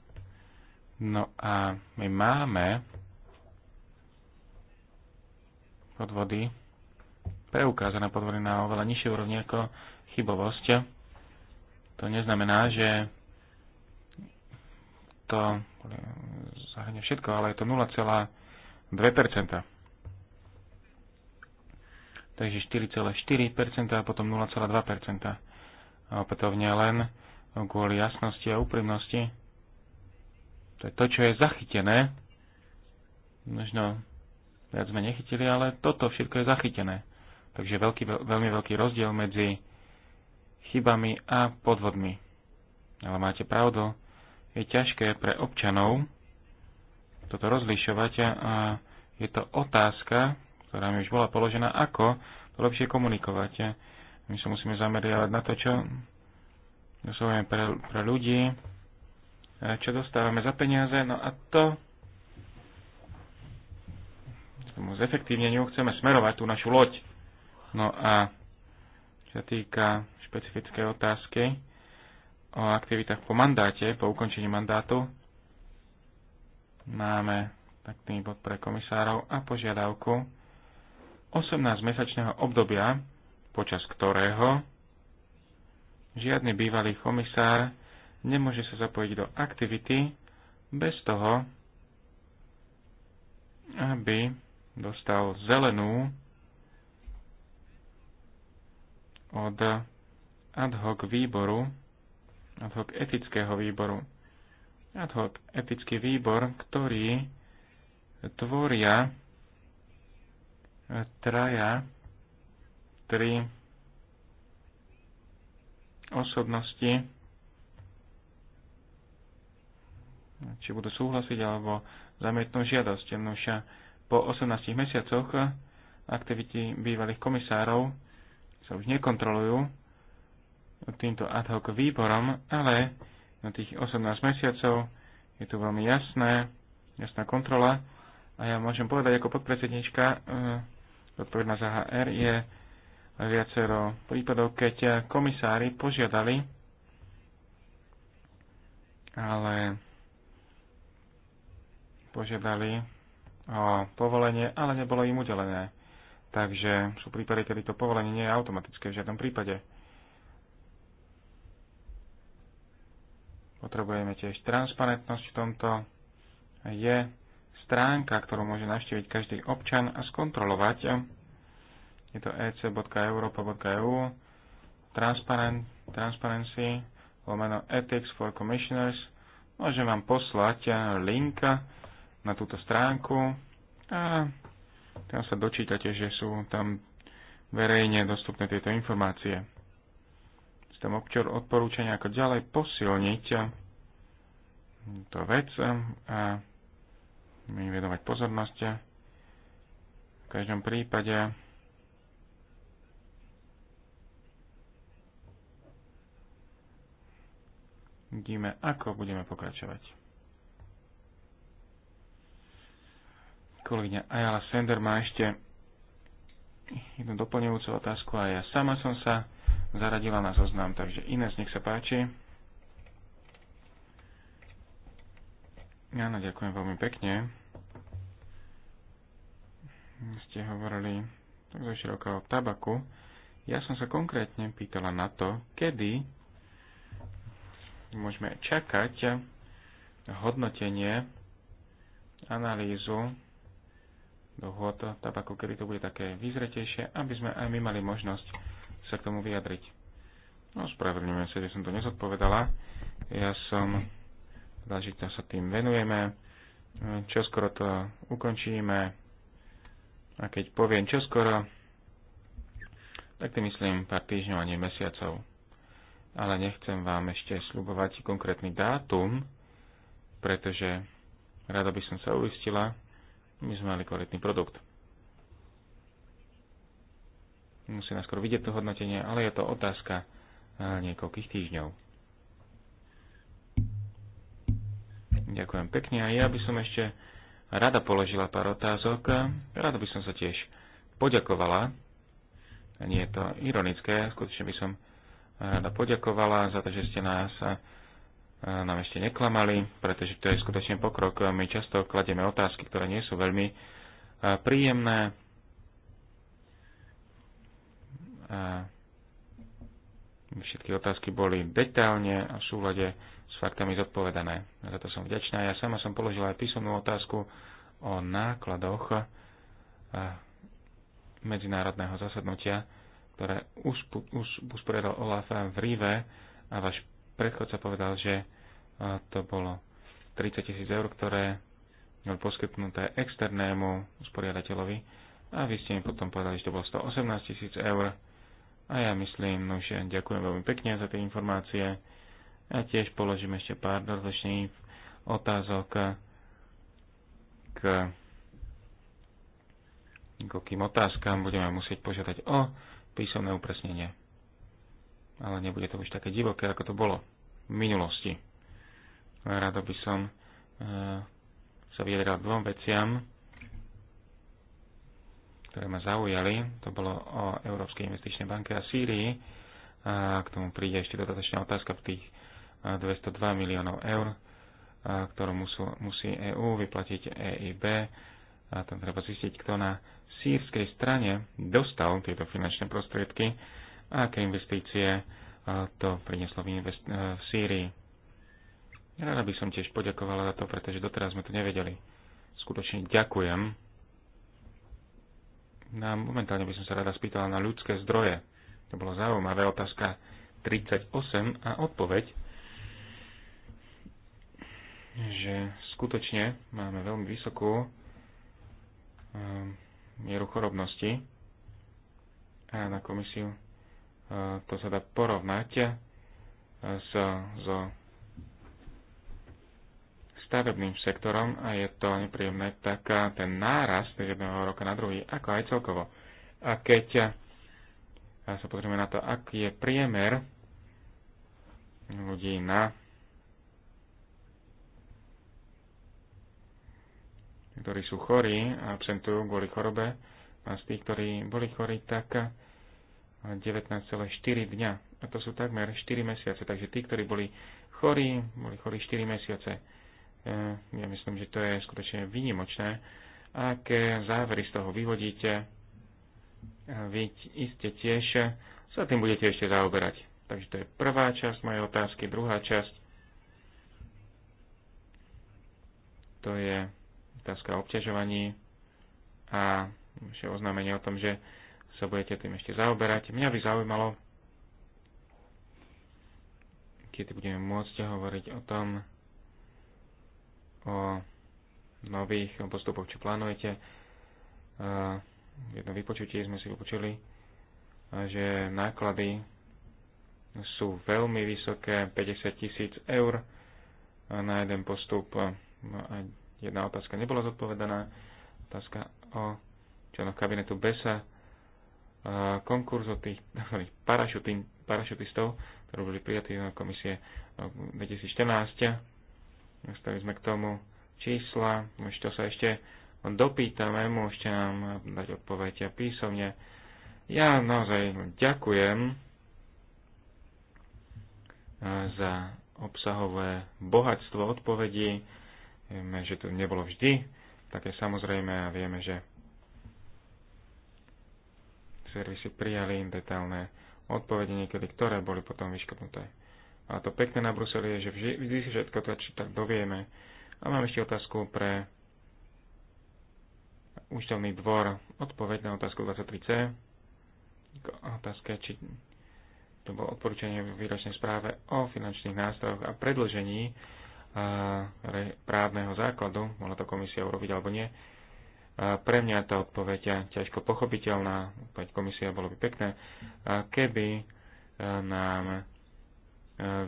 No a my máme podvody, preukázané podvody na oveľa nižšie úrovni ako chybovosť. To neznamená, že to zahrne všetko, ale je to 0,2%. Takže 4,4% a potom 0,2%. A opätovne len kvôli jasnosti a úprimnosti to je to, čo je zachytené. Možno viac sme nechytili, ale toto všetko je zachytené. Takže veľký, veľmi veľký rozdiel medzi chybami a podvodmi. Ale máte pravdu, je ťažké pre občanov toto rozlišovať a je to otázka, ktorá mi už bola položená, ako to lepšie komunikovať. My sa musíme zameriavať na to, čo pre, pre ľudí, čo dostávame za peniaze. No a to tomu zefektívneniu chceme smerovať tú našu loď. No a čo sa týka špecifické otázky o aktivitách po mandáte, po ukončení mandátu, máme takný bod pre komisárov a požiadavku 18-mesačného obdobia, počas ktorého žiadny bývalý komisár nemôže sa zapojiť do aktivity bez toho, aby dostal zelenú od ad hoc výboru, ad hoc etického výboru. Ad hoc etický výbor, ktorý tvoria traja, tri osobnosti, či budú súhlasiť alebo zamietnú žiadosť. Noša po 18 mesiacoch aktivity bývalých komisárov sa už nekontrolujú týmto ad hoc výborom, ale na tých 18 mesiacov je tu veľmi jasné, jasná kontrola a ja môžem povedať ako podpredsednička eh, zodpovedná za HR je viacero prípadov, keď komisári požiadali, ale požiadali o povolenie, ale nebolo im udelené. Takže sú prípady, kedy to povolenie nie je automatické v žiadnom prípade. Potrebujeme tiež transparentnosť v tomto. Je stránka, ktorú môže navštíviť každý občan a skontrolovať. Je to ec.europa.eu transparent, Transparency lomeno Ethics for Commissioners. Môžem vám poslať link na túto stránku a tam sa dočítate, že sú tam verejne dostupné tieto informácie. Sú tam odporúčania, ako ďalej posilniť to vec a mi vedovať pozornosť. V každom prípade vidíme, ako budeme pokračovať. Kolegyňa Ayala Sender má ešte jednu doplňujúcu otázku a ja sama som sa zaradila na zoznam, takže Ines, nech sa páči. Áno, ďakujem veľmi pekne. Ste hovorili tak široko o tabaku. Ja som sa konkrétne pýtala na to, kedy môžeme čakať hodnotenie, analýzu dohôd tabaku, kedy to bude také vyzretejšie, aby sme aj my mali možnosť sa k tomu vyjadriť. No, spravedlňujem sa, že som to nezodpovedala. Ja som zažitá sa tým venujeme. Čoskoro to ukončíme. A keď poviem čoskoro, tak to myslím pár týždňov a nie mesiacov. Ale nechcem vám ešte slubovať konkrétny dátum, pretože rada by som sa uistila, my sme mali kvalitný produkt. Musíme skôr vidieť to hodnotenie, ale je to otázka eh, niekoľkých týždňov. Ďakujem pekne a ja by som ešte rada položila pár otázok. Rada by som sa tiež poďakovala. Nie je to ironické, skutočne by som rada poďakovala za to, že ste nás eh, nám ešte neklamali, pretože to je skutočne pokrok. My často kladieme otázky, ktoré nie sú veľmi príjemné. A všetky otázky boli detailne a v súlade s faktami zodpovedané. Za to som vďačná. Ja sama som položila aj písomnú otázku o nákladoch medzinárodného zasadnutia, ktoré usporiadal Olaf v Ríve a váš predchodca povedal, že to bolo 30 tisíc eur, ktoré bol poskytnuté externému usporiadateľovi a vy ste mi potom povedali, že to bolo 118 tisíc eur a ja myslím, no, že ďakujem veľmi pekne za tie informácie a tiež položím ešte pár dodatočných otázok k koľkým otázkam budeme musieť požiadať o písomné upresnenie ale nebude to už také divoké, ako to bolo v minulosti. Rado by som e, sa vyjadral dvom veciam, ktoré ma zaujali. To bolo o Európskej investičnej banke a Sýrii. A k tomu príde ešte dodatočná otázka v tých 202 e, miliónov eur, e, ktorú musú, musí EÚ vyplatiť EIB. A tam treba zistiť, kto na sírskej strane dostal tieto finančné prostriedky a aké investície e, to prinieslo v, invest- e, v Sýrii. Rada by som tiež poďakovala za to, pretože doteraz sme to nevedeli. Skutočne ďakujem. No momentálne by som sa rada spýtala na ľudské zdroje. To bolo zaujímavé. Otázka 38 a odpoveď, že skutočne máme veľmi vysokú e, mieru chorobnosti a na komisiu to sa dá porovnať e, s, so stavebným sektorom a je to nepríjemné, tak e, ten nárast z jedného roka na druhý, ako aj celkovo. A keď e, sa pozrieme na to, aký je priemer ľudí na ktorí sú chorí a absentujú kvôli chorobe, a z tých, ktorí boli chorí, tak 19,4 dňa. A to sú takmer 4 mesiace. Takže tí, ktorí boli chorí, boli chorí 4 mesiace. Eh, ja myslím, že to je skutočne výnimočné. Aké závery z toho vyvodíte, eh, vy iste tiež sa tým budete ešte zaoberať. Takže to je prvá časť mojej otázky. Druhá časť to je otázka o obťažovaní a oznámenie o tom, že sa budete tým ešte zaoberať. Mňa by zaujímalo, keď budeme môcť hovoriť o tom, o nových postupoch, čo plánujete. V jednom vypočutí sme si vypočuli, že náklady sú veľmi vysoké, 50 tisíc eur na jeden postup. No a jedna otázka nebola zodpovedaná, otázka o členoch kabinetu BESA od tých parašutín, parašutistov, ktorí boli prijatí na komisie 2014. Dostali sme k tomu čísla, už to sa ešte dopýtame, môžete nám dať odpoveď a písomne. Ja naozaj ďakujem eh, za obsahové bohatstvo odpovedí. Vieme, že to nebolo vždy také samozrejme a vieme, že servisy prijali detailné odpovede niekedy, ktoré boli potom vyškodnuté. A to pekné na Bruseli je, že vždy všetko to či tak dovieme. A mám ešte otázku pre účtovný dvor. Odpoveď na otázku 23c. K otázke, či to bolo odporúčanie v výročnej správe o finančných nástrojoch a predlžení a právneho základu, mohla to komisia urobiť alebo nie, pre mňa tá odpoveď je ťažko pochopiteľná, odpoveď komisia bolo by pekné, keby e, nám e,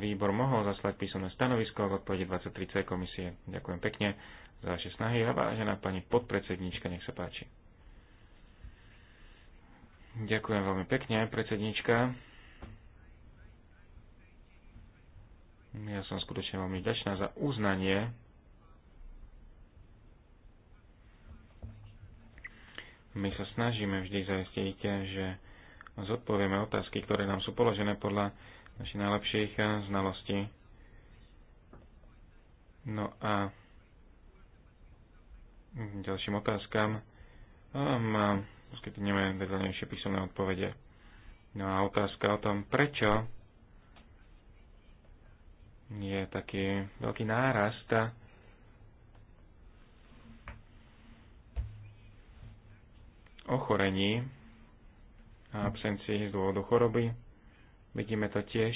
výbor mohol zaslať písomné stanovisko v odpovedi 23C komisie. Ďakujem pekne za vaše snahy a vážená pani podpredsednička, nech sa páči. Ďakujem veľmi pekne, predsedníčka. Ja som skutočne veľmi vďačná za uznanie My sa snažíme vždy zaistiť, že zodpovieme otázky, ktoré nám sú položené podľa našich najlepších znalostí. No a ďalším otázkam vám poskytneme detaľnejšie písomné odpovede. No a otázka o tom, prečo je taký veľký nárast ochorení a absencii z dôvodu choroby. Vidíme to tiež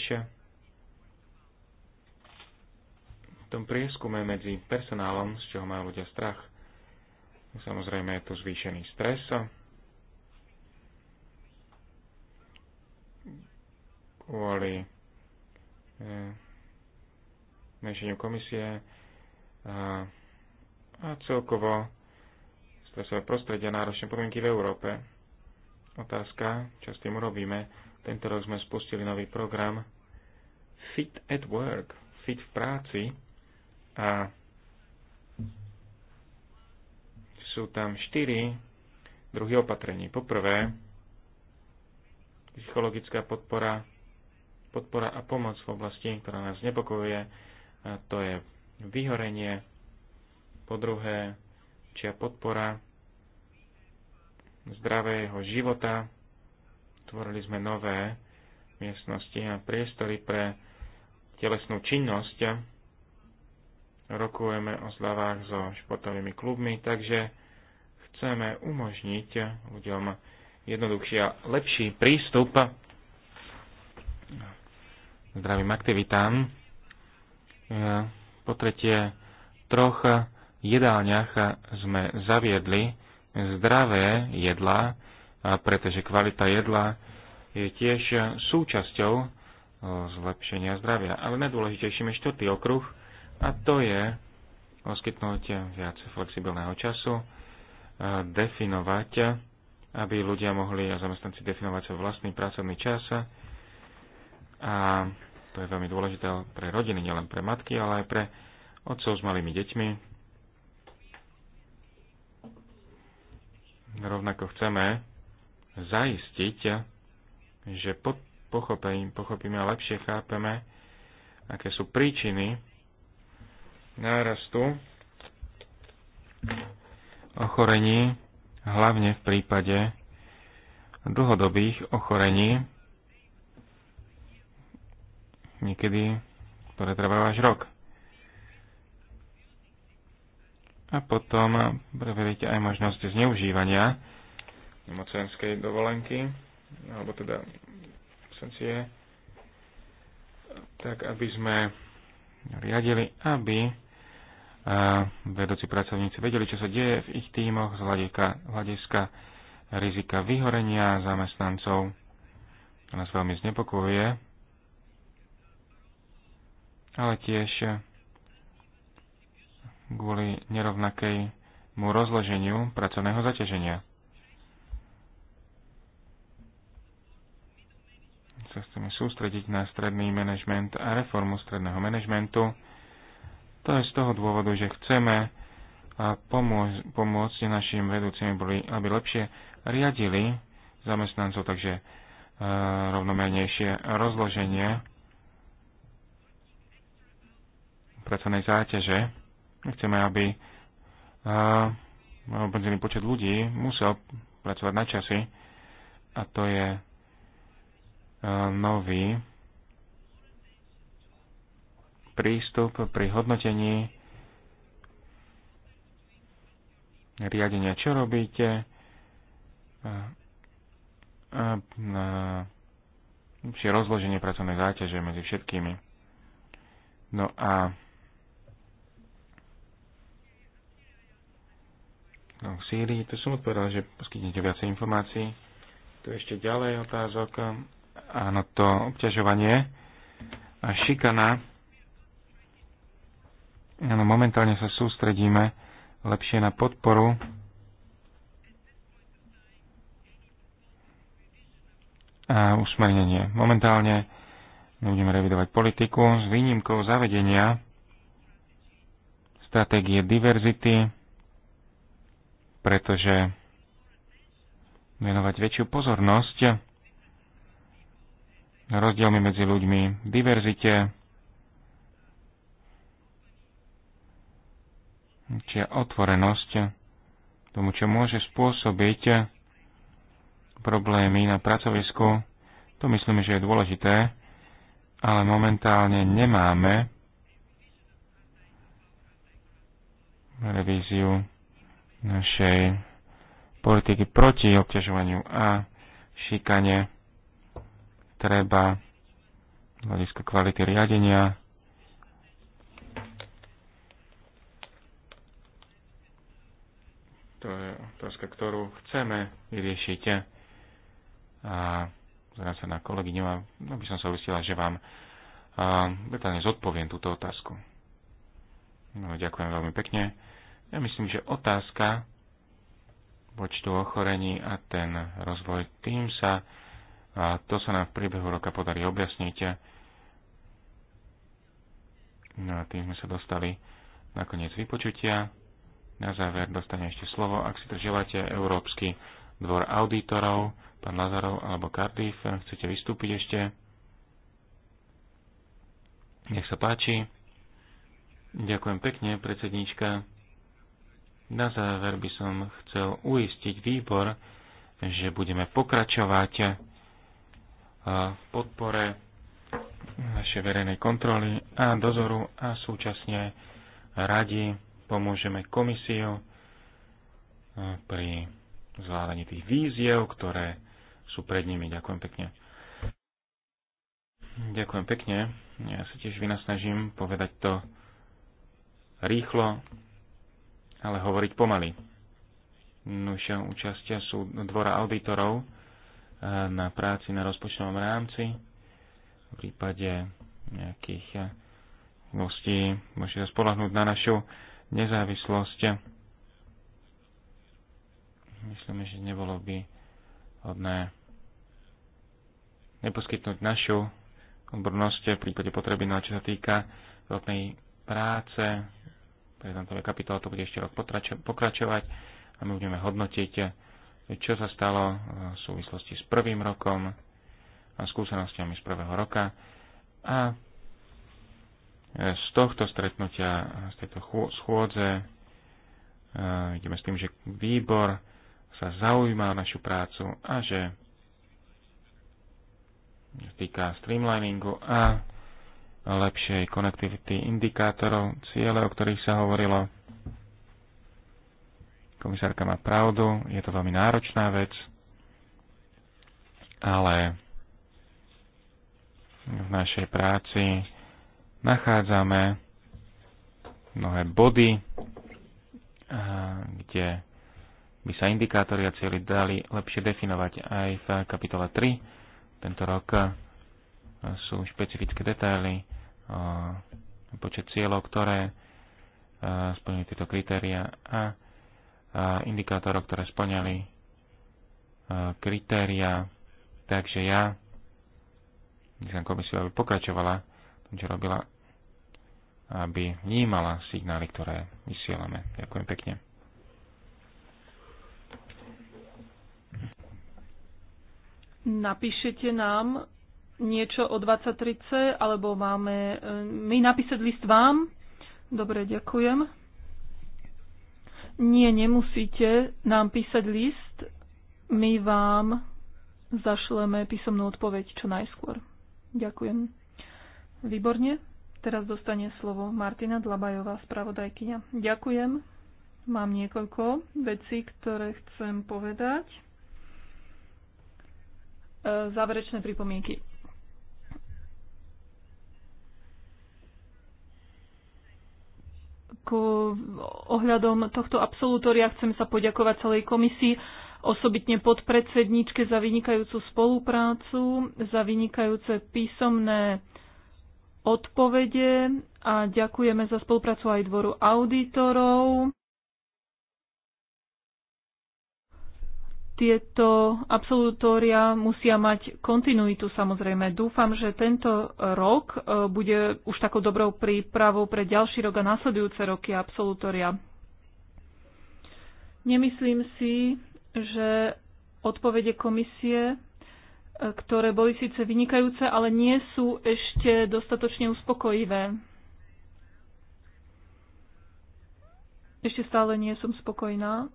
v tom prieskume medzi personálom, z čoho majú ľudia strach. Samozrejme je tu zvýšený stres. Kvôli menšeniu eh, komisie a, eh, a celkovo stresové prostredia, náročné podmienky v Európe. Otázka, čo s tým urobíme. Tento rok sme spustili nový program Fit at Work, Fit v práci a sú tam štyri druhy opatrení. Poprvé, psychologická podpora, podpora a pomoc v oblasti, ktorá nás nepokojuje, to je vyhorenie. Po druhé, väčšia podpora zdravého života. Tvorili sme nové miestnosti a priestory pre telesnú činnosť. Rokujeme o zľavách so športovými klubmi, takže chceme umožniť ľuďom jednoduchší a lepší prístup zdravým aktivitám. E, po tretie, troch jedálniach sme zaviedli zdravé jedlá, pretože kvalita jedla je tiež súčasťou zlepšenia zdravia. Ale najdôležitejším je štvrtý okruh a to je poskytnúť viac flexibilného času, definovať, aby ľudia mohli a zamestnanci definovať svoj vlastný pracovný čas a to je veľmi dôležité pre rodiny, nielen pre matky, ale aj pre otcov s malými deťmi, rovnako chceme zaistiť, že pochopíme a lepšie chápeme, aké sú príčiny nárastu ochorení, hlavne v prípade dlhodobých ochorení, niekedy, ktoré trvajú až rok. a potom preveríte aj možnosť zneužívania nemocenskej dovolenky, alebo teda absencie, tak aby sme riadili, aby vedúci pracovníci vedeli, čo sa deje v ich týmoch, z hľadiska, hľadiska rizika vyhorenia zamestnancov. To nás veľmi znepokojuje, ale tiež kvôli nerovnakému rozloženiu pracovného zaťaženia. Sa chceme sústrediť na stredný manažment a reformu stredného manažmentu. To je z toho dôvodu, že chceme pomôcť, pomôcť našim vedúcim, aby lepšie riadili zamestnancov, takže e, rovnomernejšie rozloženie pracovnej záťaže Nechceme, aby obmedzený počet ľudí musel pracovať na časy a to je nový prístup pri hodnotení riadenia, čo robíte, a rozloženie pracovnej záťaže medzi všetkými. No a No, v Sýrii. Tu som odpovedal, že poskytnete viacej informácií. Tu ešte ďalej otázok. Áno, to obťažovanie a šikana. Áno, momentálne sa sústredíme lepšie na podporu a usmernenie. Momentálne nebudeme revidovať politiku s výnimkou zavedenia stratégie diverzity, pretože venovať väčšiu pozornosť rozdielmi medzi ľuďmi, diverzite, či otvorenosť tomu, čo môže spôsobiť problémy na pracovisku, to myslím, že je dôležité, ale momentálne nemáme revíziu našej politiky proti obťažovaniu a šikane treba z hľadiska kvality riadenia to je otázka, ktorú chceme vyriešiť a zrám sa na kolegyňu a no by som sa uistila, že vám detálne zodpoviem túto otázku. No, ďakujem veľmi pekne. Ja myslím, že otázka počtu ochorení a ten rozvoj tým sa, a to sa nám v priebehu roka podarí objasniť. No a tým sme sa dostali na koniec vypočutia. Na záver dostane ešte slovo, ak si to želáte, Európsky dvor auditorov, pán Lazarov alebo Cardiff, chcete vystúpiť ešte? Nech sa páči. Ďakujem pekne, predsedníčka. Na záver by som chcel uistiť výbor, že budeme pokračovať e, v podpore našej verejnej kontroly a dozoru a súčasne radi pomôžeme komisiu e, pri zvládaní tých víziev, ktoré sú pred nimi. Ďakujem pekne. Ďakujem pekne. Ja sa tiež vynasnažím povedať to rýchlo ale hovoriť pomaly. Nuša účastia sú dvora auditorov eh, na práci na rozpočtovom rámci. V prípade nejakých eh, hostí môžete sa spolahnúť na našu nezávislosť. Myslím, že nebolo by hodné neposkytnúť našu odbornosť v prípade potreby, no čo sa týka rodnej práce, prezidentové kapitola, to bude ešte rok pokračovať a my budeme hodnotiť, čo sa stalo v súvislosti s prvým rokom a skúsenostiami z prvého roka a z tohto stretnutia, z tejto schôdze e, ideme s tým, že výbor sa zaujíma o našu prácu a že týka streamliningu a lepšej konektivity indikátorov, ciele, o ktorých sa hovorilo. Komisárka má pravdu, je to veľmi náročná vec, ale v našej práci nachádzame mnohé body, kde by sa indikátory a cieľy dali lepšie definovať aj v kapitole 3. Tento rok sú špecifické detaily počet cieľov, ktoré e, splnili tieto kritéria a indikátorov, ktoré splňali e, kritéria. Takže ja, som komisia by pokračovala tom, čo robila, aby vnímala signály, ktoré vysielame. Ďakujem pekne. Napíšete nám, niečo o 23C, alebo máme e, my napísať list vám? Dobre, ďakujem. Nie, nemusíte nám písať list. My vám zašleme písomnú odpoveď čo najskôr. Ďakujem. Výborne. Teraz dostane slovo Martina Dlabajová, spravodajkyňa. Ďakujem. Mám niekoľko vecí, ktoré chcem povedať e, záverečné pripomienky. tak ohľadom tohto absolutória. Chcem sa poďakovať celej komisii, osobitne podpredsedničke za vynikajúcu spoluprácu, za vynikajúce písomné odpovede a ďakujeme za spoluprácu aj dvoru auditorov. tieto absolutória musia mať kontinuitu samozrejme. Dúfam, že tento rok e, bude už takou dobrou prípravou pre ďalší rok a nasledujúce roky absolutória. Nemyslím si, že odpovede komisie, e, ktoré boli síce vynikajúce, ale nie sú ešte dostatočne uspokojivé. Ešte stále nie som spokojná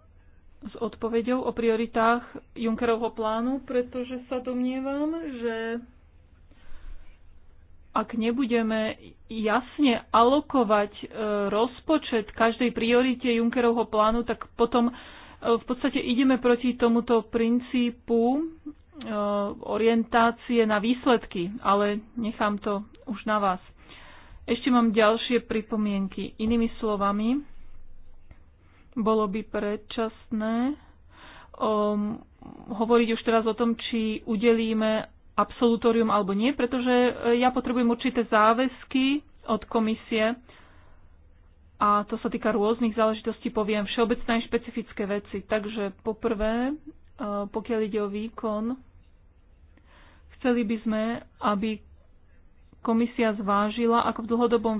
s odpoveďou o prioritách Junckerovho plánu, pretože sa domnievam, že ak nebudeme jasne alokovať e, rozpočet každej priorite Junckerovho plánu, tak potom e, v podstate ideme proti tomuto princípu e, orientácie na výsledky, ale nechám to už na vás. Ešte mám ďalšie pripomienky. Inými slovami, bolo by predčasné um, hovoriť už teraz o tom, či udelíme absolutórium alebo nie, pretože eh, ja potrebujem určité záväzky od komisie a to sa týka rôznych záležitostí, poviem všeobecné a špecifické veci. Takže poprvé, eh, pokiaľ ide o výkon, chceli by sme, aby komisia zvážila, ako v dlhodobom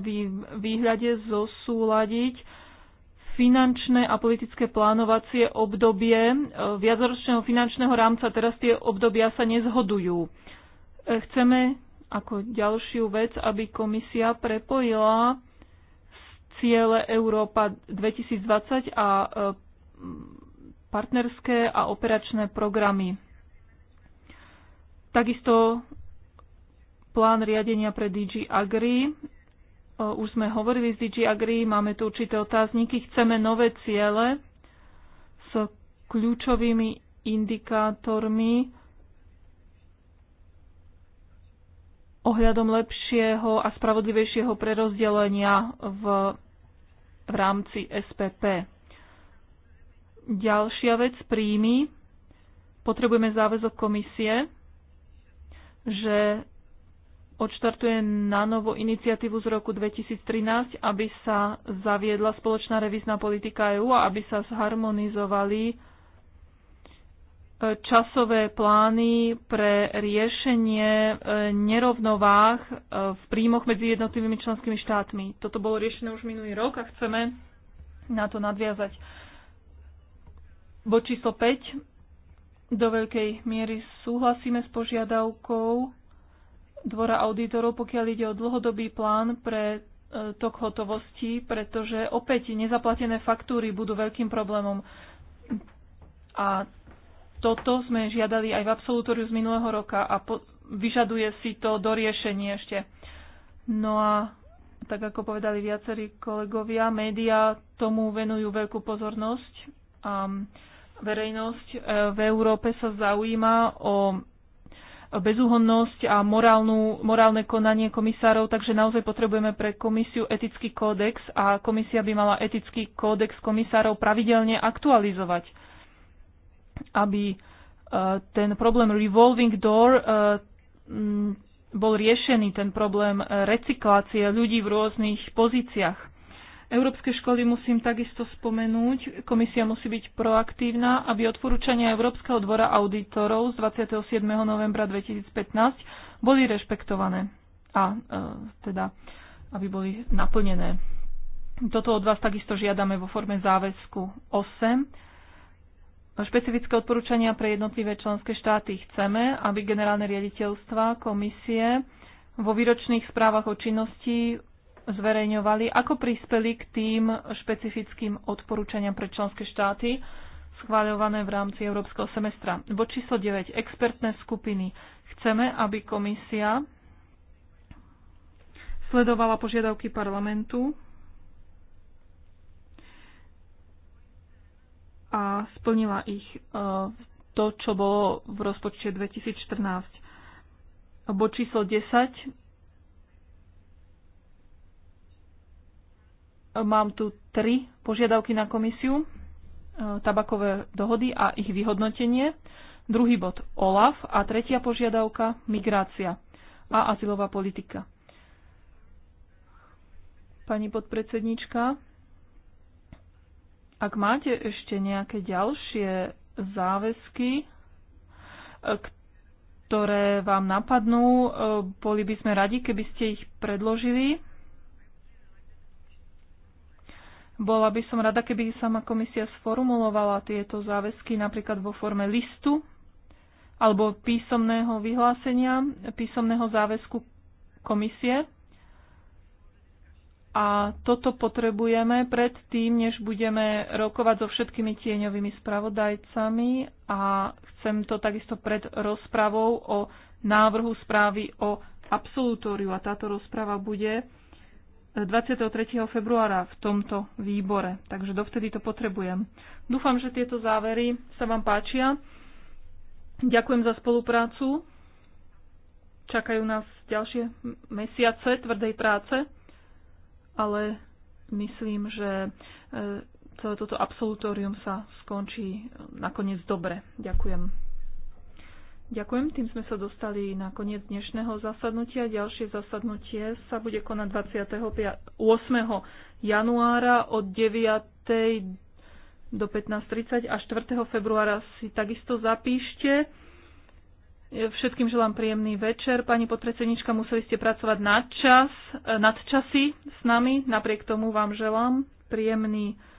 výhľade zosúľadiť finančné a politické plánovacie obdobie e, viacročného finančného rámca. Teraz tie obdobia sa nezhodujú. E, chceme ako ďalšiu vec, aby komisia prepojila ciele Európa 2020 a e, partnerské a operačné programy. Takisto plán riadenia pre DG Agri už sme hovorili s DG Agri, máme tu určité otázniky, chceme nové ciele s kľúčovými indikátormi ohľadom lepšieho a spravodlivejšieho prerozdelenia v, v rámci SPP. Ďalšia vec, príjmy. Potrebujeme záväzok komisie, že odštartuje na novo iniciatívu z roku 2013, aby sa zaviedla spoločná revizná politika EÚ a aby sa zharmonizovali e, časové plány pre riešenie e, nerovnováh e, v príjmoch medzi jednotlivými členskými štátmi. Toto bolo riešené už minulý rok a chceme na to nadviazať. Bod číslo 5. Do veľkej miery súhlasíme s požiadavkou dvora auditorov, pokiaľ ide o dlhodobý plán pre e, tok hotovosti, pretože opäť nezaplatené faktúry budú veľkým problémom. A toto sme žiadali aj v absolutóriu z minulého roka a po- vyžaduje si to doriešenie ešte. No a tak ako povedali viacerí kolegovia, médiá tomu venujú veľkú pozornosť a verejnosť e, v Európe sa zaujíma o bezúhonnosť a morálnu, morálne konanie komisárov, takže naozaj potrebujeme pre komisiu etický kódex a komisia by mala etický kódex komisárov pravidelne aktualizovať, aby e, ten problém revolving door e, bol riešený, ten problém e, recyklácie ľudí v rôznych pozíciách. Európske školy musím takisto spomenúť. Komisia musí byť proaktívna, aby odporúčania Európskeho dvora auditorov z 27. novembra 2015 boli rešpektované a e, teda aby boli naplnené. Toto od vás takisto žiadame vo forme záväzku 8. Špecifické odporúčania pre jednotlivé členské štáty chceme, aby generálne riaditeľstva komisie vo výročných správach o činnosti zverejňovali, ako prispeli k tým špecifickým odporúčaniam pre členské štáty schváľované v rámci Európskeho semestra. Bo číslo 9. Expertné skupiny. Chceme, aby komisia sledovala požiadavky parlamentu a splnila ich e, to, čo bolo v rozpočte 2014. Bo číslo 10. Mám tu tri požiadavky na komisiu, e, tabakové dohody a ich vyhodnotenie. Druhý bod OLAF a tretia požiadavka migrácia a azylová politika. Pani podpredsednička, ak máte ešte nejaké ďalšie záväzky, e, ktoré vám napadnú, e, boli by sme radi, keby ste ich predložili bola by som rada, keby sama komisia sformulovala tieto záväzky napríklad vo forme listu alebo písomného vyhlásenia, písomného záväzku komisie. A toto potrebujeme pred tým, než budeme rokovať so všetkými tieňovými spravodajcami a chcem to takisto pred rozpravou o návrhu správy o absolutóriu. A táto rozprava bude 23. februára v tomto výbore. Takže dovtedy to potrebujem. Dúfam, že tieto závery sa vám páčia. Ďakujem za spoluprácu. Čakajú nás ďalšie mesiace tvrdej práce, ale myslím, že e, celé toto absolutórium sa skončí nakoniec dobre. Ďakujem. Ďakujem, tým sme sa dostali na koniec dnešného zasadnutia. Ďalšie zasadnutie sa bude konať 28. januára od 9. do 15.30 a 4. februára si takisto zapíšte. Všetkým želám príjemný večer. Pani podpredsednička, museli ste pracovať nad čas, eh, nad časy s nami. Napriek tomu vám želám príjemný večer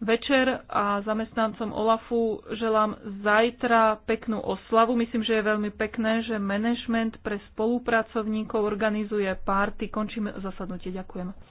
večer a zamestnancom OLAFu želám zajtra peknú oslavu. Myslím, že je veľmi pekné, že management pre spolupracovníkov organizuje párty. Končíme zasadnutie. Ďakujem.